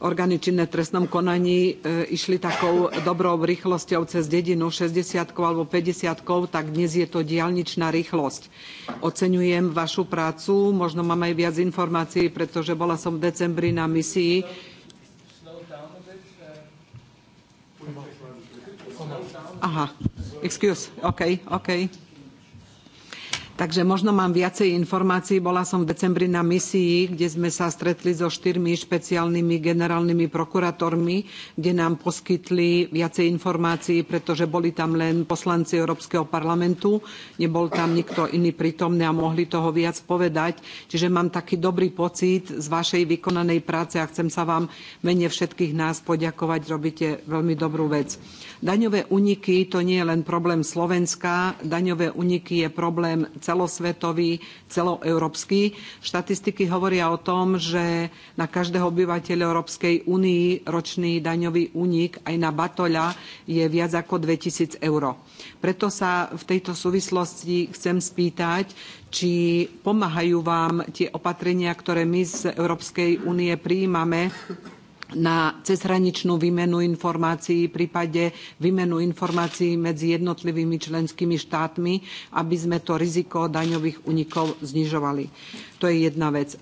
orgány činné v trestnom konaní e, išli takou dobrou rýchlosťou cez dedinu 60 alebo 50, tak dnes je to diaľničná rýchlosť. Oceňujem vašu prácu, možno mám aj viac informácií, pretože bola som v decembri na misii. Aha, excuse, Takže možno mám viacej informácií. Bola som v decembri na misii, kde sme sa stretli so štyrmi špeciálnymi generálnymi prokurátormi, kde nám poskytli viacej informácií, pretože boli tam len poslanci Európskeho parlamentu, nebol tam nikto iný prítomný a mohli toho viac povedať. Čiže mám taký dobrý pocit z vašej vykonanej práce a chcem sa vám mene všetkých nás poďakovať. Robíte veľmi dobrú vec. Daňové úniky to nie je len problém Slovenska, daňové úniky je problém celosvetový, celoeurópsky. Štatistiky hovoria o tom, že na každého obyvateľa Európskej únii ročný daňový únik aj na batoľa je viac ako 2000 eur. Preto sa v tejto súvislosti chcem spýtať, či pomáhajú vám tie opatrenia, ktoré my z Európskej únie prijímame na cezhraničnú výmenu informácií, prípade výmenu informácií medzi jednotlivými členskými štátmi, aby sme to riziko daňových únikov znižovali. To je jedna vec. E,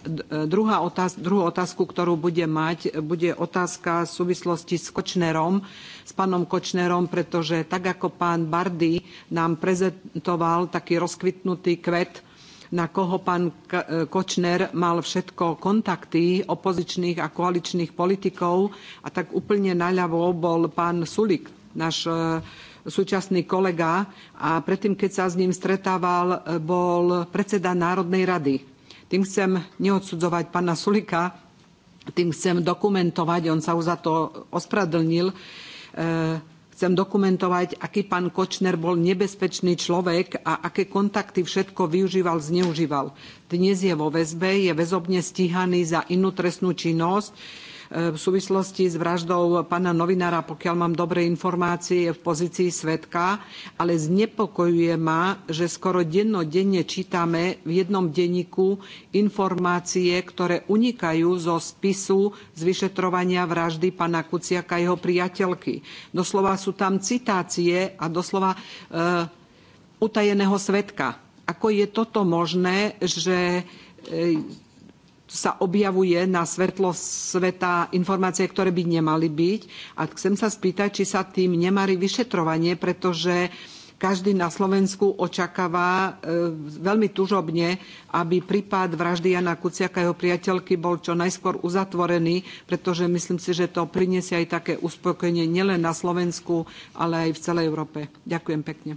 druhá otáz- druhú otázku, ktorú bude mať, bude otázka v súvislosti s Kočnerom, s pánom Kočnerom, pretože tak ako pán Bardy nám prezentoval taký rozkvitnutý kvet, na koho pán e, Kočner mal všetko kontakty opozičných a koaličných politikov a tak úplne naľavo bol pán Sulik, náš e, súčasný kolega a predtým, keď sa s ním stretával, e, bol predseda Národnej rady. Tým chcem neodsudzovať pána Sulika, tým chcem dokumentovať, on sa už za to ospravedlnil, Chcem dokumentovať, aký pán Kočner bol nebezpečný človek a aké kontakty všetko využíval, zneužíval. Dnes je vo väzbe, je väzobne stíhaný za inú trestnú činnosť, v súvislosti s vraždou pána novinára, pokiaľ mám dobré informácie, je v pozícii svetka, ale znepokojuje ma, že skoro dennodenne čítame v jednom denníku informácie, ktoré unikajú zo spisu z vyšetrovania vraždy pána Kuciaka a jeho priateľky. Doslova sú tam citácie a doslova e, utajeného svetka. Ako je toto možné, že e, sa objavuje na svetlo sveta informácie, ktoré by nemali byť. A chcem sa spýtať, či sa tým nemarí vyšetrovanie, pretože každý na Slovensku očakáva e, veľmi tužobne, aby prípad vraždy Jana Kuciaka a jeho priateľky bol čo najskôr uzatvorený, pretože myslím si, že to priniesie aj také uspokojenie nielen na Slovensku, ale aj v celej Európe. Ďakujem pekne.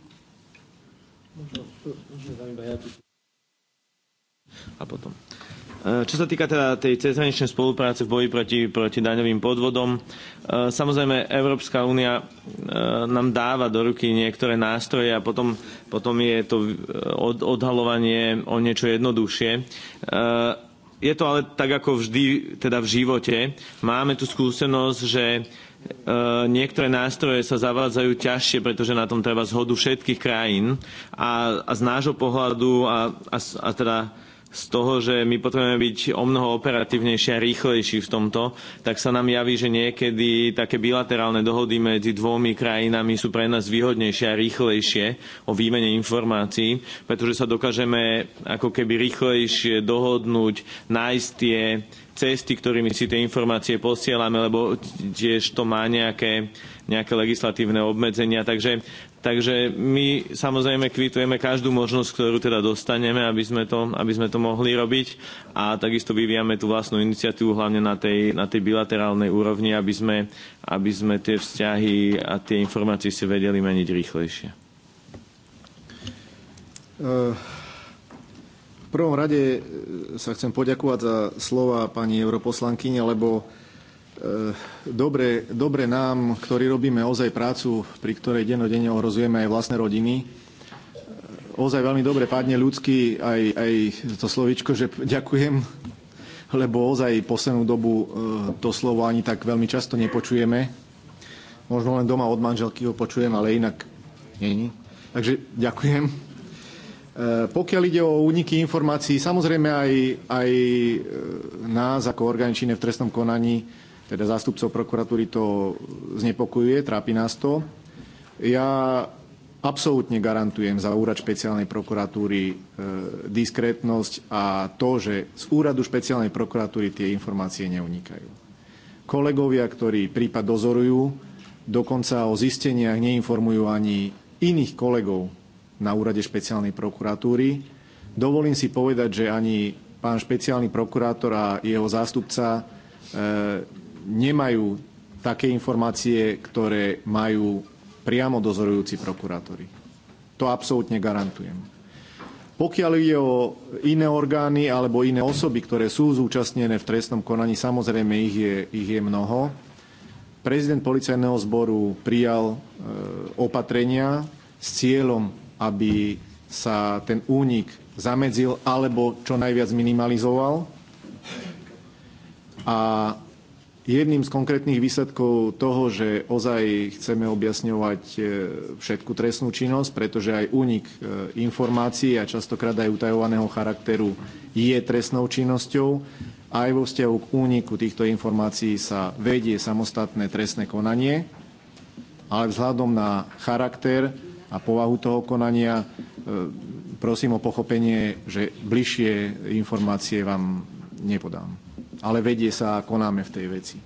A potom. E, čo sa týka teda tej cezhraničnej spolupráce v boji proti, proti daňovým podvodom, e, samozrejme Európska únia e, nám dáva do ruky niektoré nástroje a potom, potom je to odhalovanie o niečo jednoduchšie. Je to ale tak ako vždy teda v živote. Máme tu skúsenosť, že niektoré nástroje sa zavádzajú ťažšie, pretože na tom treba zhodu všetkých krajín a, a z nášho pohľadu a, a, a teda z toho, že my potrebujeme byť o mnoho operatívnejší a rýchlejší v tomto, tak sa nám javí, že niekedy také bilaterálne dohody medzi dvomi krajinami sú pre nás výhodnejšie a rýchlejšie o výmene informácií, pretože sa dokážeme ako keby rýchlejšie dohodnúť, nájsť tie cesty, ktorými si tie informácie posielame, lebo tiež to má nejaké, nejaké legislatívne obmedzenia. Takže Takže my samozrejme kvitujeme každú možnosť, ktorú teda dostaneme, aby sme to, aby sme to mohli robiť a takisto vyvíjame tú vlastnú iniciatívu hlavne na tej, na tej bilaterálnej úrovni, aby sme, aby sme tie vzťahy a tie informácie si vedeli meniť rýchlejšie.
V prvom rade sa chcem poďakovať za slova pani europoslankyne, lebo E, dobre, dobre nám, ktorí robíme ozaj prácu, pri ktorej denodene ohrozujeme aj vlastné rodiny, e, ozaj veľmi dobre padne ľudský aj, aj to slovičko, že ďakujem, lebo ozaj poslednú dobu e, to slovo ani tak veľmi často nepočujeme. Možno len doma od manželky ho počujem, ale inak není. Takže ďakujem. Pokiaľ ide o úniky informácií, samozrejme aj, aj nás ako orgány v trestnom konaní teda zástupcov prokuratúry to znepokojuje, trápi nás to. Ja absolútne garantujem za úrad špeciálnej prokuratúry e, diskrétnosť a to, že z úradu špeciálnej prokuratúry tie informácie neunikajú. Kolegovia, ktorí prípad dozorujú, dokonca o zisteniach neinformujú ani iných kolegov na úrade špeciálnej prokuratúry. Dovolím si povedať, že ani pán špeciálny prokurátor a jeho zástupca e, nemajú také informácie, ktoré majú priamo dozorujúci prokurátori. To absolútne garantujem. Pokiaľ ide o iné orgány alebo iné osoby, ktoré sú zúčastnené v trestnom konaní, samozrejme ich je, ich je mnoho. Prezident policajného zboru prijal e, opatrenia s cieľom, aby sa ten únik zamedzil alebo čo najviac minimalizoval. A Jedným z konkrétnych výsledkov toho, že ozaj chceme objasňovať e, všetku trestnú činnosť, pretože aj únik e, informácií a častokrát aj utajovaného charakteru je trestnou činnosťou, aj vo vzťahu k úniku týchto informácií sa vedie samostatné trestné konanie, ale vzhľadom na charakter a povahu toho konania e, prosím o pochopenie, že bližšie informácie vám nepodám ale vedie sa a konáme v tej veci.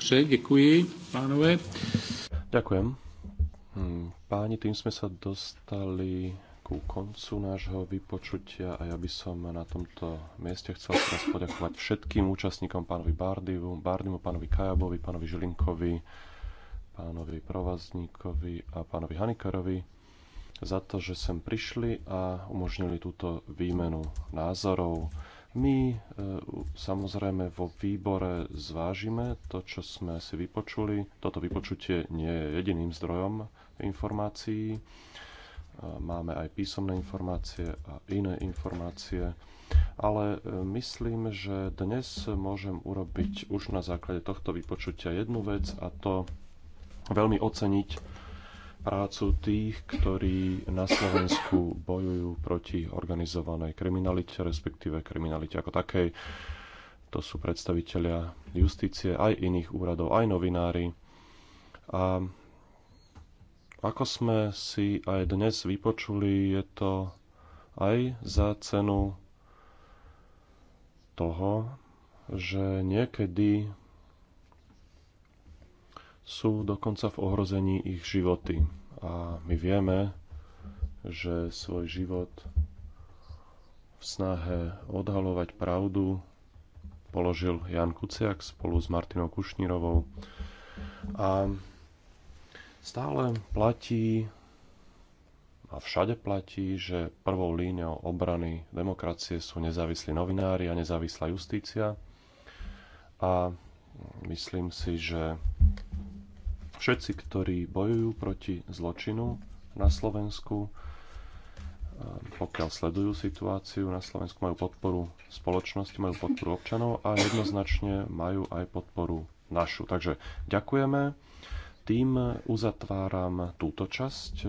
Dobre, ďakujem, pánové. Ďakujem. Hm, páni, tým sme sa dostali ku koncu nášho vypočutia a ja by som na tomto mieste chcel teraz poďakovať všetkým účastníkom pánovi Bardimu, Bardimu pánovi Kajabovi, pánovi Žilinkovi, pánovi Provazníkovi a pánovi Hanikarovi za to, že sem prišli a umožnili túto výmenu názorov. My e, samozrejme vo výbore zvážime to, čo sme si vypočuli. Toto vypočutie nie je jediným zdrojom informácií. E, máme aj písomné informácie a iné informácie, ale e, myslím, že dnes môžem urobiť už na základe tohto vypočutia jednu vec a to veľmi oceniť prácu tých, ktorí na Slovensku bojujú proti organizovanej kriminalite, respektíve kriminalite ako takej. To sú predstavitelia justície, aj iných úradov, aj novinári. A ako sme si aj dnes vypočuli, je to aj za cenu toho, že niekedy sú dokonca v ohrození ich životy. A my vieme, že svoj život v snahe odhalovať pravdu položil Jan Kuciak spolu s Martinou Kušnírovou. A stále platí a všade platí, že prvou líniou obrany demokracie sú nezávislí novinári a nezávislá justícia. A myslím si, že všetci, ktorí bojujú proti zločinu na Slovensku, e, pokiaľ sledujú situáciu na Slovensku, majú podporu spoločnosti, majú podporu občanov a jednoznačne majú aj podporu našu. Takže ďakujeme. Tým uzatváram túto časť e,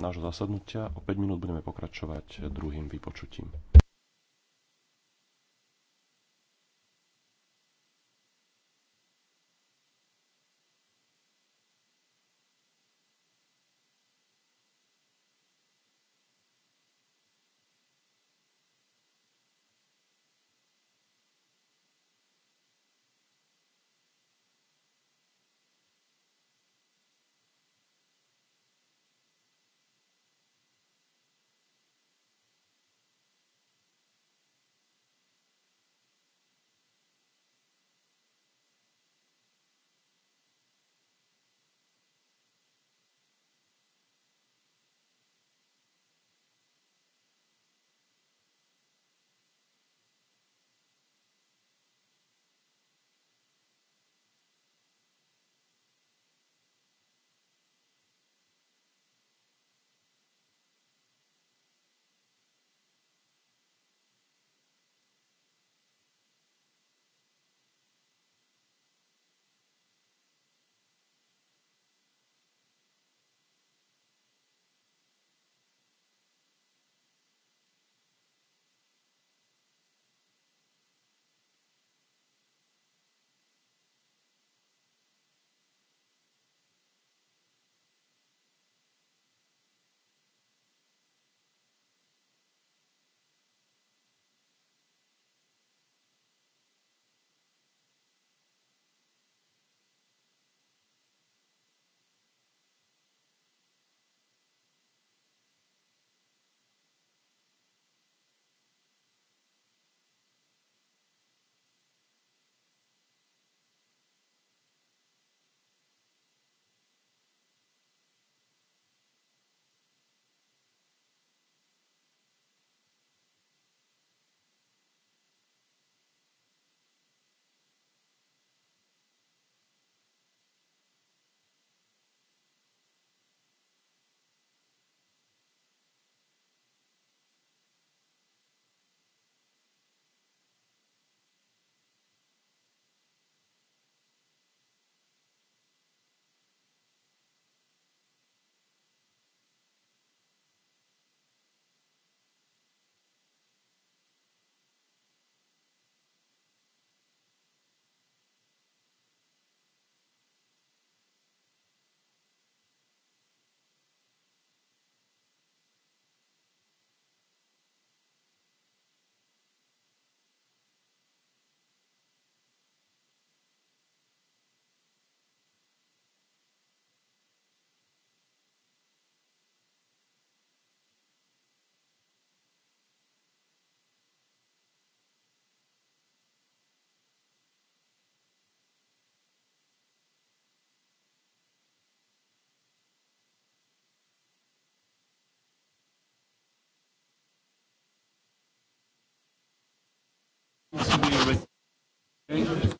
nášho zasadnutia. O 5 minút budeme pokračovať druhým vypočutím. Thank you.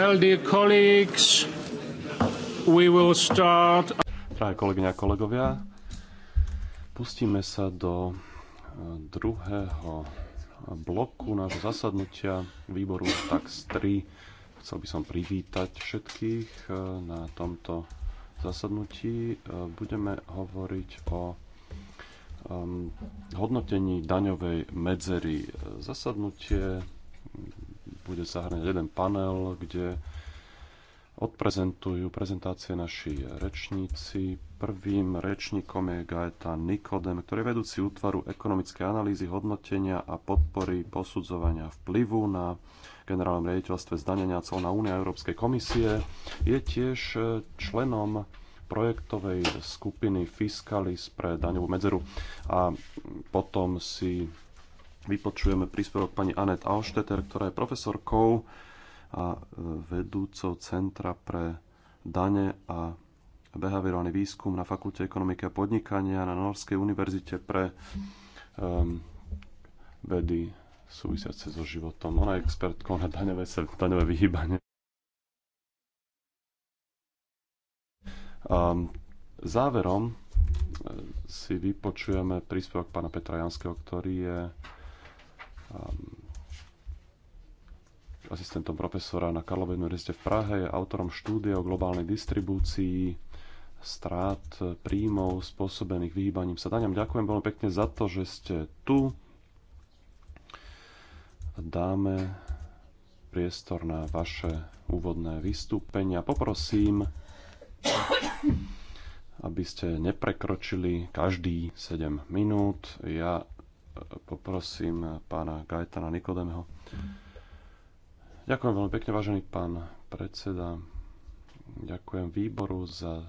Well, dear colleagues, we will start... Drahé kolegyne a kolegovia, pustíme sa do eh, druhého bloku nášho zasadnutia výboru TAX 3. Chcel by som privítať všetkých eh, na tomto zasadnutí. Eh, budeme hovoriť o ehm, hodnotení daňovej medzery. Zasadnutie bude zahrňať jeden panel, kde odprezentujú prezentácie naši rečníci. Prvým rečníkom je Gaeta Nikodem, ktorý je vedúci útvaru ekonomické analýzy, hodnotenia a podpory posudzovania vplyvu na generálnom riaditeľstve zdanenia na únia Európskej komisie. Je tiež členom projektovej skupiny Fiskalis pre daňovú medzeru a potom si vypočujeme príspevok pani Anet Alšteter, ktorá je profesorkou a e, vedúcou Centra pre dane a behaviorálny výskum na Fakulte ekonomiky a podnikania na Norskej univerzite pre um, vedy súvisiace so životom. Ona je expertkou na daňové, daňové vyhýbanie. Um, záverom e, si vypočujeme príspevok pána Petra Janského, ktorý je Ehm, asistentom profesora na Karlovej univerzite v Prahe, je autorom štúdie o globálnej distribúcii strát eh, príjmov spôsobených vyhýbaním sa daňam. Ďakujem veľmi pekne za to, že ste tu. Dáme priestor na vaše úvodné vystúpenia. Poprosím, aby ste neprekročili každý 7 minút. Ja poprosím pána Gajetana Nikodemeho. Ďakujem veľmi pekne, vážený pán predseda. Ďakujem výboru za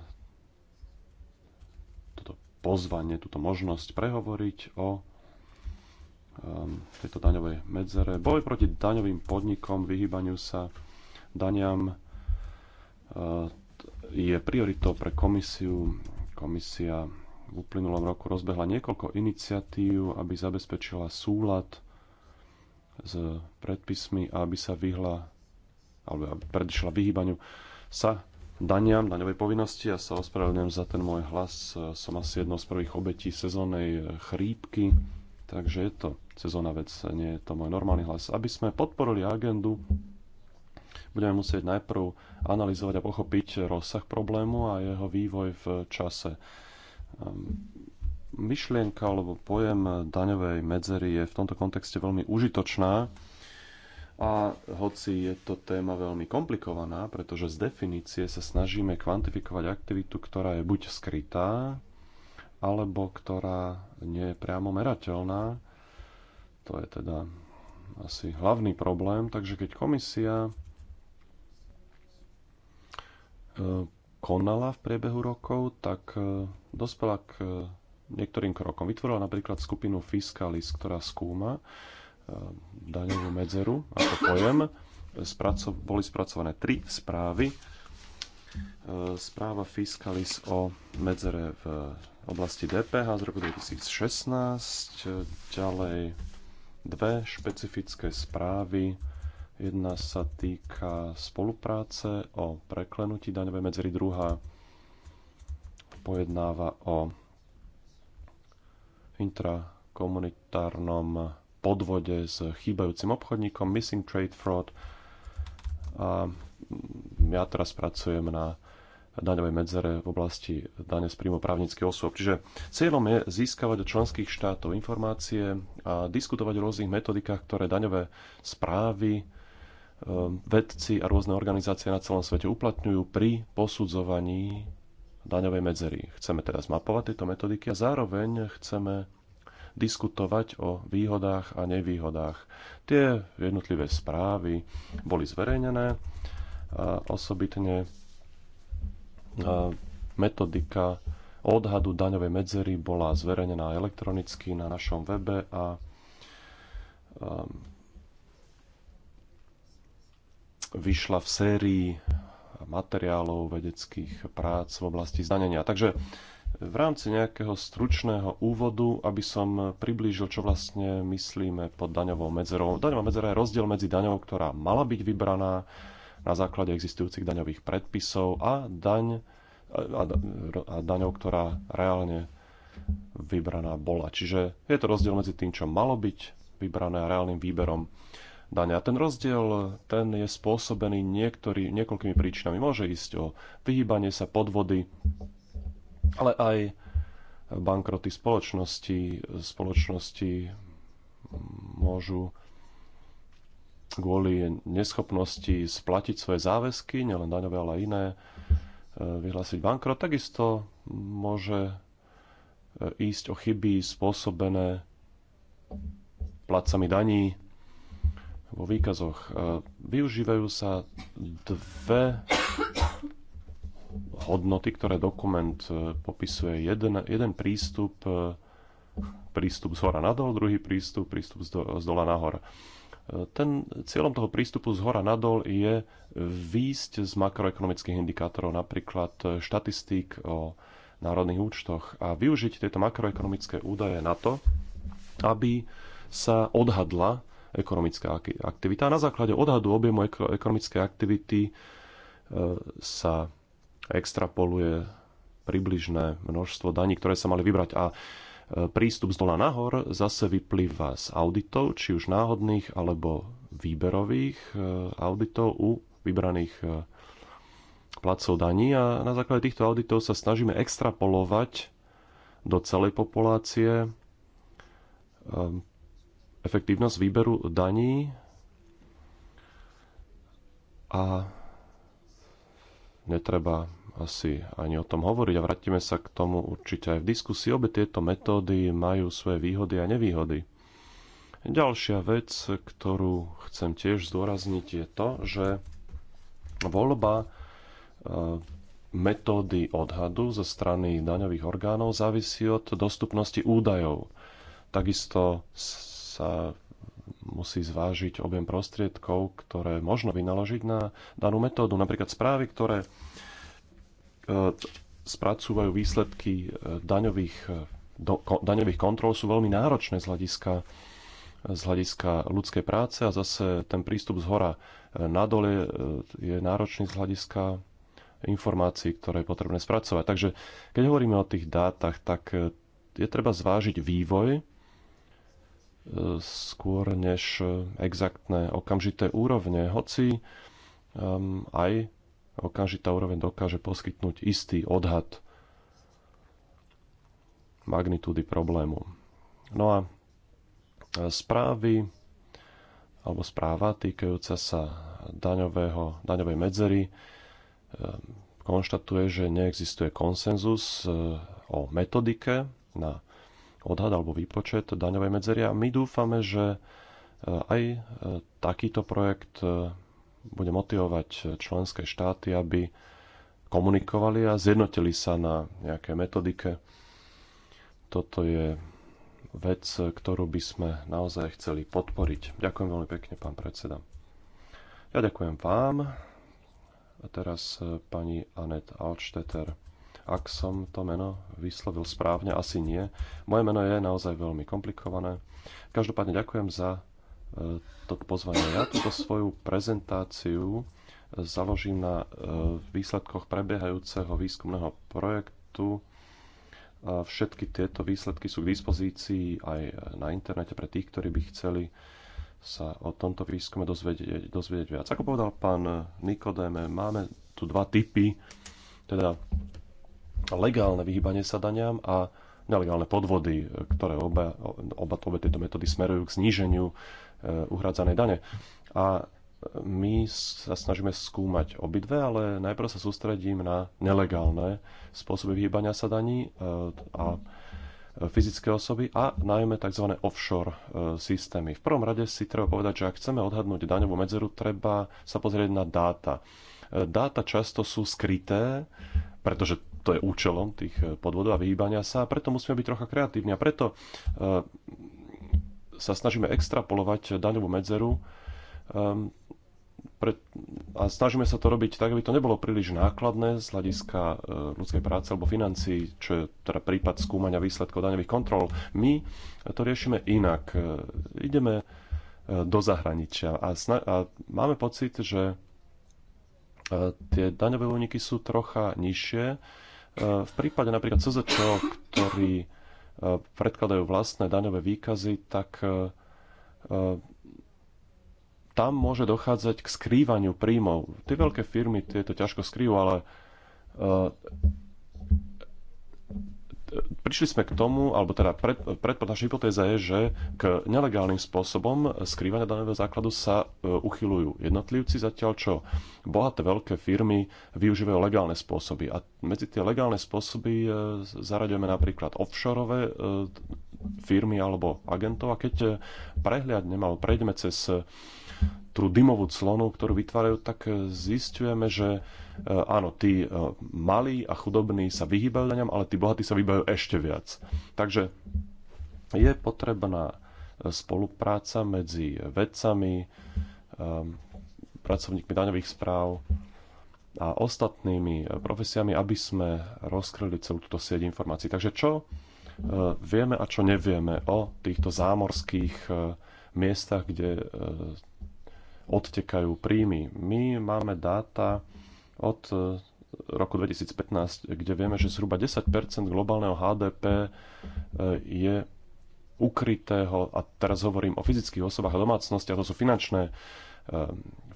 toto pozvanie, túto možnosť prehovoriť o um, tejto daňovej medzere. Boj proti daňovým podnikom, vyhýbaniu sa daniam uh, je prioritou pre komisiu. Komisia v uplynulom roku rozbehla niekoľko iniciatív, aby zabezpečila súlad s predpismi a aby sa vyhla alebo predišla vyhýbaniu sa daniam, daňovej povinnosti. Ja sa ospravedlňujem za ten môj hlas. Som asi jednou z prvých obetí sezónnej chrípky, takže je to sezóna vec, nie je to môj normálny hlas. Aby sme podporili agendu, budeme musieť najprv analyzovať a pochopiť rozsah problému a jeho vývoj v čase. Ehm, myšlienka alebo pojem daňovej medzery je v tomto kontexte veľmi užitočná a hoci je to téma veľmi komplikovaná, pretože z definície sa snažíme kvantifikovať aktivitu, ktorá je buď skrytá, alebo ktorá nie je priamo merateľná. To je teda asi hlavný problém. Takže keď komisia ehm, konala v priebehu rokov, tak ehm, dospela k e, niektorým krokom. Vytvorila napríklad skupinu Fiscalis, ktorá skúma e, daňovú medzeru ako pojem. Spraco- boli spracované tri správy. E, správa Fiscalis o medzere v oblasti DPH z roku 2016, ďalej dve špecifické správy Jedna sa týka spolupráce o preklenutí daňovej medzery, druhá pojednáva o intrakomunitárnom podvode s chýbajúcim obchodníkom Missing Trade Fraud. A ja teraz pracujem na daňovej medzere v oblasti dane z príjmu právnických osôb. Čiže cieľom je získavať od členských štátov informácie a diskutovať o rôznych metodikách, ktoré daňové správy, e, vedci a rôzne organizácie na celom svete uplatňujú pri posudzovaní daňovej medzery. Chceme teraz mapovať tieto metodiky a zároveň chceme diskutovať o výhodách a nevýhodách. Tie jednotlivé správy boli zverejnené, a osobitne a metodika odhadu daňovej medzery bola zverejnená elektronicky na našom webe a vyšla v sérii materiálov, vedeckých prác v oblasti zdanenia. Takže v rámci nejakého stručného úvodu, aby som priblížil, čo vlastne myslíme pod daňovou medzerou. Daňová medzera je rozdiel medzi daňou, ktorá mala byť vybraná na základe existujúcich daňových predpisov a daň a, a daňou, ktorá reálne vybraná bola. Čiže je to rozdiel medzi tým, čo malo byť vybrané a reálnym výberom dane. A ten rozdiel ten je spôsobený niektorý, niekoľkými príčinami. Môže ísť o vyhýbanie sa podvody, ale aj bankroty spoločnosti. Spoločnosti môžu kvôli neschopnosti splatiť svoje záväzky, nielen daňové, ale aj iné, e, vyhlásiť bankrot. Takisto môže e, ísť o chyby spôsobené placami daní vo výkazoch. E, využívajú sa dve hodnoty, ktoré dokument e, popisuje. Jeden, jeden prístup, e, prístup z hora nadol, druhý prístup, prístup z dola nahor. Ten, cieľom toho prístupu z hora nadol je výjsť z makroekonomických indikátorov, napríklad štatistík o národných účtoch a využiť tieto makroekonomické údaje na to, aby sa odhadla ekonomická aktivita. A na základe odhadu objemu ekonomickej aktivity e, sa extrapoluje približné množstvo daní, ktoré sa mali vybrať. A e, prístup z dola nahor zase vyplýva z auditov, či už náhodných alebo výberových e, auditov u vybraných placov daní a na základe týchto auditov sa snažíme extrapolovať do celej populácie efektívnosť výberu daní a netreba asi ani o tom hovoriť a vrátime sa k tomu určite aj v diskusii. Obe tieto metódy majú svoje výhody a nevýhody. Ďalšia vec, ktorú chcem tiež zdôrazniť, je to, že voľba e, metódy odhadu zo strany daňových orgánov závisí od dostupnosti údajov. Takisto sa musí zvážiť objem prostriedkov, ktoré možno vynaložiť na danú metódu. Napríklad správy, ktoré e, spracúvajú výsledky e, daňových, e, do, daňových kontrol, sú veľmi náročné z hľadiska, z hľadiska ľudskej práce a zase ten prístup z hora nadole je náročný z hľadiska informácií, ktoré je potrebné spracovať. Takže keď hovoríme o tých dátach, tak je treba zvážiť vývoj skôr než exaktné okamžité úrovne, hoci um, aj okamžitá úroveň dokáže poskytnúť istý odhad magnitúdy problému. No a správy alebo správa týkajúca sa daňového, daňovej medzery um, konštatuje, že neexistuje konsenzus uh, o metodike na odhad alebo výpočet daňovej medzery a my dúfame, že e, aj e, takýto projekt e, bude motivovať členské štáty, aby komunikovali a zjednotili sa na nejaké metodike. Toto je vec, ktorú by sme naozaj chceli podporiť. Ďakujem veľmi pekne, pán predseda. Ja ďakujem vám. A teraz pani Anet Alčteter ak som to meno vyslovil správne, asi nie. Moje meno je naozaj veľmi komplikované. Každopádne ďakujem za toto e, pozvanie. Ja túto svoju prezentáciu e, založím na e, výsledkoch prebiehajúceho výskumného projektu. Všetky tieto výsledky sú k dispozícii aj na internete pre tých, ktorí by chceli sa o tomto výskume dozvedieť, dozvedieť viac. Ako povedal pán Nikodéme, máme tu dva typy, teda legálne vyhýbanie sa daniam a nelegálne podvody, ktoré oba, oba, obe tieto metódy smerujú k zníženiu e, uhrádzanej dane. A my sa snažíme skúmať obidve, ale najprv sa sústredím na nelegálne spôsoby vyhýbania sa daní e, a fyzické osoby a najmä tzv. offshore e, systémy. V prvom rade si treba povedať, že ak chceme odhadnúť daňovú medzeru, treba sa pozrieť na dáta. Dáta často sú skryté, pretože to je účelom tých eh, podvodov a vyhýbania sa, a preto musíme byť trocha kreatívni. A preto eh, sa snažíme extrapolovať daňovú medzeru ehm, a snažíme sa to robiť tak, aby to nebolo príliš nákladné z hľadiska eh, ľudskej práce alebo financií, čo je teda prípad skúmania výsledkov daňových kontrol. My to riešime inak. Ideme do zahraničia a, a máme pocit, že tie daňové úniky sú trocha nižšie E, v prípade napríklad CZČO, ktorí e, predkladajú vlastné daňové výkazy, tak e, tam môže dochádzať k skrývaniu príjmov. Tie veľké firmy tieto ťažko skrývajú, ale prišli sme k tomu, alebo teda pred, predpoklad naša hypotéza je, že k nelegálnym spôsobom skrývania daného základu sa e, uchylujú jednotlivci, zatiaľ čo bohaté veľké firmy využívajú legálne spôsoby. A medzi tie legálne spôsoby e, zaraďujeme napríklad offshore e, firmy alebo agentov. A keď prehliadneme alebo prejdeme cez tú dymovú clonu, ktorú vytvárajú, tak zistujeme, že Eh, áno, tí eh, malí a chudobní sa vyhýbajú daňam, ale tí bohatí sa vyhýbajú ešte viac. Takže je potrebná eh, spolupráca medzi vedcami, pracovníkmi daňových správ a ostatnými profesiami, aby sme rozkryli celú túto sieť informácií. Takže čo vieme a čo nevieme o týchto zámorských miestach, kde odtekajú príjmy. My máme dáta od e, roku 2015, kde vieme, že zhruba 10 globálneho HDP e, je ukrytého, a teraz hovorím o fyzických osobách a domácnostiach, to sú finančné, e,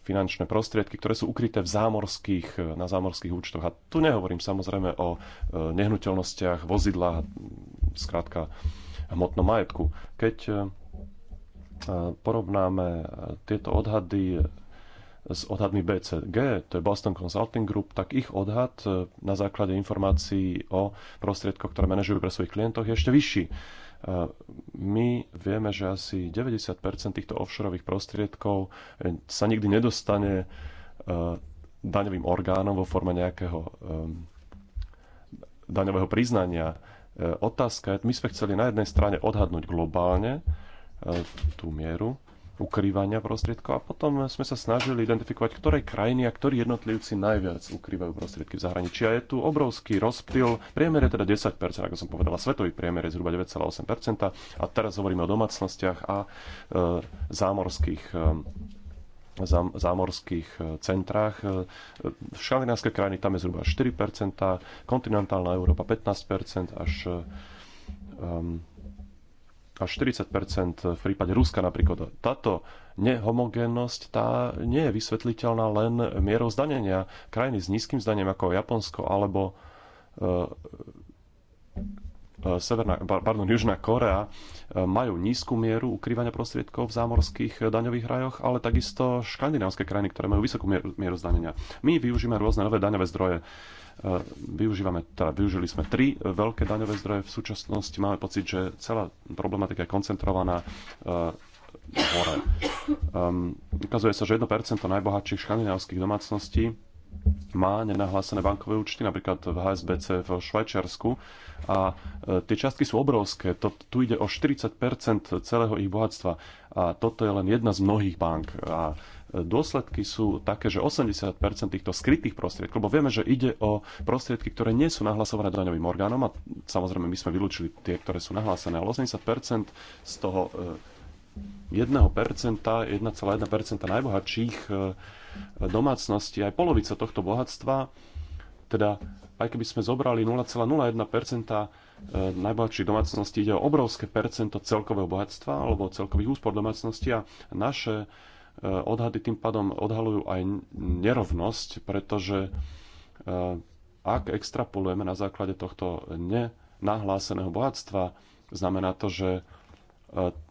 finančné prostriedky, ktoré sú ukryté v zámorských, na zámorských účtoch. A tu nehovorím samozrejme o nehnuteľnostiach, vozidlách, zkrátka hmotnom majetku. Keď porovnáme tieto odhady s odhadmi BCG, to je Boston Consulting Group, tak ich odhad e, na základe informácií o prostriedkoch, ktoré manažujú pre svojich klientov, je ešte vyšší. E, my vieme, že asi 90% týchto offshoreových prostriedkov e, sa nikdy nedostane daňovým orgánom vo forme nejakého daňového priznania. Otázka je, my sme chceli na jednej strane odhadnúť globálne tú mieru ukrývania prostriedkov a potom sme sa snažili identifikovať, ktoré krajiny a ktorí jednotlivci najviac ukrývajú prostriedky v zahraničí. A je tu obrovský rozptyl, priemer je teda 10%, ako som povedala, svetový priemer je zhruba 9,8% a teraz hovoríme o domácnostiach a e, zámorských e, zámorských e, centrách. V e, e, škandinávskej krajiny tam je zhruba 4%, kontinentálna Európa 15% až um, až 40 v prípade Ruska napríklad. Táto nehomogénnosť tá nie je vysvetliteľná len mierou zdanenia. Krajiny s nízkym zdaniem, ako Japonsko alebo e, e, Severná, pardon, Južná Korea e, majú nízku mieru ukrývania prostriedkov v zámorských daňových rajoch, ale takisto škandinávské krajiny, ktoré majú vysokú mieru, mieru zdanenia. My využíme rôzne nové daňové zdroje E, využívame, teda využili sme tri veľké daňové zdroje. V súčasnosti máme pocit, že celá problematika je koncentrovaná e, hore. Um, ukazuje sa, že 1% najbohatších škandinávskych domácností má nenahlásené bankové účty, napríklad v HSBC v Švajčiarsku. A e, tie častky sú obrovské. To, tu ide o 40% celého ich bohatstva. A toto je len jedna z mnohých bank. A dôsledky sú také, že 80% týchto skrytých prostriedkov, lebo vieme, že ide o prostriedky, ktoré nie sú nahlasované daňovým orgánom a samozrejme my sme vylúčili tie, ktoré sú nahlásené, ale 80% z toho 1%, eh, 1,1% najbohatších eh, domácností, aj polovica tohto bohatstva, teda aj keby sme zobrali 0,01% eh, najbohatších domácností, ide o obrovské percento celkového bohatstva alebo celkových úspor domácností a naše Eh, odhady tým pádom odhalujú aj nerovnosť, pretože eh, ak extrapolujeme na základe tohto nenahláseného bohatstva, znamená to, že eh,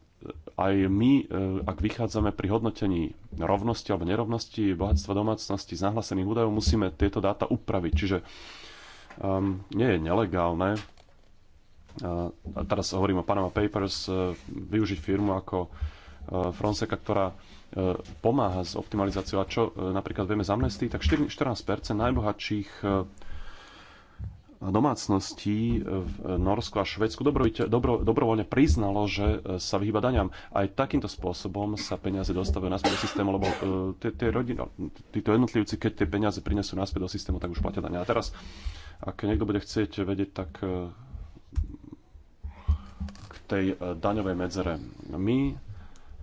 aj my, ak vychádzame pri hodnotení rovnosti alebo nerovnosti bohatstva domácnosti z nahlásených údajov, musíme tieto dáta upraviť. Čiže um, nie je nelegálne, uh, teraz hovorím o Panama Papers, uh, využiť firmu ako uh, Fronseca, ktorá E, pomáha s optimalizáciou. A čo e, napríklad vieme z Amnesty, tak 14% najbohatších e, domácností v Norsku a Švedsku dobro, dobro, dobrovoľne priznalo, že sa vyhýba daňam. Aj takýmto spôsobom sa peniaze dostavujú naspäť do systému, lebo no, títo jednotlivci, keď tie peniaze prinesú naspäť do systému, tak už platia dania. A teraz, ak niekto bude chcieť vedieť, tak k tej daňovej medzere. My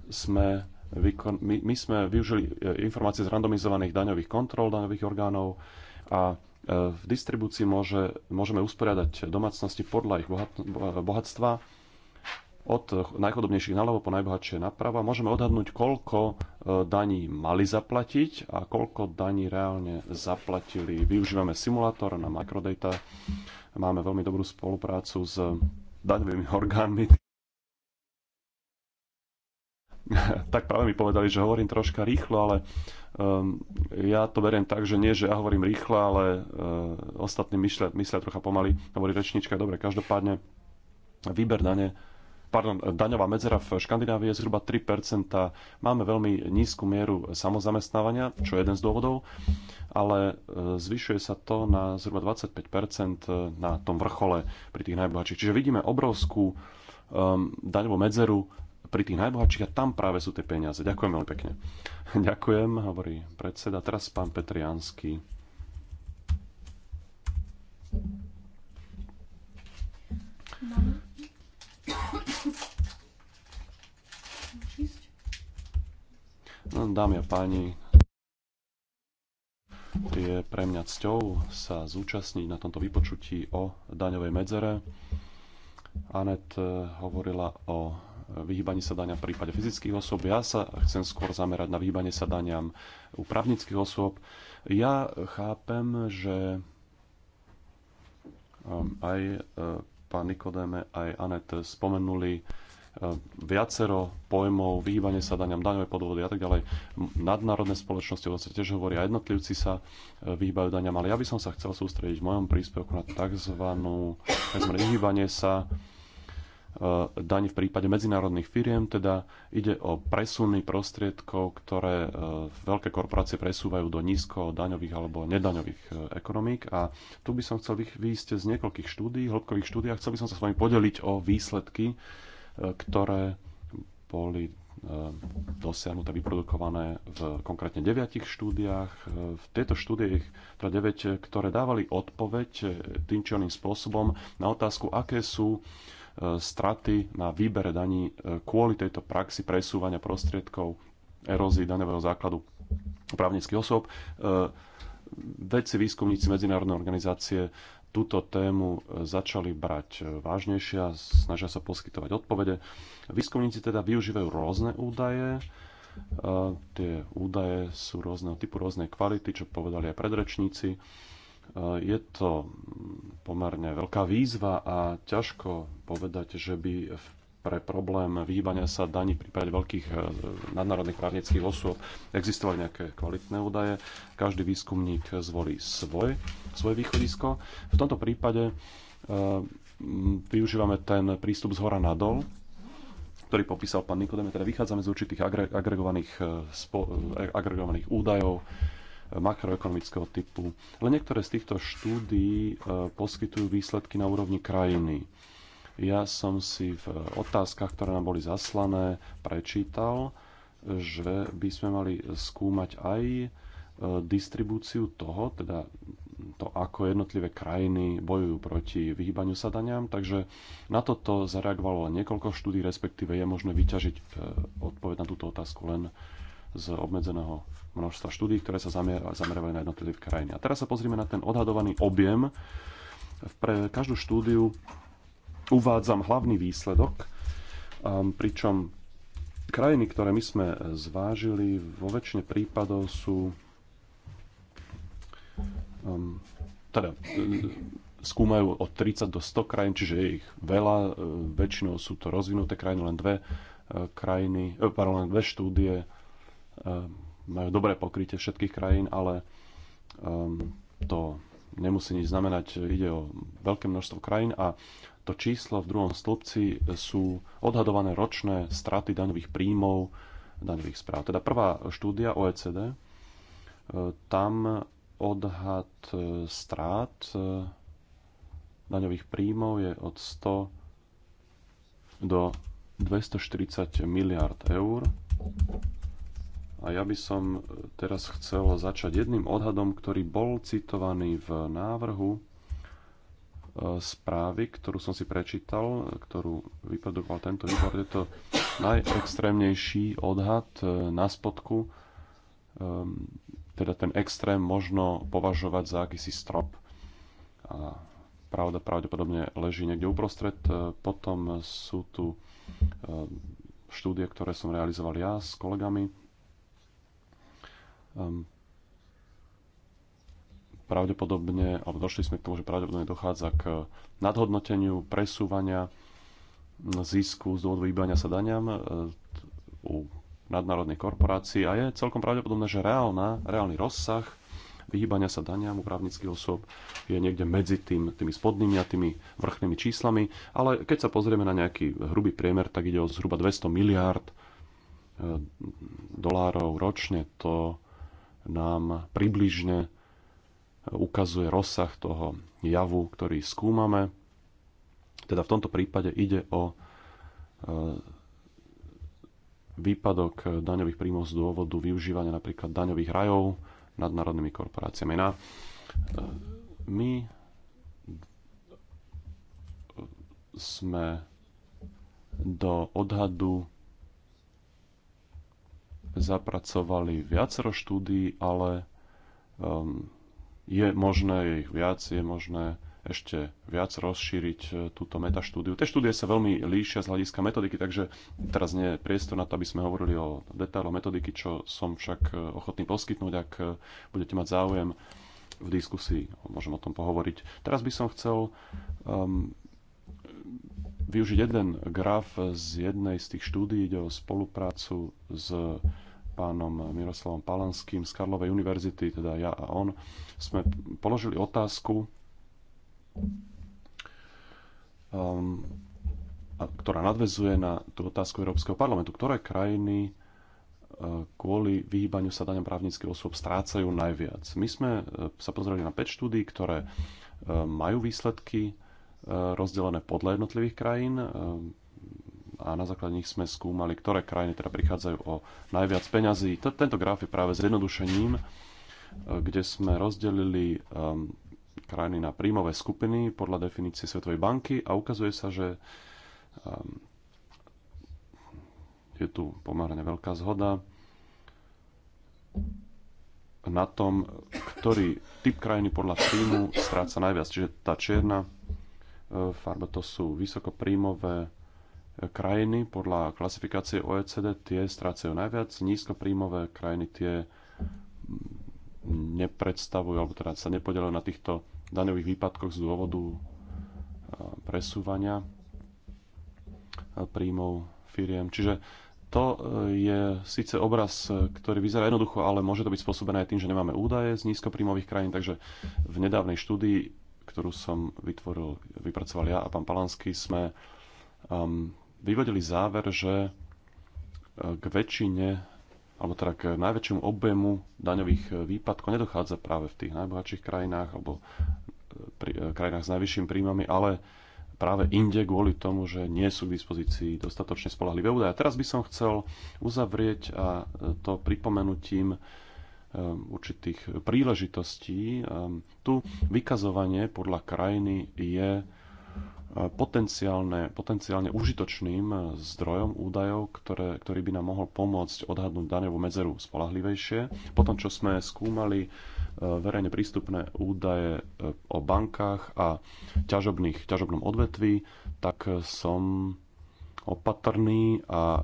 sme my, my sme využili e, informácie z randomizovaných daňových kontrol daňových orgánov a e, v distribúcii môže, môžeme usporiadať domácnosti podľa ich bohat, bohatstva od najchodobnejších naľavo po najbohatšie napravo. Môžeme odhadnúť, koľko e, daní mali zaplatiť a koľko daní reálne zaplatili. Využívame simulátor na microdata. Máme veľmi dobrú spoluprácu s daňovými orgánmi tak práve mi povedali, že hovorím troška rýchlo, ale um, ja to beriem tak, že nie, že ja hovorím rýchlo, ale uh, ostatní myslia, myslia trocha pomaly, hovorí rečnička, dobre, každopádne výber dane pardon, daňová medzera v Škandinávii je zhruba 3%. Máme veľmi nízku mieru samozamestnávania, čo je jeden z dôvodov, ale eh, zvyšuje sa to na zhruba 25% eh, na tom vrchole pri tých najbohatších. Čiže vidíme obrovskú um, daňovú medzeru pri tých najbohatších a tam práve sú tie peniaze. Ďakujem veľmi pekne. Ďakujem, hovorí predseda. Teraz pán Petriansky. No, dámy a páni, je pre mňa cťou sa zúčastniť na tomto vypočutí o daňovej medzere. Anet eh, hovorila o vyhýbanie sa dania v prípade fyzických osôb. Ja sa chcem skôr zamerať na vyhýbanie sa daniam u právnických osôb. Ja chápem, že um, aj e, pán Nikodéme, aj Anet spomenuli e, viacero pojmov, vyhýbanie sa daniam, daňové podvody a tak ďalej. Nadnárodné spoločnosti o tiež hovorí a jednotlivci sa e, vyhýbajú daňam, ale ja by som sa chcel sústrediť v mojom príspevku na tzv. tzv. vyhýbanie sa E, daň v prípade medzinárodných firiem, teda ide o presuny prostriedkov, ktoré e, veľké korporácie presúvajú do nízko daňových alebo nedaňových e, ekonomík. A tu by som chcel vyjsť z niekoľkých štúdí, hĺbkových štúdí a chcel by som sa s vami podeliť o výsledky, ktoré boli dosiahnuté, vyprodukované v konkrétne deviatich štúdiách. V tejto štúdii, teda 9, ktoré dávali odpoveď tým či oným spôsobom na otázku, aké sú straty na výbere daní e, kvôli tejto praxi presúvania prostriedkov erózii daňového základu právnických osôb. E, vedci, výskumníci, medzinárodné organizácie túto tému e, začali brať vážnejšie a snažia sa poskytovať odpovede. Výskumníci teda využívajú rôzne údaje, tie údaje sú rôzneho typu, rôznej kvality, čo povedali aj predrečníci. Eh, je to pomerne veľká výzva a ťažko povedať, že by pre problém vyhýbania sa daní v prípade veľkých eh, nadnárodných právnických osôb existovali nejaké kvalitné údaje. Každý výskumník zvolí svoj, svoje východisko. V tomto prípade eh, využívame ten prístup z hora nadol, ktorý popísal pán Nikodem, teda vychádzame z určitých agre- agregovaných, spo- agregovaných údajov, makroekonomického typu. Ale niektoré z týchto štúdií e, poskytujú výsledky na úrovni krajiny. Ja som si v otázkach, ktoré nám boli zaslané, prečítal, že by sme mali skúmať aj e, distribúciu toho, teda to, ako jednotlivé krajiny bojujú proti vyhýbaniu sa daniam. Takže na toto zareagovalo niekoľko štúdí, respektíve je možné vyťažiť e, odpoveď na túto otázku len z obmedzeného množstva štúdí, ktoré sa zameriavali na jednotlivé krajiny. A teraz sa pozrieme na ten odhadovaný objem. Pre každú štúdiu uvádzam hlavný výsledok, um, pričom krajiny, ktoré my sme zvážili, vo väčšine prípadov sú um, teda e, skúmajú od 30 do 100 krajín, čiže je ich veľa. E, väčšinou sú to rozvinuté krajiny, len dve e, krajiny, pardon, len dve štúdie Ehm, majú dobré pokrytie všetkých krajín, ale ehm, to nemusí nič znamenať. Ide o veľké množstvo krajín a to číslo v druhom stĺpci sú odhadované ročné straty daňových príjmov daňových správ. Teda prvá štúdia OECD, e, tam odhad e, strát e, daňových príjmov je od 100 do 240 miliard eur a ja by som teraz chcel začať jedným odhadom, ktorý bol citovaný v návrhu e, správy, ktorú som si prečítal, ktorú vyprodukoval tento výbor. Je to najextrémnejší odhad e, na spodku. E, teda ten extrém možno považovať za akýsi strop. A pravda pravdepodobne leží niekde uprostred. Potom sú tu štúdie, ktoré som realizoval ja s kolegami Um, pravdepodobne, alebo došli sme k tomu, že pravdepodobne dochádza k eh, nadhodnoteniu presúvania zisku z dôvodu vybania sa daňam eh, u nadnárodnej korporácii a je celkom pravdepodobné, že reálna, reálny rozsah vyhýbania sa daniam u právnických osôb je niekde medzi tým, tými spodnými a tými vrchnými číslami, ale keď sa pozrieme na nejaký hrubý priemer, tak ide o zhruba 200 miliárd eh, dolárov ročne. To nám približne ukazuje rozsah toho javu, ktorý skúmame. Teda v tomto prípade ide o e, výpadok daňových príjmov z dôvodu využívania napríklad daňových rajov nad národnými korporáciami. Na, no e, my sme do odhadu zapracovali viacero štúdí, ale um, je možné ich viac, je možné ešte viac rozšíriť e, túto metaštúdiu. Tie štúdie sa veľmi líšia z hľadiska metodiky, takže teraz nie je priestor na to, aby sme hovorili o detailoch metodiky, čo som však e, ochotný poskytnúť, ak e, budete mať záujem v diskusii. Môžem o tom pohovoriť. Teraz by som chcel um, využiť jeden graf z jednej z tých štúdií, ide o spoluprácu s pánom Miroslavom Palanským z Karlovej univerzity, teda ja a on, sme položili otázku, um, ktorá nadvezuje na tú otázku Európskeho parlamentu. Ktoré krajiny uh, kvôli vyhýbaniu sa daňom právnických osôb strácajú najviac? My sme uh, sa pozreli na 5 štúdí, ktoré uh, majú výsledky E, rozdelené podľa jednotlivých krajín e, a na základe nich sme skúmali, ktoré krajiny teda prichádzajú o najviac peňazí. Tento graf je práve zjednodušením, e, kde sme rozdelili krajiny na príjmové skupiny podľa definície Svetovej banky a ukazuje sa, že je tu pomerne veľká zhoda na tom, ktorý typ krajiny podľa príjmu stráca najviac. Čiže tá čierna farbe to sú vysokopríjmové krajiny podľa klasifikácie OECD, tie strácajú najviac, nízkopríjmové krajiny tie nepredstavujú, alebo teda sa nepodelujú na týchto daňových výpadkoch z dôvodu presúvania príjmov firiem. Čiže to e, je síce obraz, e, ktorý vyzerá jednoducho, ale môže to byť spôsobené aj tým, že nemáme údaje z nízkopríjmových krajín, takže v nedávnej štúdii ktorú som vytvoril, vypracoval ja a pán Palanský, sme um, vyvodili záver, že uh, k väčšine alebo teda k najväčšiemu objemu daňových uh, výpadkov nedochádza práve v tých najbohatších krajinách alebo uh, pri, krajinách s najvyššími príjmami, ale práve inde kvôli tomu, že nie sú k dispozícii dostatočne spolahlivé údaje. A teraz by som chcel uzavrieť a to pripomenutím Um, určitých príležitostí. Um, tu vykazovanie podľa krajiny je uh, potenciálne, potenciálne užitočným uh, zdrojom údajov, ktoré, ktorý by nám mohol pomôcť odhadnúť daňovú medzeru spolahlivejšie. Potom, čo sme skúmali uh, verejne prístupné údaje o bankách a ťažobných, ťažobnom odvetví, tak som opatrný a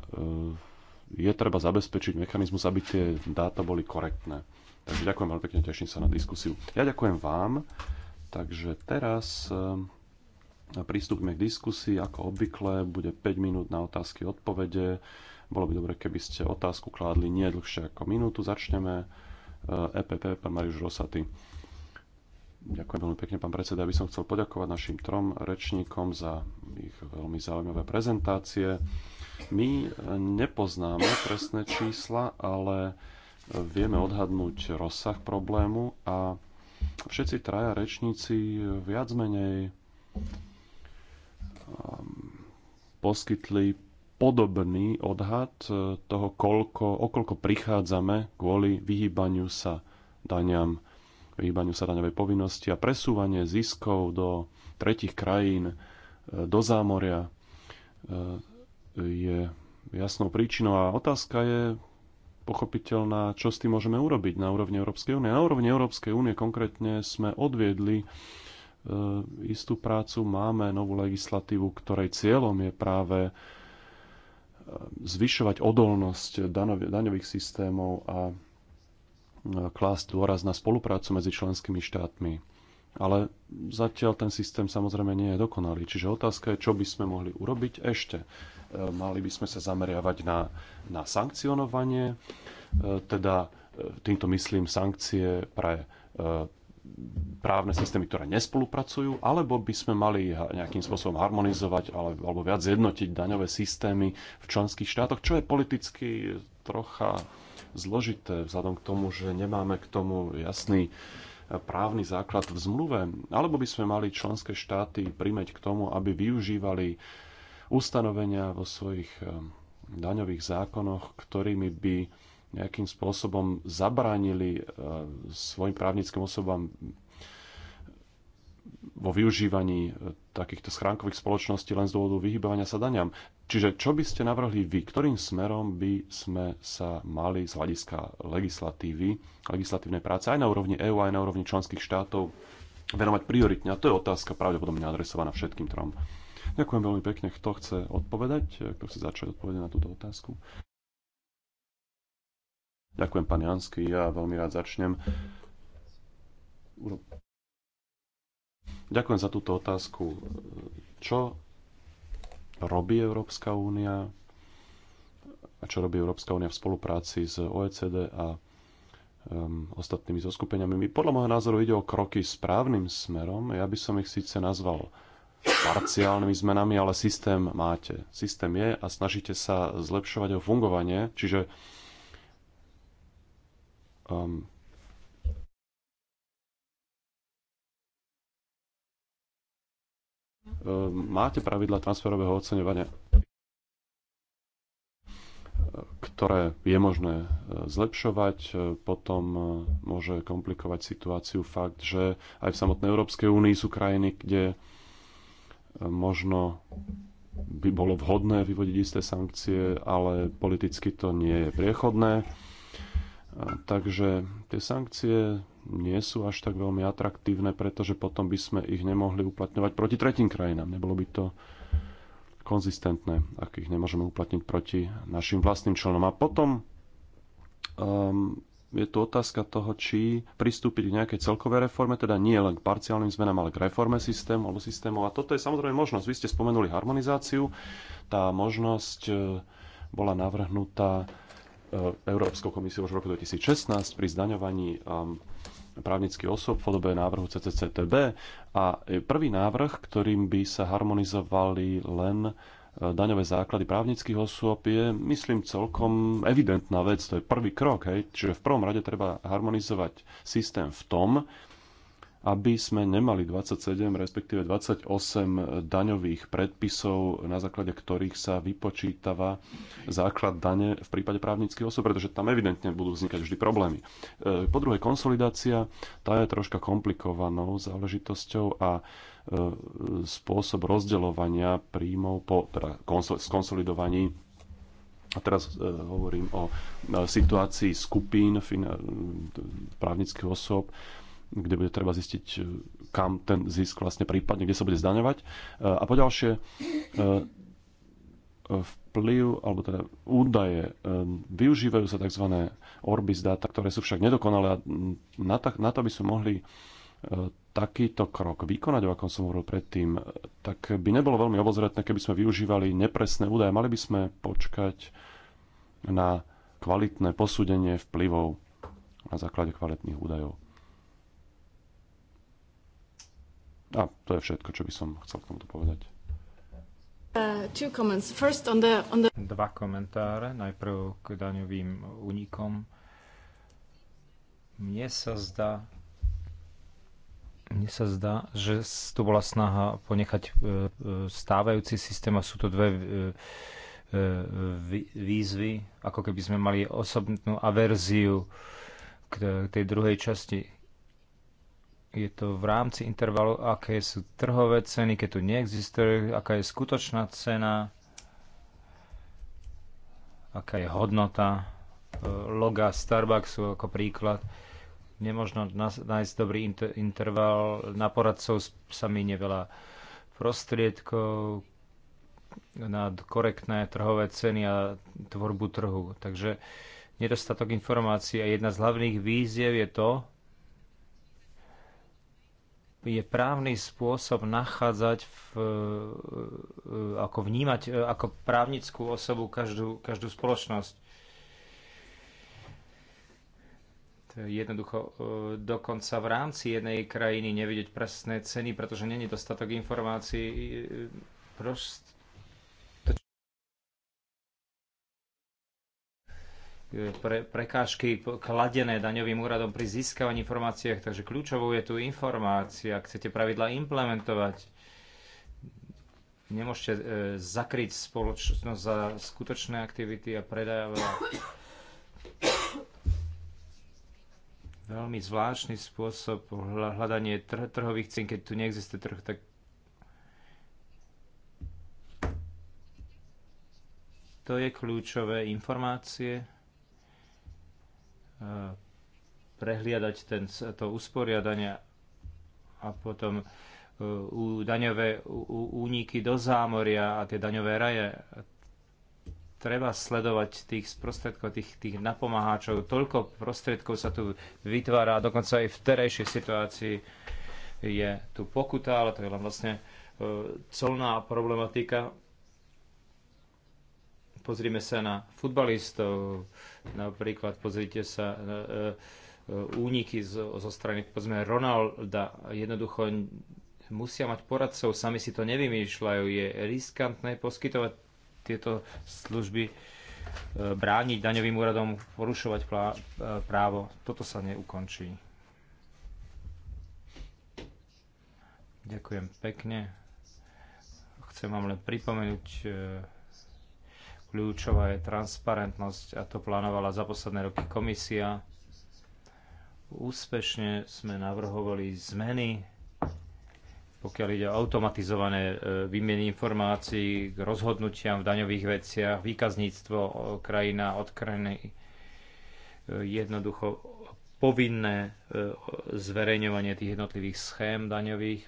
je treba zabezpečiť mechanizmus, aby tie dáta boli korektné. Takže ďakujem veľmi pekne, teším sa na diskusiu. Ja ďakujem vám. Takže teraz eh, pristúpime k diskusii. Ako obvykle, bude 5 minút na otázky a odpovede. Bolo by dobre, keby ste otázku kládli nie dlhšie ako minútu. Začneme. EPP, eh, e pán Mariuš Rosaty. Ďakujem veľmi pekne, pán predseda. Ja by som chcel poďakovať našim trom rečníkom za ich veľmi zaujímavé prezentácie. My nepoznáme presné čísla, ale vieme odhadnúť rozsah problému a všetci traja rečníci viac menej um, poskytli podobný odhad toho, koľko, okolko prichádzame kvôli vyhýbaniu sa daňam, vyhýbaniu sa daňovej povinnosti a presúvanie ziskov do tretich krajín, do zámoria je jasnou príčinou a otázka je pochopiteľná, čo s tým môžeme urobiť na úrovni Európskej únie. Na úrovni Európskej únie konkrétne sme odviedli e, istú prácu, máme novú legislatívu, ktorej cieľom je práve e, zvyšovať odolnosť daňových systémov a e, klásť dôraz na spoluprácu medzi členskými štátmi. Ale zatiaľ ten systém samozrejme nie je dokonalý. Čiže otázka je, čo by sme mohli urobiť ešte mali by sme sa zameriavať na, na sankcionovanie, e, teda e, týmto myslím sankcie pre e, právne systémy, ktoré nespolupracujú, alebo by sme mali nejakým spôsobom harmonizovať alebo viac zjednotiť daňové systémy v členských štátoch, čo je politicky trocha zložité, vzhľadom k tomu, že nemáme k tomu jasný právny základ v zmluve. Alebo by sme mali členské štáty primeť k tomu, aby využívali ustanovenia vo svojich eh, daňových zákonoch, ktorými by nejakým spôsobom zabránili eh, svojim právnickým osobám eh, vo využívaní takýchto schránkových spoločností len z dôvodu vyhybovania sa daňam. Čiže čo by ste navrhli vy? Ktorým smerom by sme sa mali z hľadiska legislatívy, legislatívnej práce aj na úrovni EÚ, aj na úrovni členských štátov venovať prioritne? A to je otázka pravdepodobne adresovaná všetkým trom. Ďakujem veľmi pekne. Kto chce odpovedať? Kto chce začať odpovedať na túto otázku? Ďakujem, pán Jansky. Ja veľmi rád začnem. Ďakujem za túto otázku. Čo robí Európska únia a čo robí Európska únia v spolupráci s OECD a um, ostatnými zoskupeniami? Podľa môjho názoru ide o kroky správnym smerom. Ja by som ich síce nazval parciálnymi zmenami, ale systém máte. Systém je a snažíte sa zlepšovať jeho fungovanie, čiže um, um máte pravidla transferového oceňovania, ktoré je možné uh, zlepšovať, uh, potom uh, môže komplikovať situáciu fakt, že aj v samotnej Európskej únii sú krajiny, kde možno by bolo vhodné vyvodiť isté sankcie, ale politicky to nie je priechodné. Takže tie sankcie nie sú až tak veľmi atraktívne, pretože potom by sme ich nemohli uplatňovať proti tretím krajinám. Nebolo by to konzistentné, ak ich nemôžeme uplatniť proti našim vlastným členom. A potom um, je tu otázka toho, či pristúpiť k nejakej celkovej reforme, teda nie len k parciálnym zmenám, ale k reforme systému alebo systémov. A toto je samozrejme možnosť. Vy ste spomenuli harmonizáciu. Tá možnosť e, bola navrhnutá e, Európskou komisiou už v roku 2016 pri zdaňovaní e, právnických osob v podobe návrhu CCCTB. A prvý návrh, ktorým by sa harmonizovali len E, daňové základy právnických osôb je, myslím, celkom evidentná vec. To je prvý krok. Hej? Čiže v prvom rade treba harmonizovať systém v tom, aby sme nemali 27, respektíve 28 daňových predpisov, na základe ktorých sa vypočítava základ dane v prípade právnických osôb, pretože tam evidentne budú vznikať vždy problémy. E, po druhé, konsolidácia, tá je troška komplikovanou záležitosťou a E, spôsob rozdeľovania príjmov po teda skonsolidovaní. A teraz e, hovorím o e, situácii skupín právnických osôb, kde bude treba zistiť, kam ten zisk vlastne prípadne, kde sa bude zdaňovať. A po ďalšie, vplyv, alebo teda údaje, využívajú sa tzv. orbis dáta, ktoré sú však nedokonalé a na to, aby sú sme mohli takýto krok vykonať, o akom som hovoril predtým, tak by nebolo veľmi obozretné, keby sme využívali nepresné údaje. Mali by sme počkať na kvalitné posúdenie vplyvov na základe kvalitných údajov. A to je všetko, čo by som chcel k tomuto povedať.
Uh,
Dva komentáre. Najprv k daňovým únikom. Mne sa zdá, mne sa zdá, že tu bola snaha ponechať e, e, stávajúci systém a sú to dve e, výzvy, ako keby sme mali osobnú averziu k tej druhej časti. Je to v rámci intervalu, aké sú trhové ceny, keď tu neexistuje, aká je skutočná cena, aká je hodnota loga Starbucksu ako príklad nemožno nájsť dobrý interval. Na poradcov sa minie veľa prostriedkov na korektné trhové ceny a tvorbu trhu. Takže nedostatok informácií a jedna z hlavných víziev je to, je právny spôsob nachádzať v, e, e, ako vnímať e, ako právnickú osobu každú, každú spoločnosť jednoducho e, dokonca v rámci jednej krajiny nevidieť presné ceny, pretože není dostatok informácií. E, prost... E, pre, prekážky kladené daňovým úradom pri získavaní informáciách, takže kľúčovou je tu informácia. Ak chcete pravidla implementovať, nemôžete e, zakryť spoločnosť za skutočné aktivity a predávať veľmi zvláštny spôsob hľadanie tr- trhových cien, keď tu neexistuje trh, tak to je kľúčové informácie, prehliadať ten, to usporiadanie a potom e, u daňové úniky do zámoria a tie daňové raje treba sledovať tých sprostredkov, tých, tých napomáhačov. Toľko prostriedkov sa tu vytvára, dokonca aj v terejšej situácii je tu pokuta, ale to je len vlastne e, colná problematika. Pozrime sa na futbalistov, napríklad pozrite sa na e, e, úniky zo, zo strany, povedzme, Ronalda. Jednoducho musia mať poradcov, sami si to nevymýšľajú. Je riskantné poskytovať tieto služby e, brániť daňovým úradom porušovať e, právo. Toto sa neukončí. Ďakujem pekne. Chcem vám len pripomenúť, e, kľúčová je transparentnosť a to plánovala za posledné roky komisia. Úspešne sme navrhovali zmeny pokiaľ ide o automatizované e, výmeny informácií k rozhodnutiam v daňových veciach, výkazníctvo e, krajina od krajiny, e, jednoducho povinné zverejňovanie tých jednotlivých schém daňových.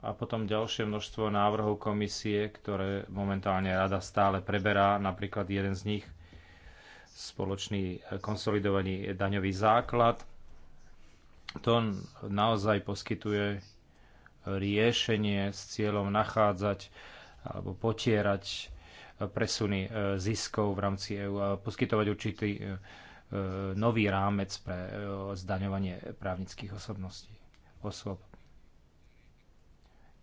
A potom ďalšie množstvo návrhov komisie, ktoré momentálne rada stále preberá. Napríklad jeden z nich, spoločný konsolidovaný daňový základ – to naozaj poskytuje riešenie s cieľom nachádzať alebo potierať presuny e, ziskov v rámci EÚ a poskytovať určitý e, e, nový rámec pre zdaňovanie právnických osobností, osôb.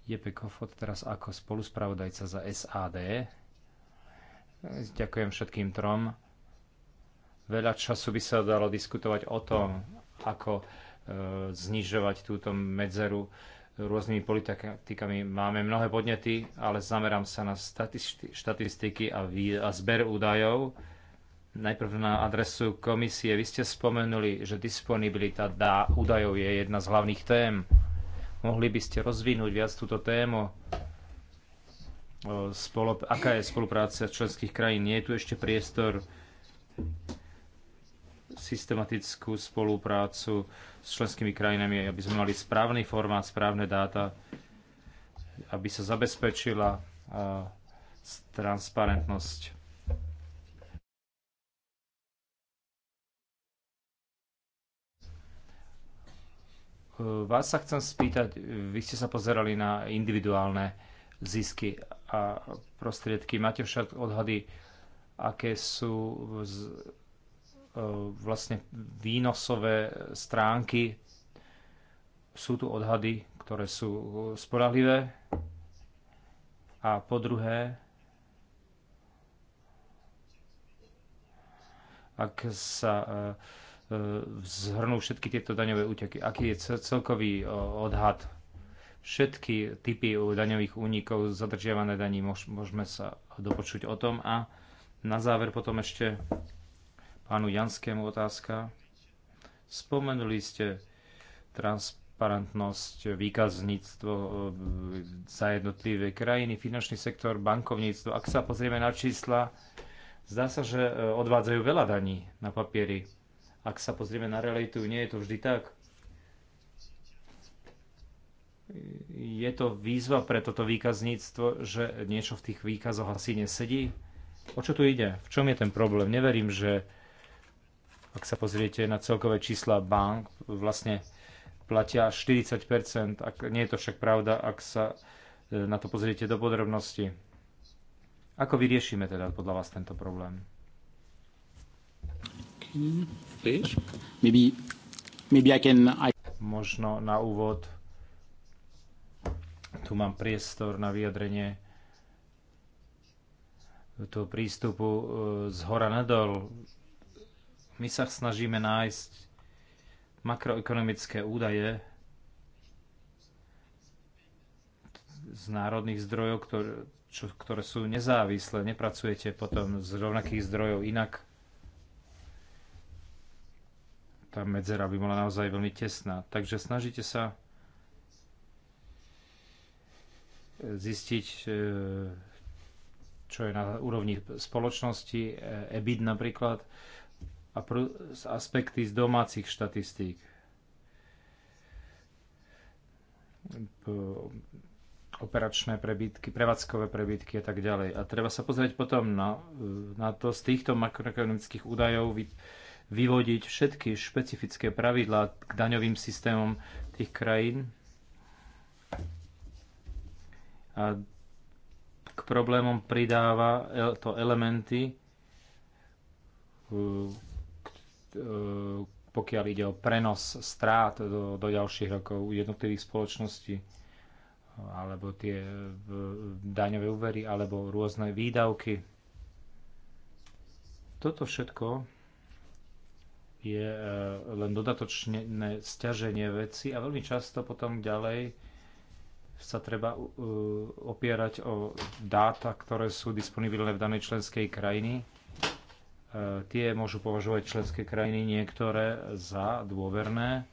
Jepe Kofod teraz ako spoluspravodajca za SAD. Ďakujem všetkým trom. Veľa času by sa dalo diskutovať o tom, ako E, znižovať túto medzeru rôznymi politikami. Máme mnohé podnety, ale zamerám sa na štatistiky a, vý, a zber údajov. Najprv na adresu komisie. Vy ste spomenuli, že disponibilita dá, údajov je jedna z hlavných tém. Mohli by ste rozvinúť viac túto tému? E, spolo- aká je spolupráca členských krajín? Nie je tu ešte priestor systematickú spoluprácu s členskými krajinami, aby sme mali správny formát, správne dáta, aby sa zabezpečila transparentnosť. E, vás sa chcem spýtať, vy ste sa pozerali na individuálne zisky a prostriedky. Máte však odhady, aké sú E, vlastne výnosové stránky. Sú tu odhady, ktoré sú spolahlivé. A po druhé, ak sa e, e, zhrnú všetky tieto daňové úteky, aký je celkový odhad všetky typy daňových únikov, zadržiavané daní, môžeme sa dopočuť o tom. A na záver potom ešte Pánu Janskému otázka. Spomenuli ste transparentnosť, výkazníctvo eh, za jednotlivé krajiny, finančný sektor, bankovníctvo. Ak sa pozrieme na čísla, zdá sa, že eh, odvádzajú veľa daní na papieri. Ak sa pozrieme na realitu, nie je to vždy tak. Je to výzva pre toto výkazníctvo, že niečo v tých výkazoch asi nesedí? O čo tu ide? V čom je ten problém? Neverím, že ak sa pozriete na celkové čísla bank, vlastne platia 40%, ak, nie je to však pravda, ak sa e, na to pozriete do podrobnosti. Ako vyriešime teda podľa vás tento problém? Možno na úvod tu mám priestor na vyjadrenie toho prístupu e, z hora nadol my sa snažíme nájsť makroekonomické údaje z národných zdrojov, ktoré, čo, ktoré sú nezávislé. Nepracujete potom z rovnakých zdrojov inak. Tá medzera by bola naozaj veľmi tesná. Takže snažíte sa zistiť, e, čo je na úrovni spoločnosti, EBIT e napríklad, a aspekty z domácich štatistík. Operačné prebytky, prevádzkové prebytky a tak ďalej. A treba sa pozrieť potom na, na to z týchto makroekonomických údajov vy, vyvodiť všetky špecifické pravidlá k daňovým systémom tých krajín a k problémom pridáva to elementy, uh, E, pokiaľ ide o prenos strát do, do ďalších rokov jednotlivých spoločností, alebo tie e, daňové úvery, alebo rôzne výdavky. Toto všetko je e, len dodatočné stiaženie veci a veľmi často potom ďalej sa treba opierať o dáta, ktoré sú disponibilné v danej členskej krajiny E, tie môžu považovať členské krajiny niektoré za dôverné,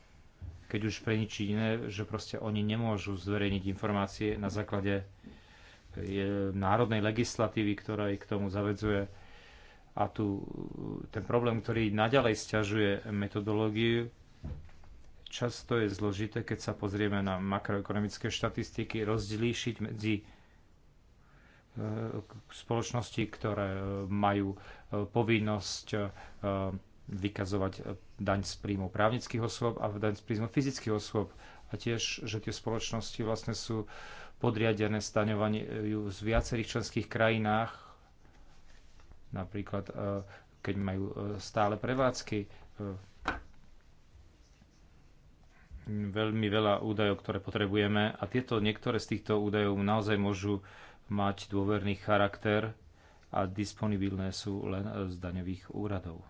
keď už pre nič iné, že proste oni nemôžu zverejniť informácie na základe e, národnej legislatívy, ktorá ich k tomu zavedzuje. A tu e, ten problém, ktorý naďalej stiažuje metodológiu, často je zložité, keď sa pozrieme na makroekonomické štatistiky, rozlíšiť medzi spoločnosti, ktoré e, majú e, povinnosť e, vykazovať daň z príjmu právnických osôb a daň z príjmu fyzických osôb. A tiež, že tie spoločnosti vlastne sú podriadené staňovaniu z viacerých členských krajinách, napríklad keď majú stále prevádzky. Veľmi veľa údajov, ktoré potrebujeme a tieto, niektoré z týchto údajov naozaj môžu mať dôverný charakter a disponibilné sú len eh, z daňových úradov.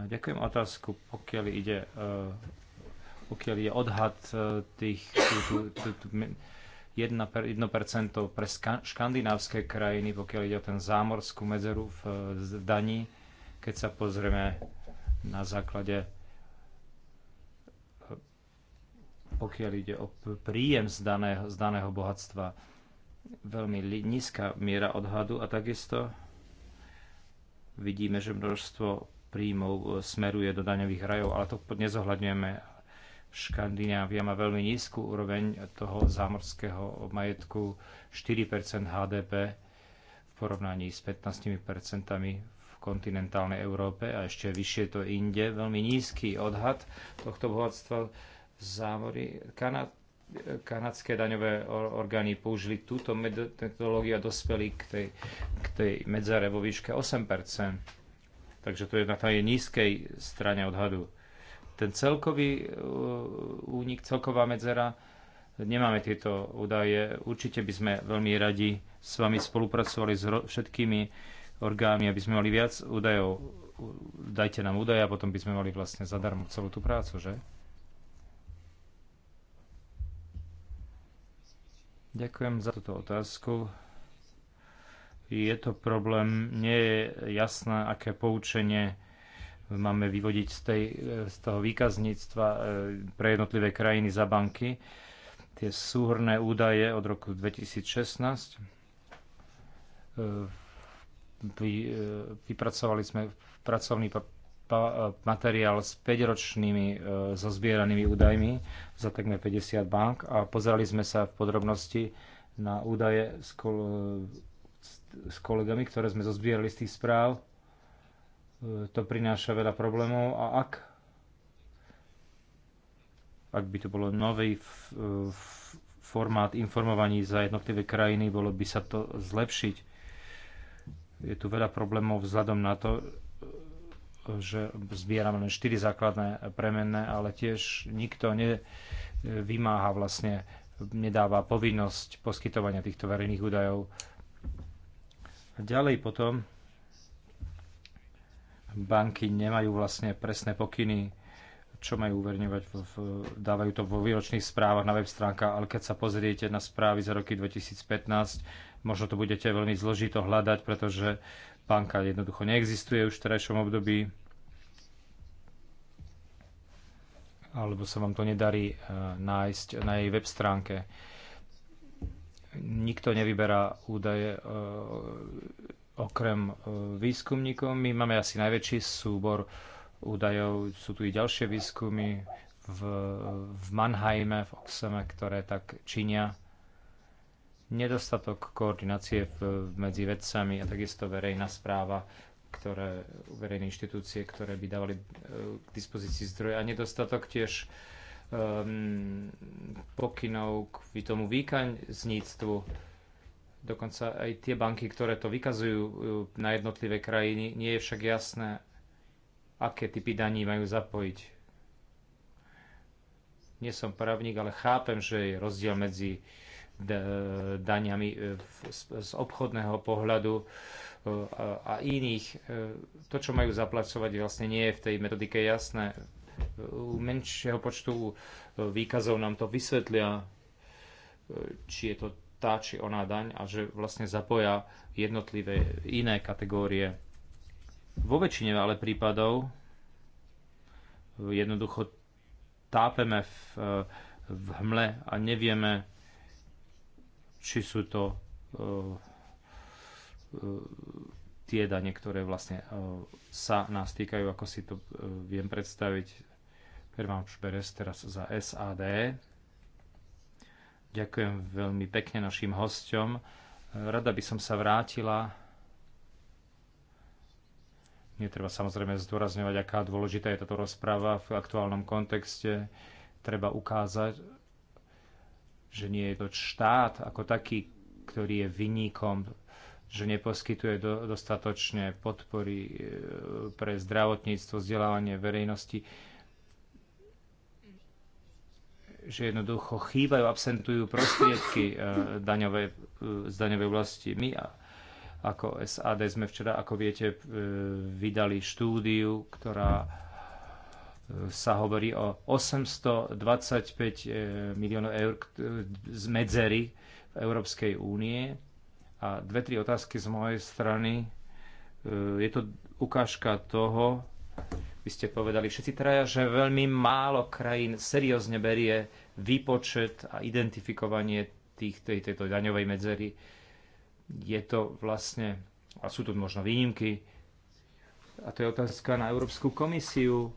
Ďakujem otázku, pokiaľ ide eh, pokiaľ je odhad eh, tých 1% pre škandinávské krajiny, pokiaľ ide o ten zámorskú medzeru v daní, keď sa pozrieme na základe pokiaľ ide o príjem z daného, z daného bohatstva. Veľmi nízka miera odhadu a takisto vidíme, že množstvo príjmov e, smeruje do daňových rajov, ale to nezohľadňujeme. Škandinávia má veľmi nízku úroveň toho zámorského majetku 4 HDP v porovnaní s 15 v kontinentálnej Európe a ešte vyššie to inde. Veľmi nízky odhad tohto bohatstva závory. Kanad, kanadské daňové orgány použili túto metodológiu a dospeli k tej, k tej medzare vo výške 8 Takže to je na tej nízkej strane odhadu. Ten celkový uh, únik, celková medzera, nemáme tieto údaje. Určite by sme veľmi radi s vami spolupracovali s všetkými orgánmi, aby sme mali viac údajov. Dajte nám údaje a potom by sme mali vlastne zadarmo celú tú prácu, že? Ďakujem za túto otázku. Je to problém, nie je jasné, aké poučenie máme vyvodiť z, tej, z toho výkazníctva e, pre jednotlivé krajiny za banky. Tie súhrné údaje od roku 2016 e, e, vypracovali sme pracovný E, materiál s 5-ročnými e, zozbieranými údajmi za takmer 50 bank a pozerali sme sa v podrobnosti na údaje s, kol, e, s kolegami, ktoré sme zozbierali z tých správ. E, to prináša veľa problémov a ak ak by to bolo nový f, e, f, formát informovaní za jednotlivé krajiny, bolo by sa to zlepšiť. Je tu veľa problémov vzhľadom na to, že zbierame len 4 základné premenné, ale tiež nikto nevymáha e, vlastne, nedáva povinnosť poskytovania týchto verejných údajov. A ďalej potom banky nemajú vlastne presné pokyny, čo majú uverňovať, dávajú to vo výročných správach na web stránkach, ale keď sa pozriete na správy za roky 2015, možno to budete veľmi zložito hľadať, pretože banka jednoducho neexistuje už v terajšom období, alebo sa vám to nedarí eh, nájsť na jej web stránke. Nikto nevyberá údaje eh, okrem eh, výskumníkov. My máme asi najväčší súbor údajov. Sú tu i ďalšie výskumy v, v Mannheime, v Oxeme, ktoré tak činia nedostatok koordinácie medzi vedcami a takisto verejná správa, ktoré, verejné inštitúcie, ktoré by dávali e, k dispozícii zdroje a nedostatok tiež um, pokynov k tomu výkazníctvu. Dokonca aj tie banky, ktoré to vykazujú e, na jednotlivé krajiny, nie je však jasné, aké typy daní majú zapojiť. Nie som právnik, ale chápem, že je rozdiel medzi uh, daniami e, z obchodného pohľadu e, a iných. E, to, čo majú zaplacovať, vlastne nie je v tej metodike jasné. U menšieho počtu výkazov nám to vysvetlia, či je to tá či oná daň a že vlastne zapoja jednotlivé iné kategórie. Vo väčšine ale prípadov jednoducho tápeme v, v hmle a nevieme, či sú to e, e, tie dane, ktoré vlastne e, sa nás týkajú, ako si to viem predstaviť. Pervanč Beres teraz za SAD. Ďakujem veľmi pekne našim hosťom. Rada by som sa vrátila. Netreba samozrejme zdôrazňovať, aká dôležitá je táto rozpráva v aktuálnom kontexte. Treba ukázať, že nie je to štát ako taký, ktorý je vyníkom, že neposkytuje do, dostatočne podpory e, pre zdravotníctvo, vzdelávanie verejnosti, že jednoducho chýbajú, absentujú prostriedky e, daňové, e, z daňovej oblasti. My ako SAD sme včera, ako viete, vydali štúdiu, ktorá sa hovorí o 825 eh, miliónov eur z medzery v Európskej únie. A dve, tri otázky z mojej strany. Eh, je to ukážka toho, vy ste povedali všetci traja, že veľmi málo krajín seriózne berie výpočet a identifikovanie tých, tej, tejto daňovej medzery. Je to vlastne, a sú tu možno výnimky, a to je otázka na Európsku komisiu,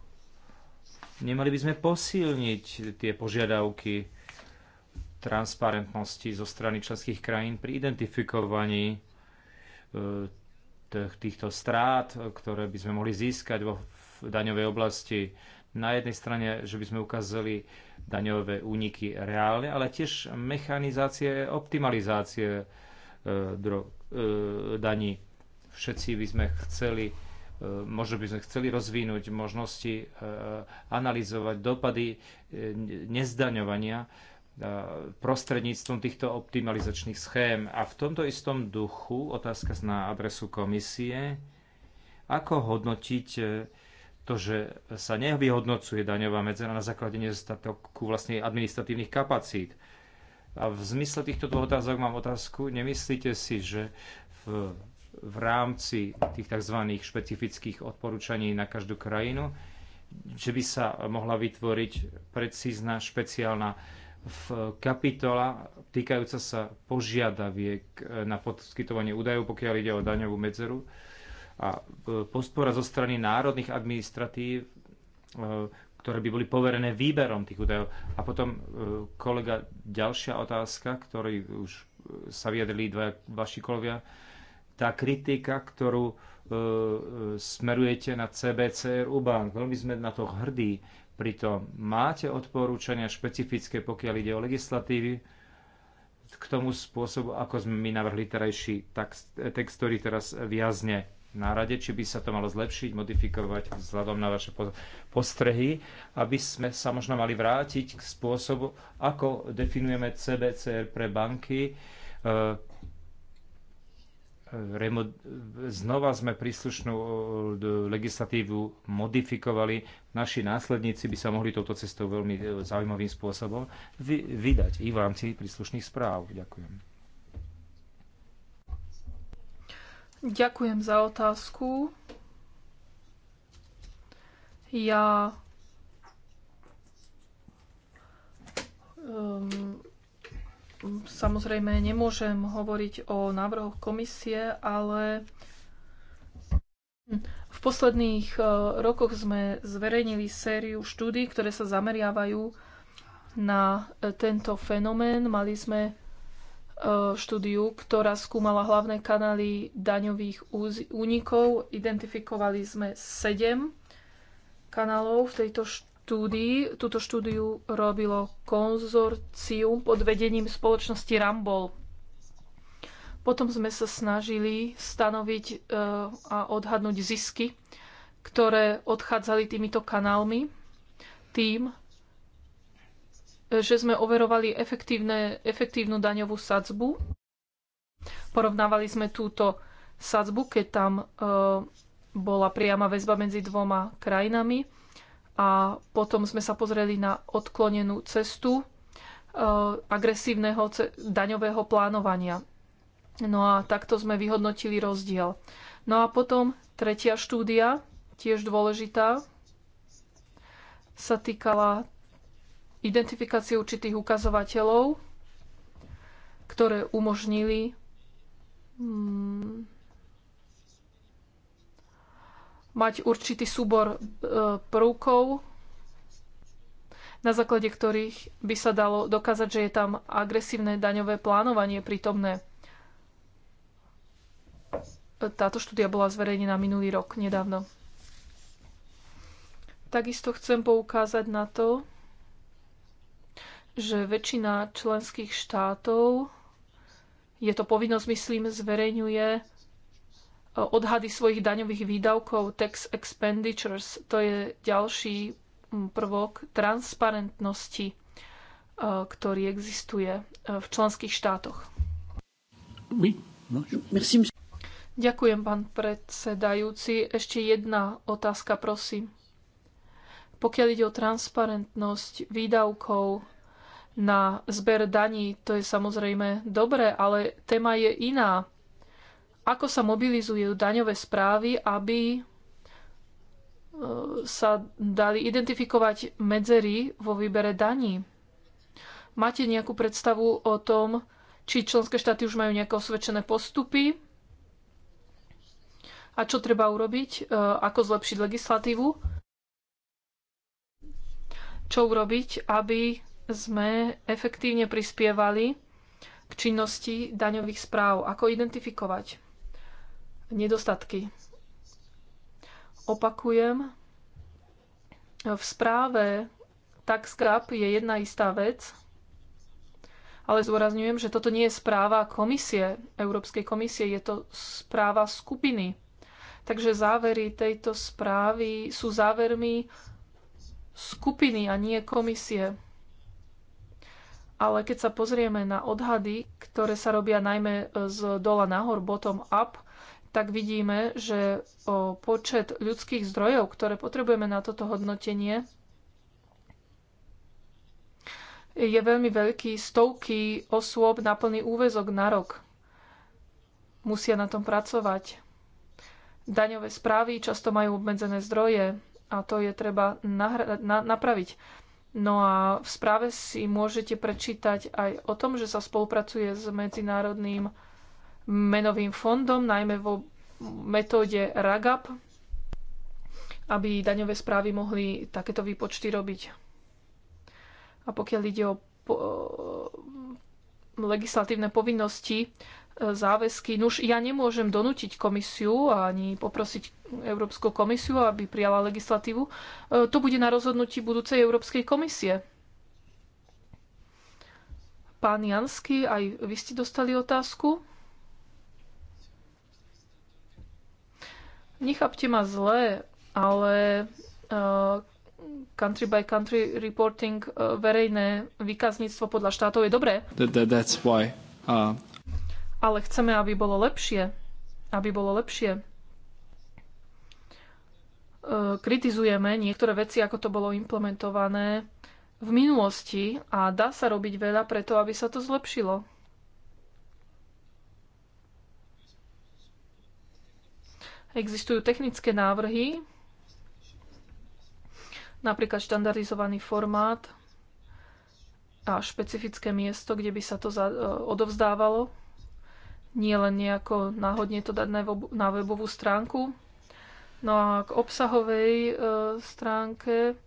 Nemali by sme posilniť tie požiadavky transparentnosti zo strany členských krajín pri identifikovaní e, týchto strát, ktoré by sme mohli získať vo daňovej oblasti. Na jednej strane, že by sme ukázali daňové úniky reálne, ale tiež mechanizácie, optimalizácie e, e, daní. Všetci by sme chceli Ehm, možno by sme chceli rozvinúť možnosti ehm, analyzovať dopady ehm, nezdaňovania prostredníctvom týchto optimalizačných schém. A v tomto istom duchu otázka na adresu komisie, ako hodnotiť to, že sa nevyhodnocuje daňová medzera na základe nedostatku vlastne administratívnych kapacít. A v zmysle týchto dvoch otázok mám otázku, nemyslíte si, že v v rámci tých tzv. špecifických odporúčaní na každú krajinu, že by sa mohla vytvoriť precízna špeciálna v kapitola týkajúca sa požiadaviek na poskytovanie údajov, pokiaľ ide o daňovú medzeru a e, podpora zo strany národných administratív, e, ktoré by boli poverené výberom tých údajov. A potom e, kolega, ďalšia otázka, ktorý už sa vyjadrili dva, vaši kolovia, tá kritika, ktorú e, e smerujete na CBCRU bank. Veľmi sme na to hrdí. Pritom máte odporúčania špecifické, pokiaľ ide o legislatívy, k tomu spôsobu, ako sme my navrhli terajší text, ktorý teraz viazne na rade, či by sa to malo zlepšiť, modifikovať vzhľadom na vaše postrehy, aby sme sa možno mali vrátiť k spôsobu, ako definujeme CBCR pre banky, e, znova sme príslušnú legislatívu modifikovali. Naši následníci by sa mohli touto cestou veľmi e, zaujímavým spôsobom vydať i v rámci príslušných správ. Ďakujem.
Ďakujem za otázku. Ja um, Samozrejme, nemôžem hovoriť o návrhoch komisie, ale v posledných e, rokoch sme zverejnili sériu štúdí, ktoré sa zameriavajú na e, tento fenomén. Mali sme e, štúdiu, ktorá skúmala hlavné kanály daňových únikov. Identifikovali sme sedem kanálov v tejto štúdii štúdii. Túto štúdiu robilo konzorcium pod vedením spoločnosti Rambol. Potom sme sa snažili stanoviť e, a odhadnúť zisky, ktoré odchádzali týmito kanálmi, tým, že sme overovali efektívnu daňovú sadzbu. Porovnávali sme túto sadzbu, keď tam e, bola priama väzba medzi dvoma krajinami a potom sme sa pozreli na odklonenú cestu e, agresívneho daňového plánovania. No a takto sme vyhodnotili rozdiel. No a potom tretia štúdia, tiež dôležitá, sa týkala identifikácie určitých ukazovateľov, ktoré umožnili mm, mať určitý súbor e, prvkov, na základe ktorých by sa dalo dokázať, že je tam agresívne daňové plánovanie prítomné. Táto štúdia bola zverejnená minulý rok, nedávno. Takisto chcem poukázať na to, že väčšina členských štátov, je to povinnosť, myslím, zverejňuje odhady svojich daňových výdavkov, tax expenditures, to je ďalší mm, prvok transparentnosti, e, ktorý existuje e, v členských štátoch.
Oui. No, Merci.
Ďakujem, pán predsedajúci. Ešte jedna otázka, prosím. Pokiaľ ide o transparentnosť výdavkov na zber daní, to je samozrejme dobré, ale téma je iná ako sa mobilizujú daňové správy, aby e, sa dali identifikovať medzery vo výbere daní. Máte nejakú predstavu o tom, či členské štáty už majú nejaké osvedčené postupy a čo treba urobiť, e, ako zlepšiť legislatívu, čo urobiť, aby sme efektívne prispievali k činnosti daňových správ, ako identifikovať nedostatky. Opakujem, v správe skrap je jedna istá vec, ale zdôrazňujem, že toto nie je správa komisie, Európskej komisie, je to správa skupiny. Takže závery tejto správy sú závermi skupiny a nie komisie. Ale keď sa pozrieme na odhady, ktoré sa robia najmä z dola nahor, bottom up, tak vidíme, že o počet ľudských zdrojov, ktoré potrebujeme na toto hodnotenie, je veľmi veľký. Stovky osôb na plný úvezok na rok musia na tom pracovať. Daňové správy často majú obmedzené zdroje a to je treba na napraviť. No a v správe si môžete prečítať aj o tom, že sa spolupracuje s Medzinárodným menovým fondom, najmä vo metóde RAGAP, aby daňové správy mohli takéto výpočty robiť. A pokiaľ ide o po, legislatívne povinnosti, e, záväzky, nuž ja nemôžem donútiť komisiu ani poprosiť Európsku komisiu, aby prijala legislatívu. E, to bude na rozhodnutí budúcej Európskej komisie. Pán Jansky, aj vy ste dostali otázku. Nechápte ma zle, ale e, country by country reporting, e, verejné výkazníctvo podľa štátov je dobré.
That, that's why, uh...
Ale chceme, aby bolo lepšie. Aby bolo lepšie. E, kritizujeme niektoré veci, ako to bolo implementované v minulosti a dá sa robiť veľa preto, aby sa to zlepšilo. Existujú technické návrhy, napríklad štandardizovaný formát a špecifické miesto, kde by sa to e, odovzdávalo. Nie len nejako náhodne to dať na webovú stránku. No a k obsahovej e, stránke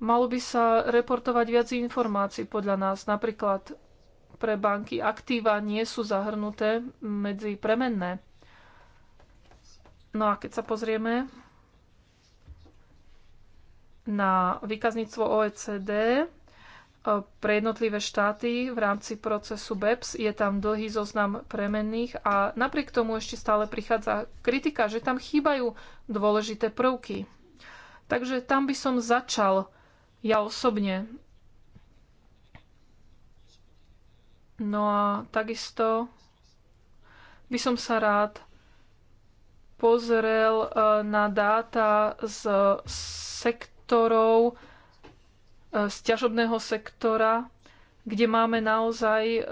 malo by sa reportovať viac informácií podľa nás. Napríklad pre banky aktíva nie sú zahrnuté medzi premenné No a keď sa pozrieme na výkazníctvo OECD e, pre jednotlivé štáty v rámci procesu BEPS, je tam dlhý zoznam premenných a napriek tomu ešte stále prichádza kritika, že tam chýbajú dôležité prvky. Takže tam by som začal ja osobne. No a takisto by som sa rád pozrel e, na dáta z sektorov, e, z ťažobného sektora, kde máme naozaj e,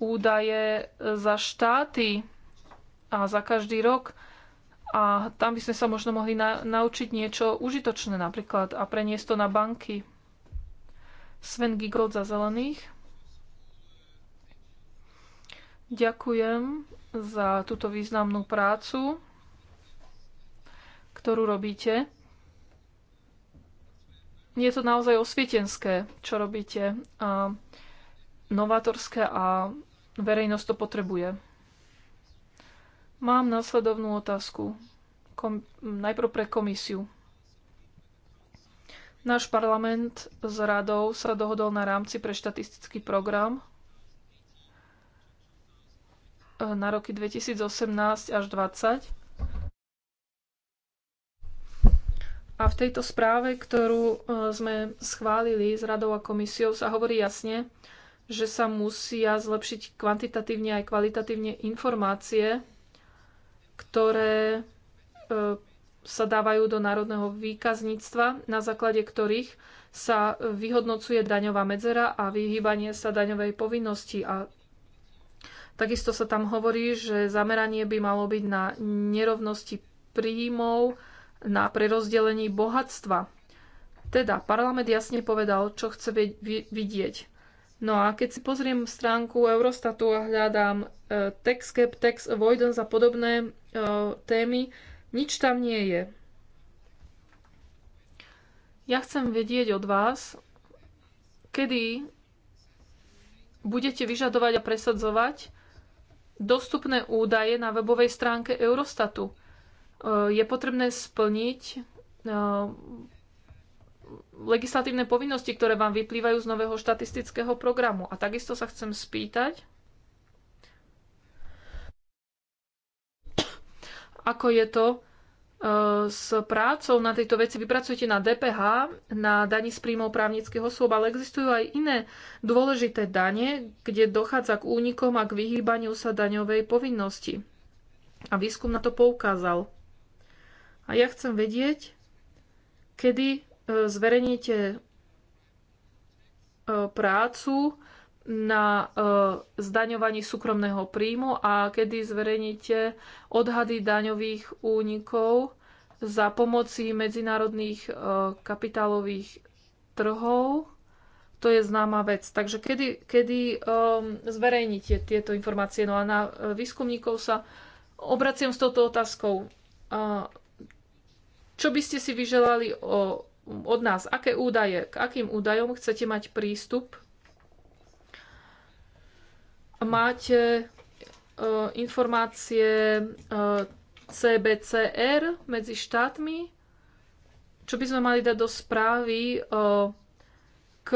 údaje za štáty a za každý rok. A tam by sme sa možno mohli na, naučiť niečo užitočné napríklad a preniesť to na banky. Sven Gigold za zelených. Ďakujem za túto významnú prácu ktorú robíte. Je to naozaj osvietenské, čo robíte. A novátorské a verejnosť to potrebuje. Mám následovnú otázku. Kom- najprv pre komisiu. Náš parlament s radou sa dohodol na rámci pre štatistický program e, na roky 2018 až 2020 A v tejto správe, ktorú e, sme schválili s radou a komisiou, sa hovorí jasne, že sa musia zlepšiť kvantitatívne aj kvalitatívne informácie, ktoré e, sa dávajú do národného výkazníctva, na základe ktorých sa vyhodnocuje daňová medzera a vyhýbanie sa daňovej povinnosti. A takisto sa tam hovorí, že zameranie by malo byť na nerovnosti príjmov, na prerozdelení bohatstva. Teda parlament jasne povedal, čo chce vidieť. No a keď si pozriem stránku Eurostatu a hľadám tax cap, tax avoidance a podobné e, témy, nič tam nie je. Ja chcem vedieť od vás, kedy budete vyžadovať a presadzovať dostupné údaje na webovej stránke Eurostatu. Eh, je potrebné splniť eh, legislatívne povinnosti, ktoré vám vyplývajú z nového štatistického programu. A takisto sa chcem spýtať, ako je to eh, s prácou na tejto veci. Vypracujete na DPH, na daní z príjmov právnických osôb, ale existujú aj iné dôležité dane, kde dochádza k únikom a k vyhýbaniu sa daňovej povinnosti. A výskum na to poukázal. A ja chcem vedieť, kedy e, zverejníte e, prácu na e, zdaňovaní súkromného príjmu a kedy zverejníte odhady daňových únikov za pomoci medzinárodných kapitálových trhov. To je známa vec. Takže kedy, kedy um, zverejníte tieto informácie? No a na výskumníkov sa obraciam s touto otázkou. Uh, čo by ste si vyželali o, od nás? Aké údaje, k akým údajom chcete mať prístup? Máte e, informácie e, CBCR medzi štátmi? Čo by sme mali dať do správy e, k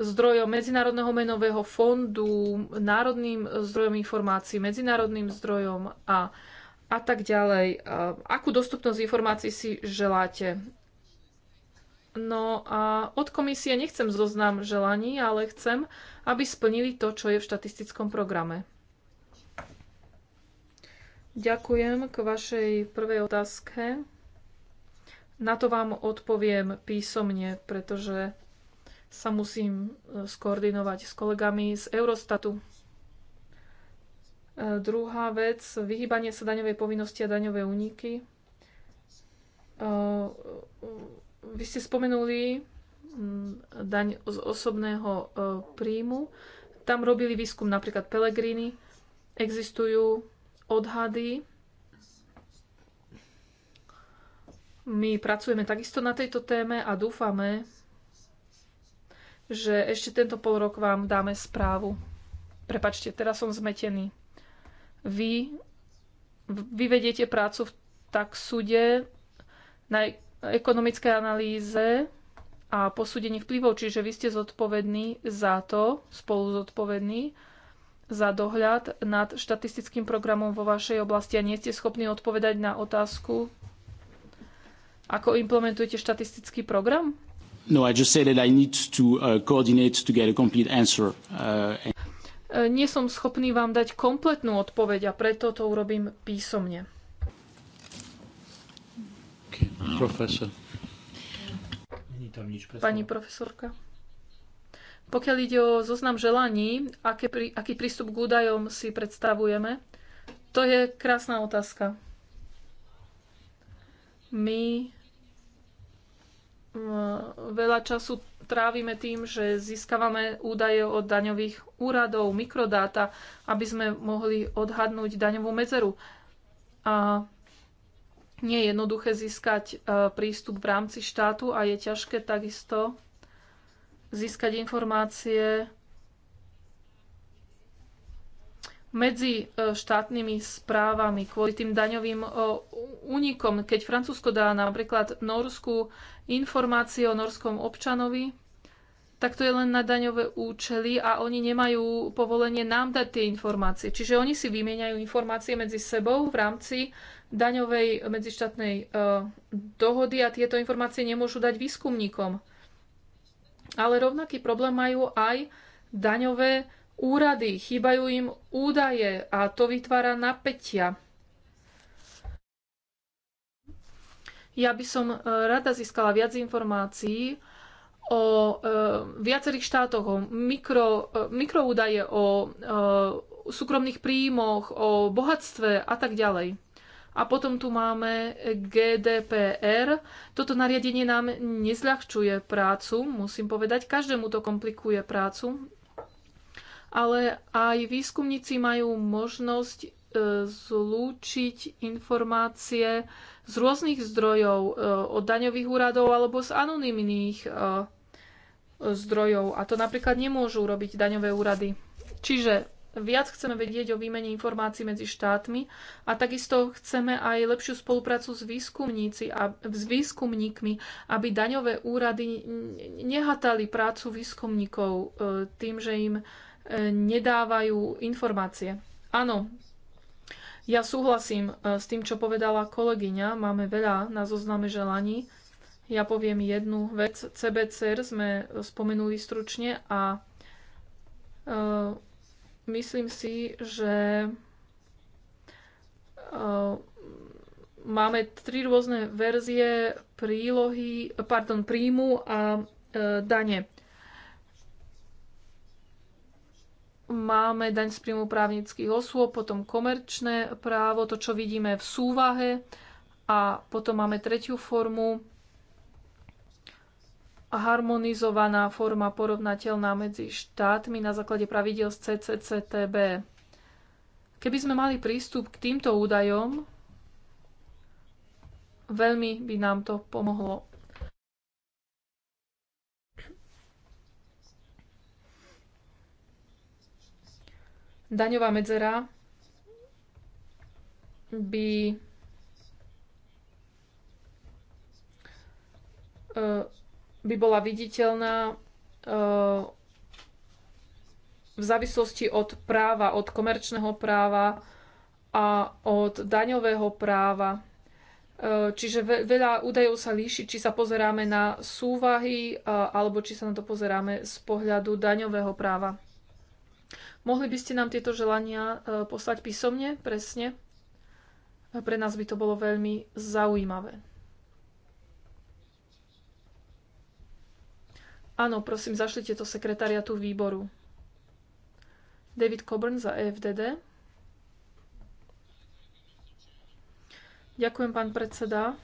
zdrojom Medzinárodného menového fondu, národným zdrojom informácií, medzinárodným zdrojom a a tak ďalej. Akú dostupnosť informácií si želáte? No a od komisie nechcem zoznam želaní, ale chcem, aby splnili to, čo je v štatistickom programe. Ďakujem k vašej prvej otázke. Na to vám odpoviem písomne, pretože sa musím e, skoordinovať s kolegami z Eurostatu. Eh, druhá vec, vyhýbanie sa daňovej povinnosti a daňové úniky. Eh, vy ste spomenuli mm, daň z osobného eh, príjmu. Tam robili výskum napríklad Pelegrini. Existujú odhady. My pracujeme takisto na tejto téme a dúfame, že ešte tento pol rok vám dáme správu. Prepačte, teraz som zmetený vy vyvediete prácu v tak súde na ekonomické analýze a posúdení vplyvov, čiže vy ste zodpovední za to, spolu zodpovední za dohľad nad štatistickým programom vo vašej oblasti a nie ste schopní odpovedať na otázku, ako implementujete štatistický program?
No, I just said that I need to uh,
coordinate to get a complete answer. Uh, and...
E, nie som schopný vám dať kompletnú odpoveď a preto to urobím písomne.
Profesor. Pani
profesorka. Pokiaľ ide o zoznam želaní, aké, aký prístup k údajom si predstavujeme, to je krásna otázka. My veľa času trávime tým, že získavame údaje od daňových úradov, mikrodáta, aby sme mohli odhadnúť daňovú medzeru. A nie je jednoduché získať e, prístup v rámci štátu a je ťažké takisto získať informácie medzi e, štátnymi správami kvôli tým daňovým e, únikom. Keď Francúzsko dá napríklad Norsku informácie o norskom občanovi, tak to je len na daňové účely a oni nemajú povolenie nám dať tie informácie. Čiže oni si vymieňajú informácie medzi sebou v rámci daňovej medzištátnej e, dohody a tieto informácie nemôžu dať výskumníkom. Ale rovnaký problém majú aj daňové úrady, chýbajú im údaje a to vytvára napätia. Ja by som e, rada získala viac informácií o e, viacerých štátoch, o mikro, e, mikroúdaje, o e, súkromných príjmoch, o bohatstve a tak ďalej. A potom tu máme GDPR. Toto nariadenie nám nezľahčuje prácu, musím povedať. Každému to komplikuje prácu ale aj výskumníci majú možnosť e, zlúčiť informácie z rôznych zdrojov, e, od daňových úradov alebo z anonymných e, zdrojov. A to napríklad nemôžu robiť daňové úrady. Čiže viac chceme vedieť o výmene informácií medzi štátmi a takisto chceme aj lepšiu spoluprácu s, výskumníci a, s výskumníkmi, aby daňové úrady nehatali prácu výskumníkov tým, že im E, nedávajú informácie. Áno, ja súhlasím e, s tým, čo povedala kolegyňa. Máme veľa na zozname želaní. Ja poviem jednu vec. CBCR sme spomenuli stručne a uh, myslím si, že uh, máme tri rôzne verzie prílohy, pardon, príjmu a uh, dane. Máme daň z príjmu právnických osôb, potom komerčné právo, to, čo vidíme v súvahe a potom máme tretiu formu, harmonizovaná forma porovnateľná medzi štátmi na základe pravidel z CCCTB. Keby sme mali prístup k týmto údajom, veľmi by nám to pomohlo daňová medzera by eh, by bola viditeľná eh, v závislosti od práva, od komerčného práva a od daňového práva. Eh, čiže veľa údajov sa líši, či sa pozeráme na súvahy alebo či sa na to pozeráme z pohľadu daňového práva. Mohli by ste nám tieto želania e, poslať písomne, presne? Pre nás by to bolo veľmi zaujímavé. Áno, prosím, zašlite to sekretariatu výboru. David Coburn za EFDD. Ďakujem, pán predseda.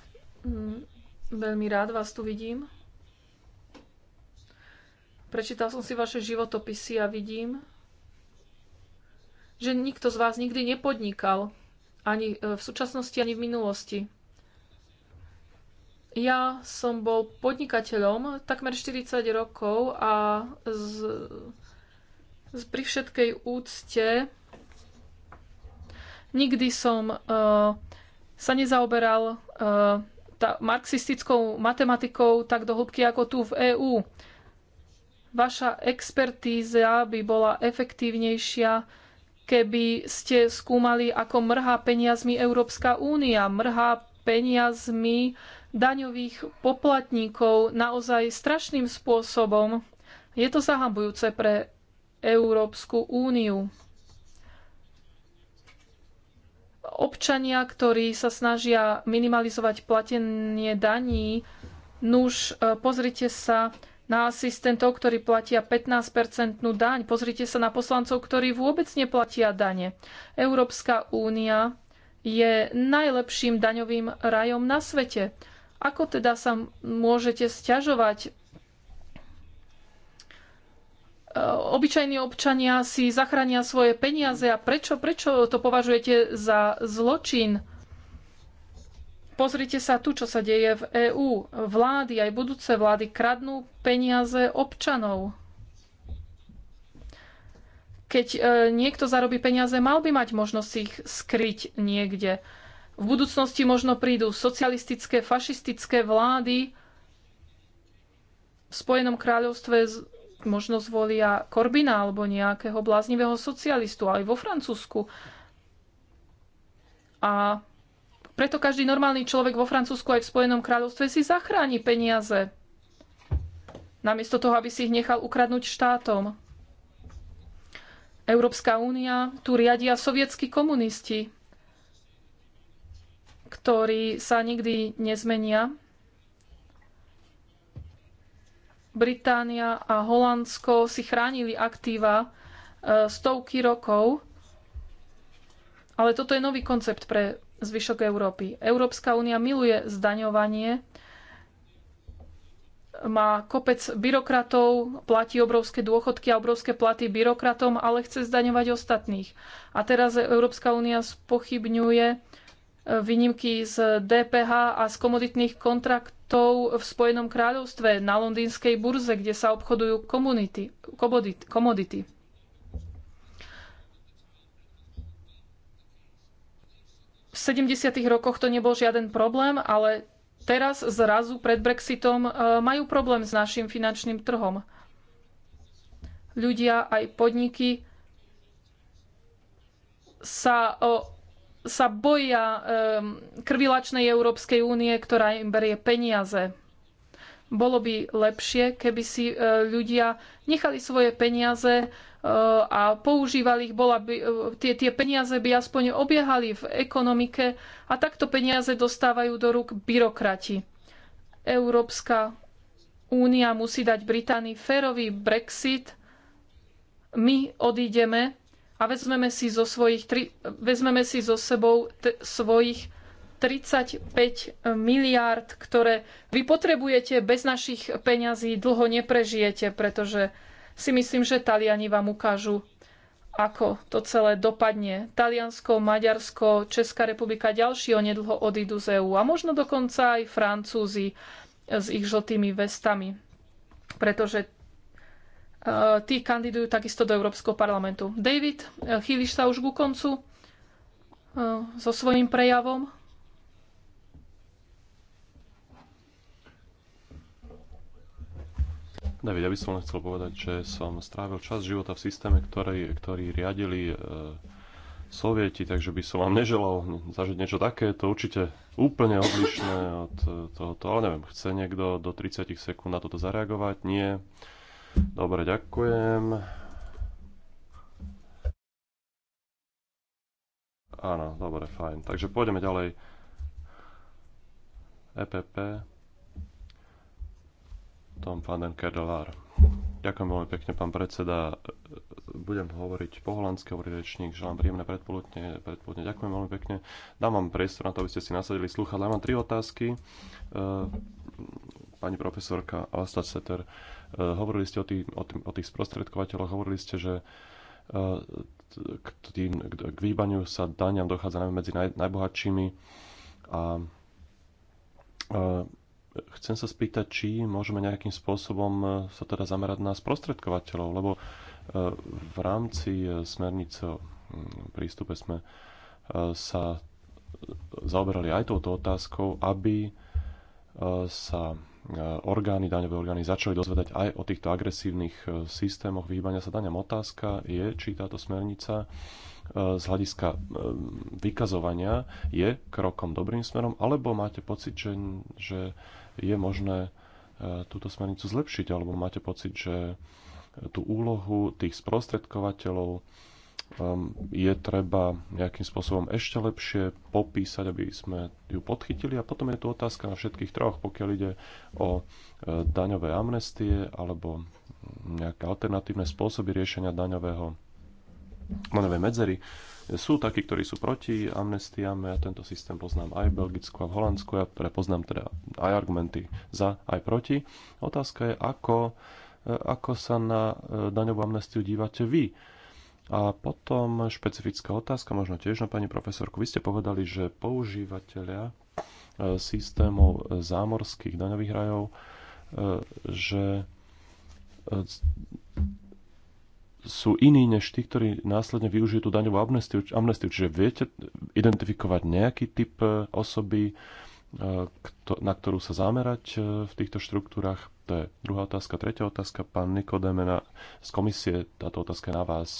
Mm, veľmi rád vás tu vidím. Prečítal som si vaše životopisy a vidím, že nikto z vás nikdy nepodnikal, ani e, v súčasnosti, ani v minulosti. Ja som bol podnikateľom takmer 40 rokov a z, z, pri všetkej úcte nikdy som uh, sa nezaoberal uh, e, tá, marxistickou matematikou tak do hĺbky ako tu v EÚ. Vaša expertíza by bola efektívnejšia keby ste skúmali, ako mrhá peniazmi Európska únia, mrhá peniazmi daňových poplatníkov naozaj strašným spôsobom. Je to zahambujúce pre Európsku úniu. Občania, ktorí sa snažia minimalizovať platenie daní, nuž e, pozrite sa, na asistentov, ktorí platia 15-percentnú daň. Pozrite sa na poslancov, ktorí vôbec neplatia dane. Európska únia je najlepším daňovým rajom na svete. Ako teda sa môžete sťažovať? E, obyčajní občania si zachránia svoje peniaze a prečo, prečo to považujete za zločin? Pozrite sa tu, čo sa deje v EÚ. Vlády, aj budúce vlády, kradnú peniaze občanov. Keď e, niekto zarobí peniaze, mal by mať možnosť ich skryť niekde. V budúcnosti možno prídu socialistické, fašistické vlády. V Spojenom kráľovstve možno zvolia Korbina alebo nejakého bláznivého socialistu, aj vo Francúzsku. A preto každý normálny človek vo Francúzsku aj v Spojenom kráľovstve si zachráni peniaze. Namiesto toho, aby si ich nechal ukradnúť štátom. Európska únia tu riadia sovietskí komunisti, ktorí sa nikdy nezmenia. Británia a Holandsko si chránili aktíva e, stovky rokov, ale toto je nový koncept pre zvyšok Európy. Európska únia miluje zdaňovanie, má kopec byrokratov, platí obrovské dôchodky a obrovské platy byrokratom, ale chce zdaňovať ostatných. A teraz Európska únia spochybňuje eh, výnimky z DPH a z komoditných kontraktov v Spojenom kráľovstve na londýnskej burze, kde sa obchodujú komunity, komodity. komodity. v 70. rokoch to nebol žiaden problém, ale teraz zrazu pred Brexitom e, majú problém s našim finančným trhom. Ľudia aj podniky sa, sa boja e, krvilačnej Európskej únie, ktorá im berie peniaze. Bolo by lepšie, keby si e, ľudia nechali svoje peniaze e, a používali ich, bola by, e, tie, tie peniaze by aspoň obiehali v ekonomike a takto peniaze dostávajú do rúk byrokrati. Európska únia musí dať Británii férový Brexit. My odídeme a vezmeme si zo, svojich, vezmeme si zo sebou svojich 35 miliárd, ktoré vy potrebujete, bez našich peňazí dlho neprežijete, pretože si myslím, že Taliani vám ukážu, ako to celé dopadne. Taliansko, Maďarsko, Česká republika, ďalší onedlho odídu z EÚ a možno dokonca aj Francúzi s ich žltými vestami, pretože e, tí kandidujú takisto do Európskeho parlamentu. David, e, chýliš sa už ku koncu e, so svojím prejavom?
David, ja by som len chcel povedať, že som strávil čas života v systéme, ktorý, ktorý riadili e, sovieti, takže by som vám neželal zažiť niečo také. to určite úplne odlišné od e, tohoto, ale neviem, chce niekto do 30 sekúnd na toto zareagovať? Nie. Dobre, ďakujem. Áno, dobre, fajn. Takže pôjdeme ďalej. EPP. Tom pán Kedelár. Ďakujem veľmi pekne, pán predseda. Budem hovoriť po holandsky, hovorí rečník. Želám príjemné predpoludne, predpoludne. Ďakujem veľmi pekne. Dám vám priestor na to, aby ste si nasadili sluchadla. Ja mám tri otázky. Eh, pani profesorka Alstad Seter, eh, hovorili ste o tých, o, tých, o tých sprostredkovateľoch, hovorili ste, že eh, k, tým, k výbaniu sa daniam dochádza najmä medzi naj, najbohatšími a chcem sa spýtať, či môžeme nejakým spôsobom e, sa teda zamerať na sprostredkovateľov, lebo e, v rámci e, smernice mm, prístupe sme sa zaoberali aj touto otázkou, aby sa orgány, daňové orgány začali dozvedať aj o týchto agresívnych systémoch vyhýbania sa daňom. Otázka je, či táto smernica z hľadiska vykazovania je krokom dobrým smerom, alebo máte pocit, že, že je možné e, túto smernicu zlepšiť, alebo máte pocit, že tú úlohu tých sprostredkovateľov e, je treba nejakým spôsobom ešte lepšie popísať, aby sme ju podchytili. A potom je tu otázka na všetkých troch, pokiaľ ide o e, daňové amnestie alebo nejaké alternatívne spôsoby riešenia daňového daňovej medzery. Sú takí, ktorí sú proti amnestiám, ja tento systém poznám aj v Belgicku a v Holandsku, ja prepoznám teda, teda aj argumenty za, aj proti. Otázka je, ako, e, ako sa na e, daňovú amnestiu dívate vy. A potom špecifická otázka, možno tiež na pani profesorku. Vy ste povedali, že používateľia e, systémov zámorských daňových rajov, že sú iní než tí, ktorí následne využijú tú daňovú amnestiu. amnestiu. Čiže viete identifikovať nejaký typ e, osoby, e, na ktorú sa zamerať e, v týchto štruktúrach? To je druhá otázka. Tretia otázka, pán Nikodemena z komisie, táto otázka je na vás.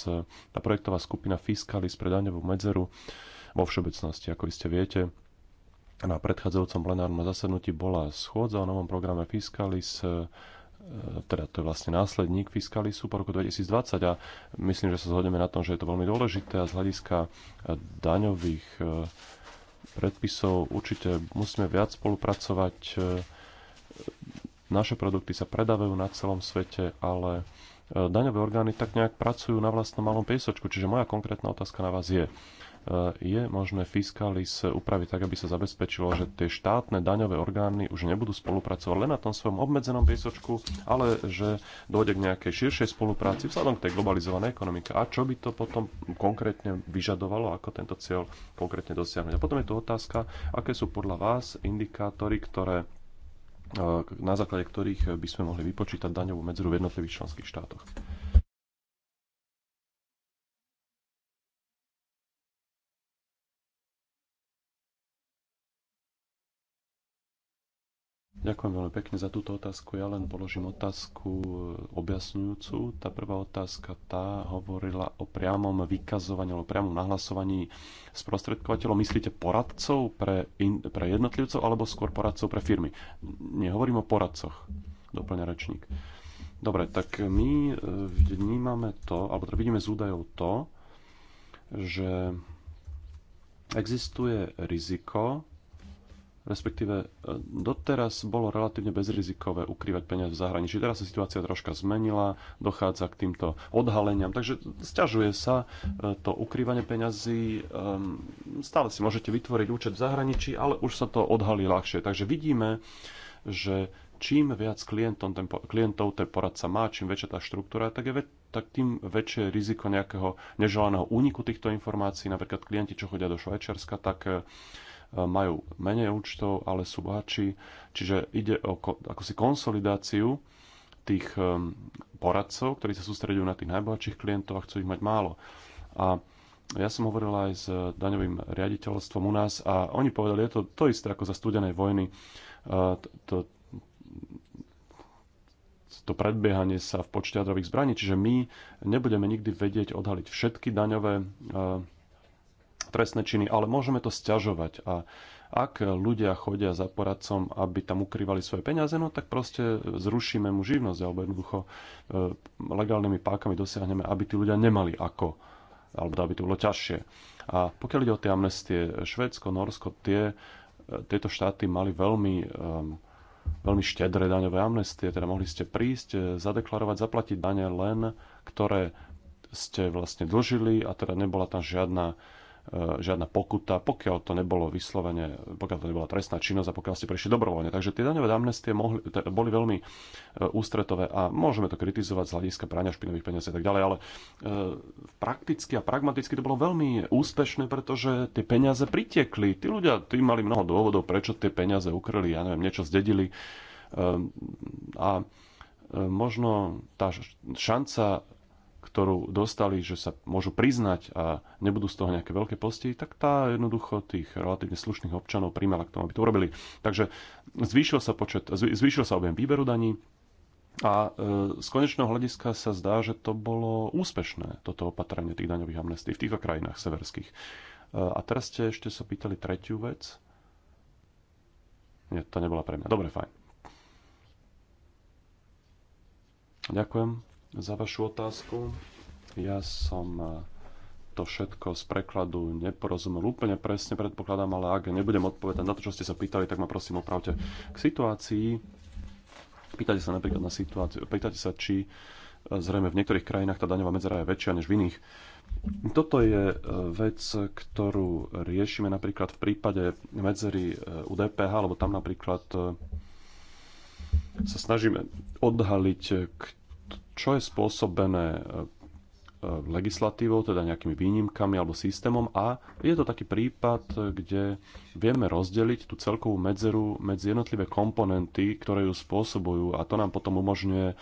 Tá projektová skupina Fiskalis pre daňovú medzeru vo všeobecnosti, ako iste viete, na predchádzajúcom plenárnom zasadnutí bola schôdza o novom programe Fiskalis. E, teda to je vlastne následník fiskalisu po roku 2020 a myslím, že sa zhodneme na tom, že je to veľmi dôležité a z hľadiska e, daňových e, predpisov určite musíme viac spolupracovať. Naše produkty sa predávajú na celom svete, ale daňové orgány tak nejak pracujú na vlastnom malom piesočku. Čiže moja konkrétna otázka na vás je, E, je možné fiskalis upraviť tak, aby sa zabezpečilo, že tie štátne daňové orgány už nebudú spolupracovať len na tom svojom obmedzenom piesočku, ale že dôjde k nejakej širšej spolupráci vzhľadom k tej globalizovanej ekonomike. A čo by to potom konkrétne vyžadovalo, ako tento cieľ konkrétne dosiahnuť. A potom je tu otázka, aké sú podľa vás indikátory, ktoré e, na základe ktorých by sme mohli vypočítať daňovú medzeru v jednotlivých členských štátoch. Ďakujem veľmi pekne za túto otázku. Ja len položím otázku e, objasňujúcu. Tá prvá otázka, tá hovorila o priamom vykazovaní alebo priamom nahlasovaní sprostredkovateľov. Myslíte poradcov pre, in, pre jednotlivcov alebo skôr poradcov pre firmy? Nehovorím o poradcoch, doplňa rečník. Dobre, tak my e, vnímame to, alebo teda vidíme z údajov to, že existuje riziko, respektíve e, doteraz bolo relatívne bezrizikové ukrývať peniaze v zahraničí. Teraz sa situácia troška zmenila, dochádza k týmto odhaleniam, takže sťažuje sa e, to ukrývanie peňazí. E, stále si môžete vytvoriť účet v zahraničí, ale už sa to odhalí ľahšie. Takže vidíme, že čím viac klientom, ten, klientov ten poradca má, čím väčšia tá štruktúra, tak, je, tak tým väčšie riziko nejakého neželaného úniku týchto informácií. Napríklad klienti, čo chodia do Švajčiarska, tak majú menej účtov, ale sú bohatší. Čiže ide o si konsolidáciu tých um, poradcov, ktorí sa sústredujú na tých najbohatších klientov a chcú ich mať málo. A ja som hovoril aj s daňovým riaditeľstvom u nás a oni povedali, je to to isté ako za studenej vojny. To, to, to predbiehanie sa v počte jadrových zbraní, čiže my nebudeme nikdy vedieť odhaliť všetky daňové trestné činy, ale môžeme to sťažovať. A ak ľudia chodia za poradcom, aby tam ukrývali svoje peniaze, no tak proste zrušíme mu živnosť alebo jednoducho e, legálnymi pákami dosiahneme, aby tí ľudia nemali ako, alebo aby to bolo ťažšie. A pokiaľ ide o tie amnestie, Švédsko, Norsko, tie, e, tieto štáty mali veľmi um, veľmi štedré daňové amnestie, teda mohli ste prísť, zadeklarovať, zaplatiť dane len, ktoré ste vlastne dlžili a teda nebola tam žiadna E, žiadna pokuta, pokiaľ to nebolo vyslovene, pokiaľ to nebola trestná činnosť a pokiaľ ste prešli dobrovoľne. Takže tie daňové amnestie mohli, t- boli veľmi e, ústretové a môžeme to kritizovať z hľadiska prania špinových peniazí a tak ďalej, ale e, prakticky a pragmaticky to bolo veľmi úspešné, pretože tie peniaze pritekli. Tí ľudia, tí mali mnoho dôvodov, prečo tie peniaze ukryli, ja neviem, niečo zdedili. A možno tá šanca ktorú dostali, že sa môžu priznať a nebudú z toho nejaké veľké posti, tak tá jednoducho tých relatívne slušných občanov príjmala k tomu, aby to urobili. Takže zvýšil sa, počet, zvýšil sa objem výberu daní, a e, z konečného hľadiska sa zdá, že to bolo úspešné, toto opatrenie tých daňových amnestí v týchto krajinách severských. E, a teraz ste ešte sa pýtali tretiu vec. Nie, to nebola pre mňa. Dobre, fajn. Ďakujem za vašu otázku. Ja som e, to všetko z prekladu neporozumel úplne presne, predpokladám, ale ak nebudem odpovedať na to, čo ste sa pýtali, tak ma prosím opravte k situácii. Pýtate sa napríklad na situáciu, pýtate sa, či e, zrejme v niektorých krajinách tá daňová medzera je väčšia než v iných. Toto je e, vec, ktorú riešime napríklad v prípade medzery u DPH, lebo tam napríklad sa snažíme odhaliť, čo je spôsobené e, e, legislatívou, teda nejakými výnimkami alebo systémom a je to taký prípad, kde vieme rozdeliť tú celkovú medzeru medzi jednotlivé komponenty, ktoré ju spôsobujú a to nám potom umožňuje e,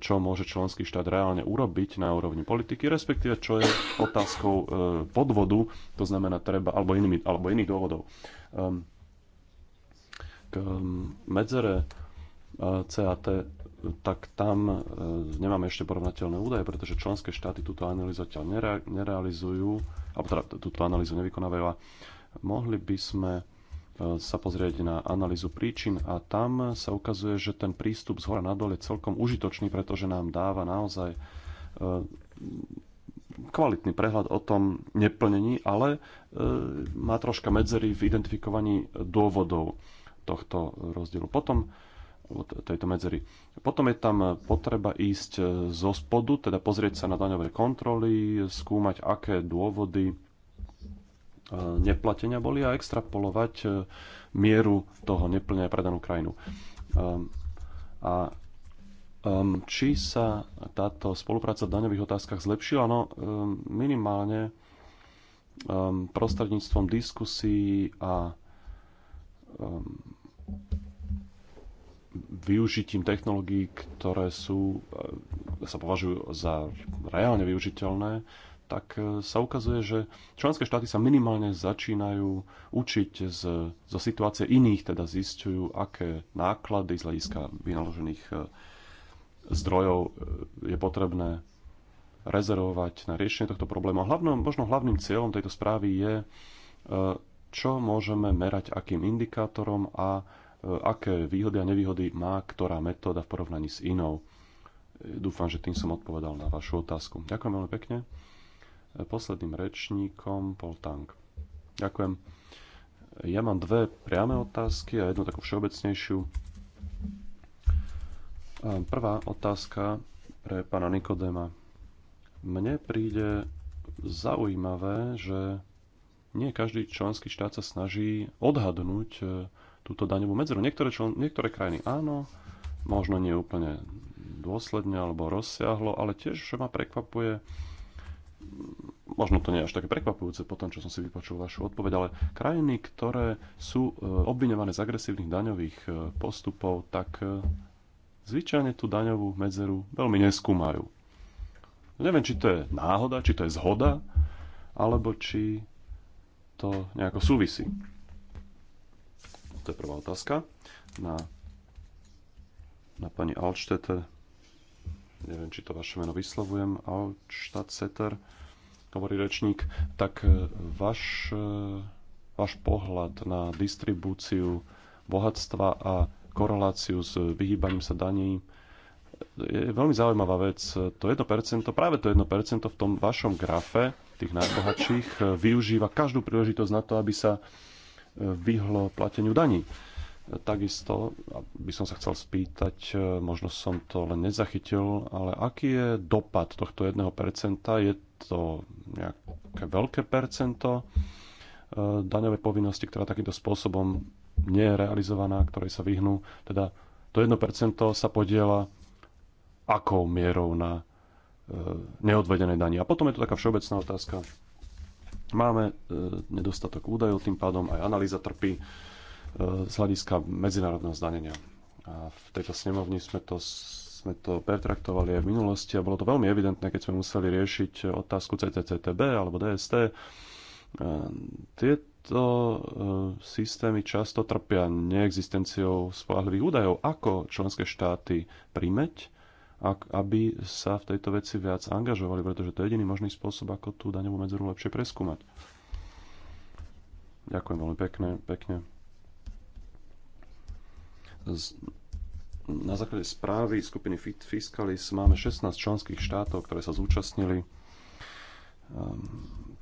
čo môže členský štát reálne urobiť na úrovni politiky, respektíve čo je otázkou podvodu, to znamená treba, alebo, inými, alebo iných dôvodov. Ehm, k ehm, medzere CAT tak tam e, nemáme ešte porovnateľné údaje, pretože členské štáty túto analýzu zatiaľ nere, nerealizujú, alebo teda túto analýzu nevykonávajú a mohli by sme e, sa pozrieť na analýzu príčin a tam sa ukazuje, že ten prístup z hora dole je celkom užitočný, pretože nám dáva naozaj e, kvalitný prehľad o tom neplnení, ale má troška medzery v identifikovaní dôvodov tohto rozdielu. Potom tejto medzery. Potom je tam potreba ísť e, zo spodu, teda pozrieť sa na daňové kontroly, skúmať, aké dôvody e, neplatenia boli a extrapolovať e, mieru toho neplnenia predanú krajinu. Ehm, a ehm, či sa táto spolupráca v daňových otázkach zlepšila? No ehm, minimálne prostredníctvom diskusí a využitím technológií, ktoré sú, e, sa považujú za reálne využiteľné, tak e, sa ukazuje, že členské štáty sa minimálne začínajú učiť z, zo situácie iných, teda zistujú, aké náklady z hľadiska vynaložených e, zdrojov je potrebné rezervovať na riešenie tohto problému. A hlavno, možno hlavným cieľom tejto správy je, čo môžeme merať akým indikátorom a E, aké výhody a nevýhody má ktorá metóda v porovnaní s inou. E, dúfam, že tým som odpovedal na vašu otázku. Ďakujem veľmi pekne. E, posledným rečníkom Paul Tank. Ďakujem. Ja mám dve priame otázky a jednu takú všeobecnejšiu. Prvá otázka pre pána Nikodema. Mne príde zaujímavé, že nie každý členský štát sa snaží odhadnúť túto daňovú medzeru. Niektoré, člen, niektoré krajiny áno, možno nie úplne dôsledne alebo rozsiahlo, ale tiež, čo ma prekvapuje, možno to nie je až také prekvapujúce po tom, čo som si vypočul vašu odpoveď, ale krajiny, ktoré sú e, obviňované z agresívnych daňových e, postupov, tak e, zvyčajne tú daňovú medzeru veľmi neskúmajú. Neviem, či to je náhoda, či to je zhoda, alebo či to nejako súvisí. To je prvá otázka na, na pani Altstetter. Neviem, či to vaše meno vyslovujem. Altstetter, hovorí rečník. Tak e, e, váš, vaš pohľad na distribúciu bohatstva a koreláciu s vyhýbaním sa daní e, je veľmi zaujímavá vec. To 1%, práve to 1% v tom vašom grafe tých najbohatších využíva každú príležitosť na to, aby sa vyhlo plateniu daní. Takisto by som sa chcel spýtať, e, možno som to len nezachytil, ale aký je dopad tohto 1%? Je to nejaké veľké percento e, daňovej povinnosti, ktorá takýmto spôsobom nie je realizovaná, ktorej sa vyhnú. Teda to 1% sa podiela akou mierou na e, neodvedené danie. A potom je to taká všeobecná otázka, Máme e, nedostatok údajov, tým pádom aj analýza trpí e, z hľadiska medzinárodného zdanenia. A v tejto snemovni sme to, sme to pertraktovali aj v minulosti a bolo to veľmi evidentné, keď sme museli riešiť otázku CCCTB alebo DST. E, tieto systémy často trpia neexistenciou spolahlivých údajov, ako členské štáty príjmeť aby sa v tejto veci viac angažovali, pretože to je jediný možný spôsob, ako tú daňovú medzeru lepšie preskúmať. Ďakujem veľmi pekne, pekne. Na základe správy skupiny Fiscalis máme 16 členských štátov, ktoré sa zúčastnili. Ehm,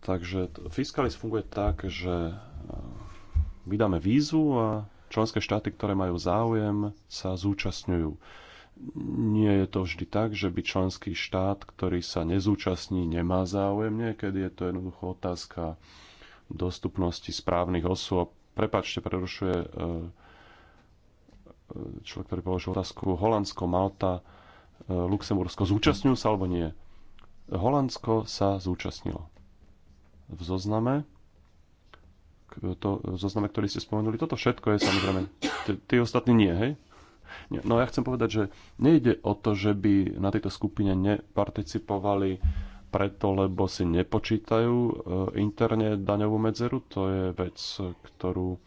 takže Fiscalis funguje tak, že ehm, vydáme vízu a členské štáty, ktoré majú záujem, sa zúčastňujú nie je to vždy tak, že by členský štát, ktorý sa nezúčastní, nemá záujem. Niekedy je to jednoducho otázka dostupnosti správnych osôb. Prepačte, prerušuje e, e, človek, ktorý položil otázku. Holandsko, Malta, e, Luxembursko. Zúčastňujú sa alebo nie? Holandsko sa zúčastnilo. V zozname, to, v zozname, ktorý ste spomenuli, toto všetko je samozrejme. Tí ostatní nie, hej? No ja chcem povedať, že nejde o to, že by na tejto skupine neparticipovali preto, lebo si nepočítajú e, interne daňovú medzeru. To je vec, ktorú e,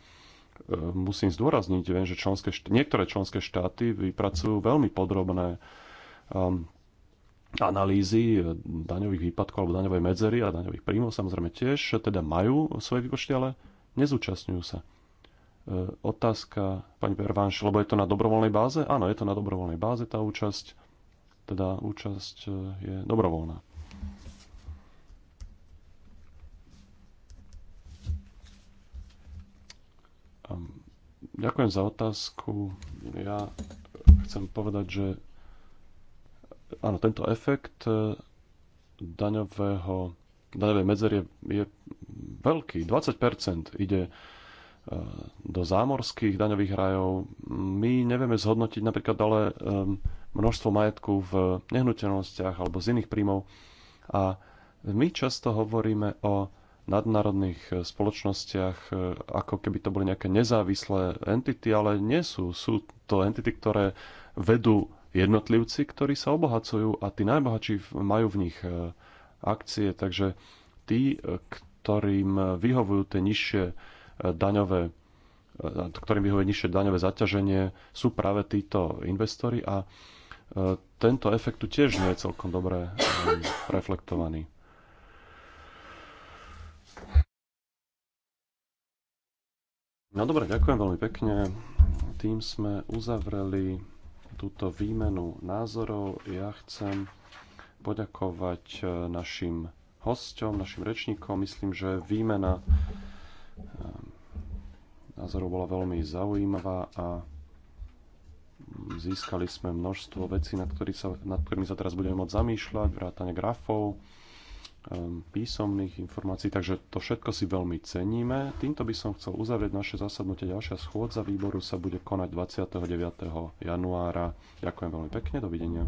musím zdôrazniť. Viem, že členské, niektoré členské štáty vypracujú veľmi podrobné um, analýzy e, daňových výpadkov alebo daňovej medzery a daňových príjmov samozrejme tiež, teda majú svoje výpočty, ale nezúčastňujú sa. E, otázka, pani Pervanš, lebo je to na dobrovoľnej báze? Áno, je to na dobrovoľnej báze tá účasť. Teda účasť e, je dobrovoľná. Ďakujem za otázku. Ja chcem povedať, že áno, tento efekt e, daňového, daňovej medzerie je veľký. 20% ide E, do zámorských daňových rajov. My nevieme zhodnotiť napríklad ale e, množstvo majetku v nehnuteľnostiach alebo z iných príjmov. A my často hovoríme o nadnárodných e, spoločnostiach, ako keby to boli nejaké nezávislé entity, ale nie sú. Sú to entity, ktoré vedú jednotlivci, ktorí sa obohacujú a tí najbohatší majú v nich akcie. Takže tí, ktorým vyhovujú tie nižšie daňové ktorým vyhovuje nižšie daňové zaťaženie, sú práve títo investori a e, tento efekt tu tiež nie je celkom dobre e, reflektovaný. No dobre, ďakujem veľmi pekne. Tým sme uzavreli túto výmenu názorov. Ja chcem poďakovať e, našim hosťom, našim rečníkom. Myslím, že výmena Ehm, názorov bola veľmi zaujímavá a získali sme množstvo vecí, nad, ktorý sa, nad ktorými sa teraz budeme môcť zamýšľať, vrátane grafov, ehm, písomných informácií, takže to všetko si veľmi ceníme. Týmto by som chcel uzavrieť naše zasadnutie. Ďalšia schôdza výboru sa bude konať 29. januára. Ďakujem veľmi pekne, dovidenia.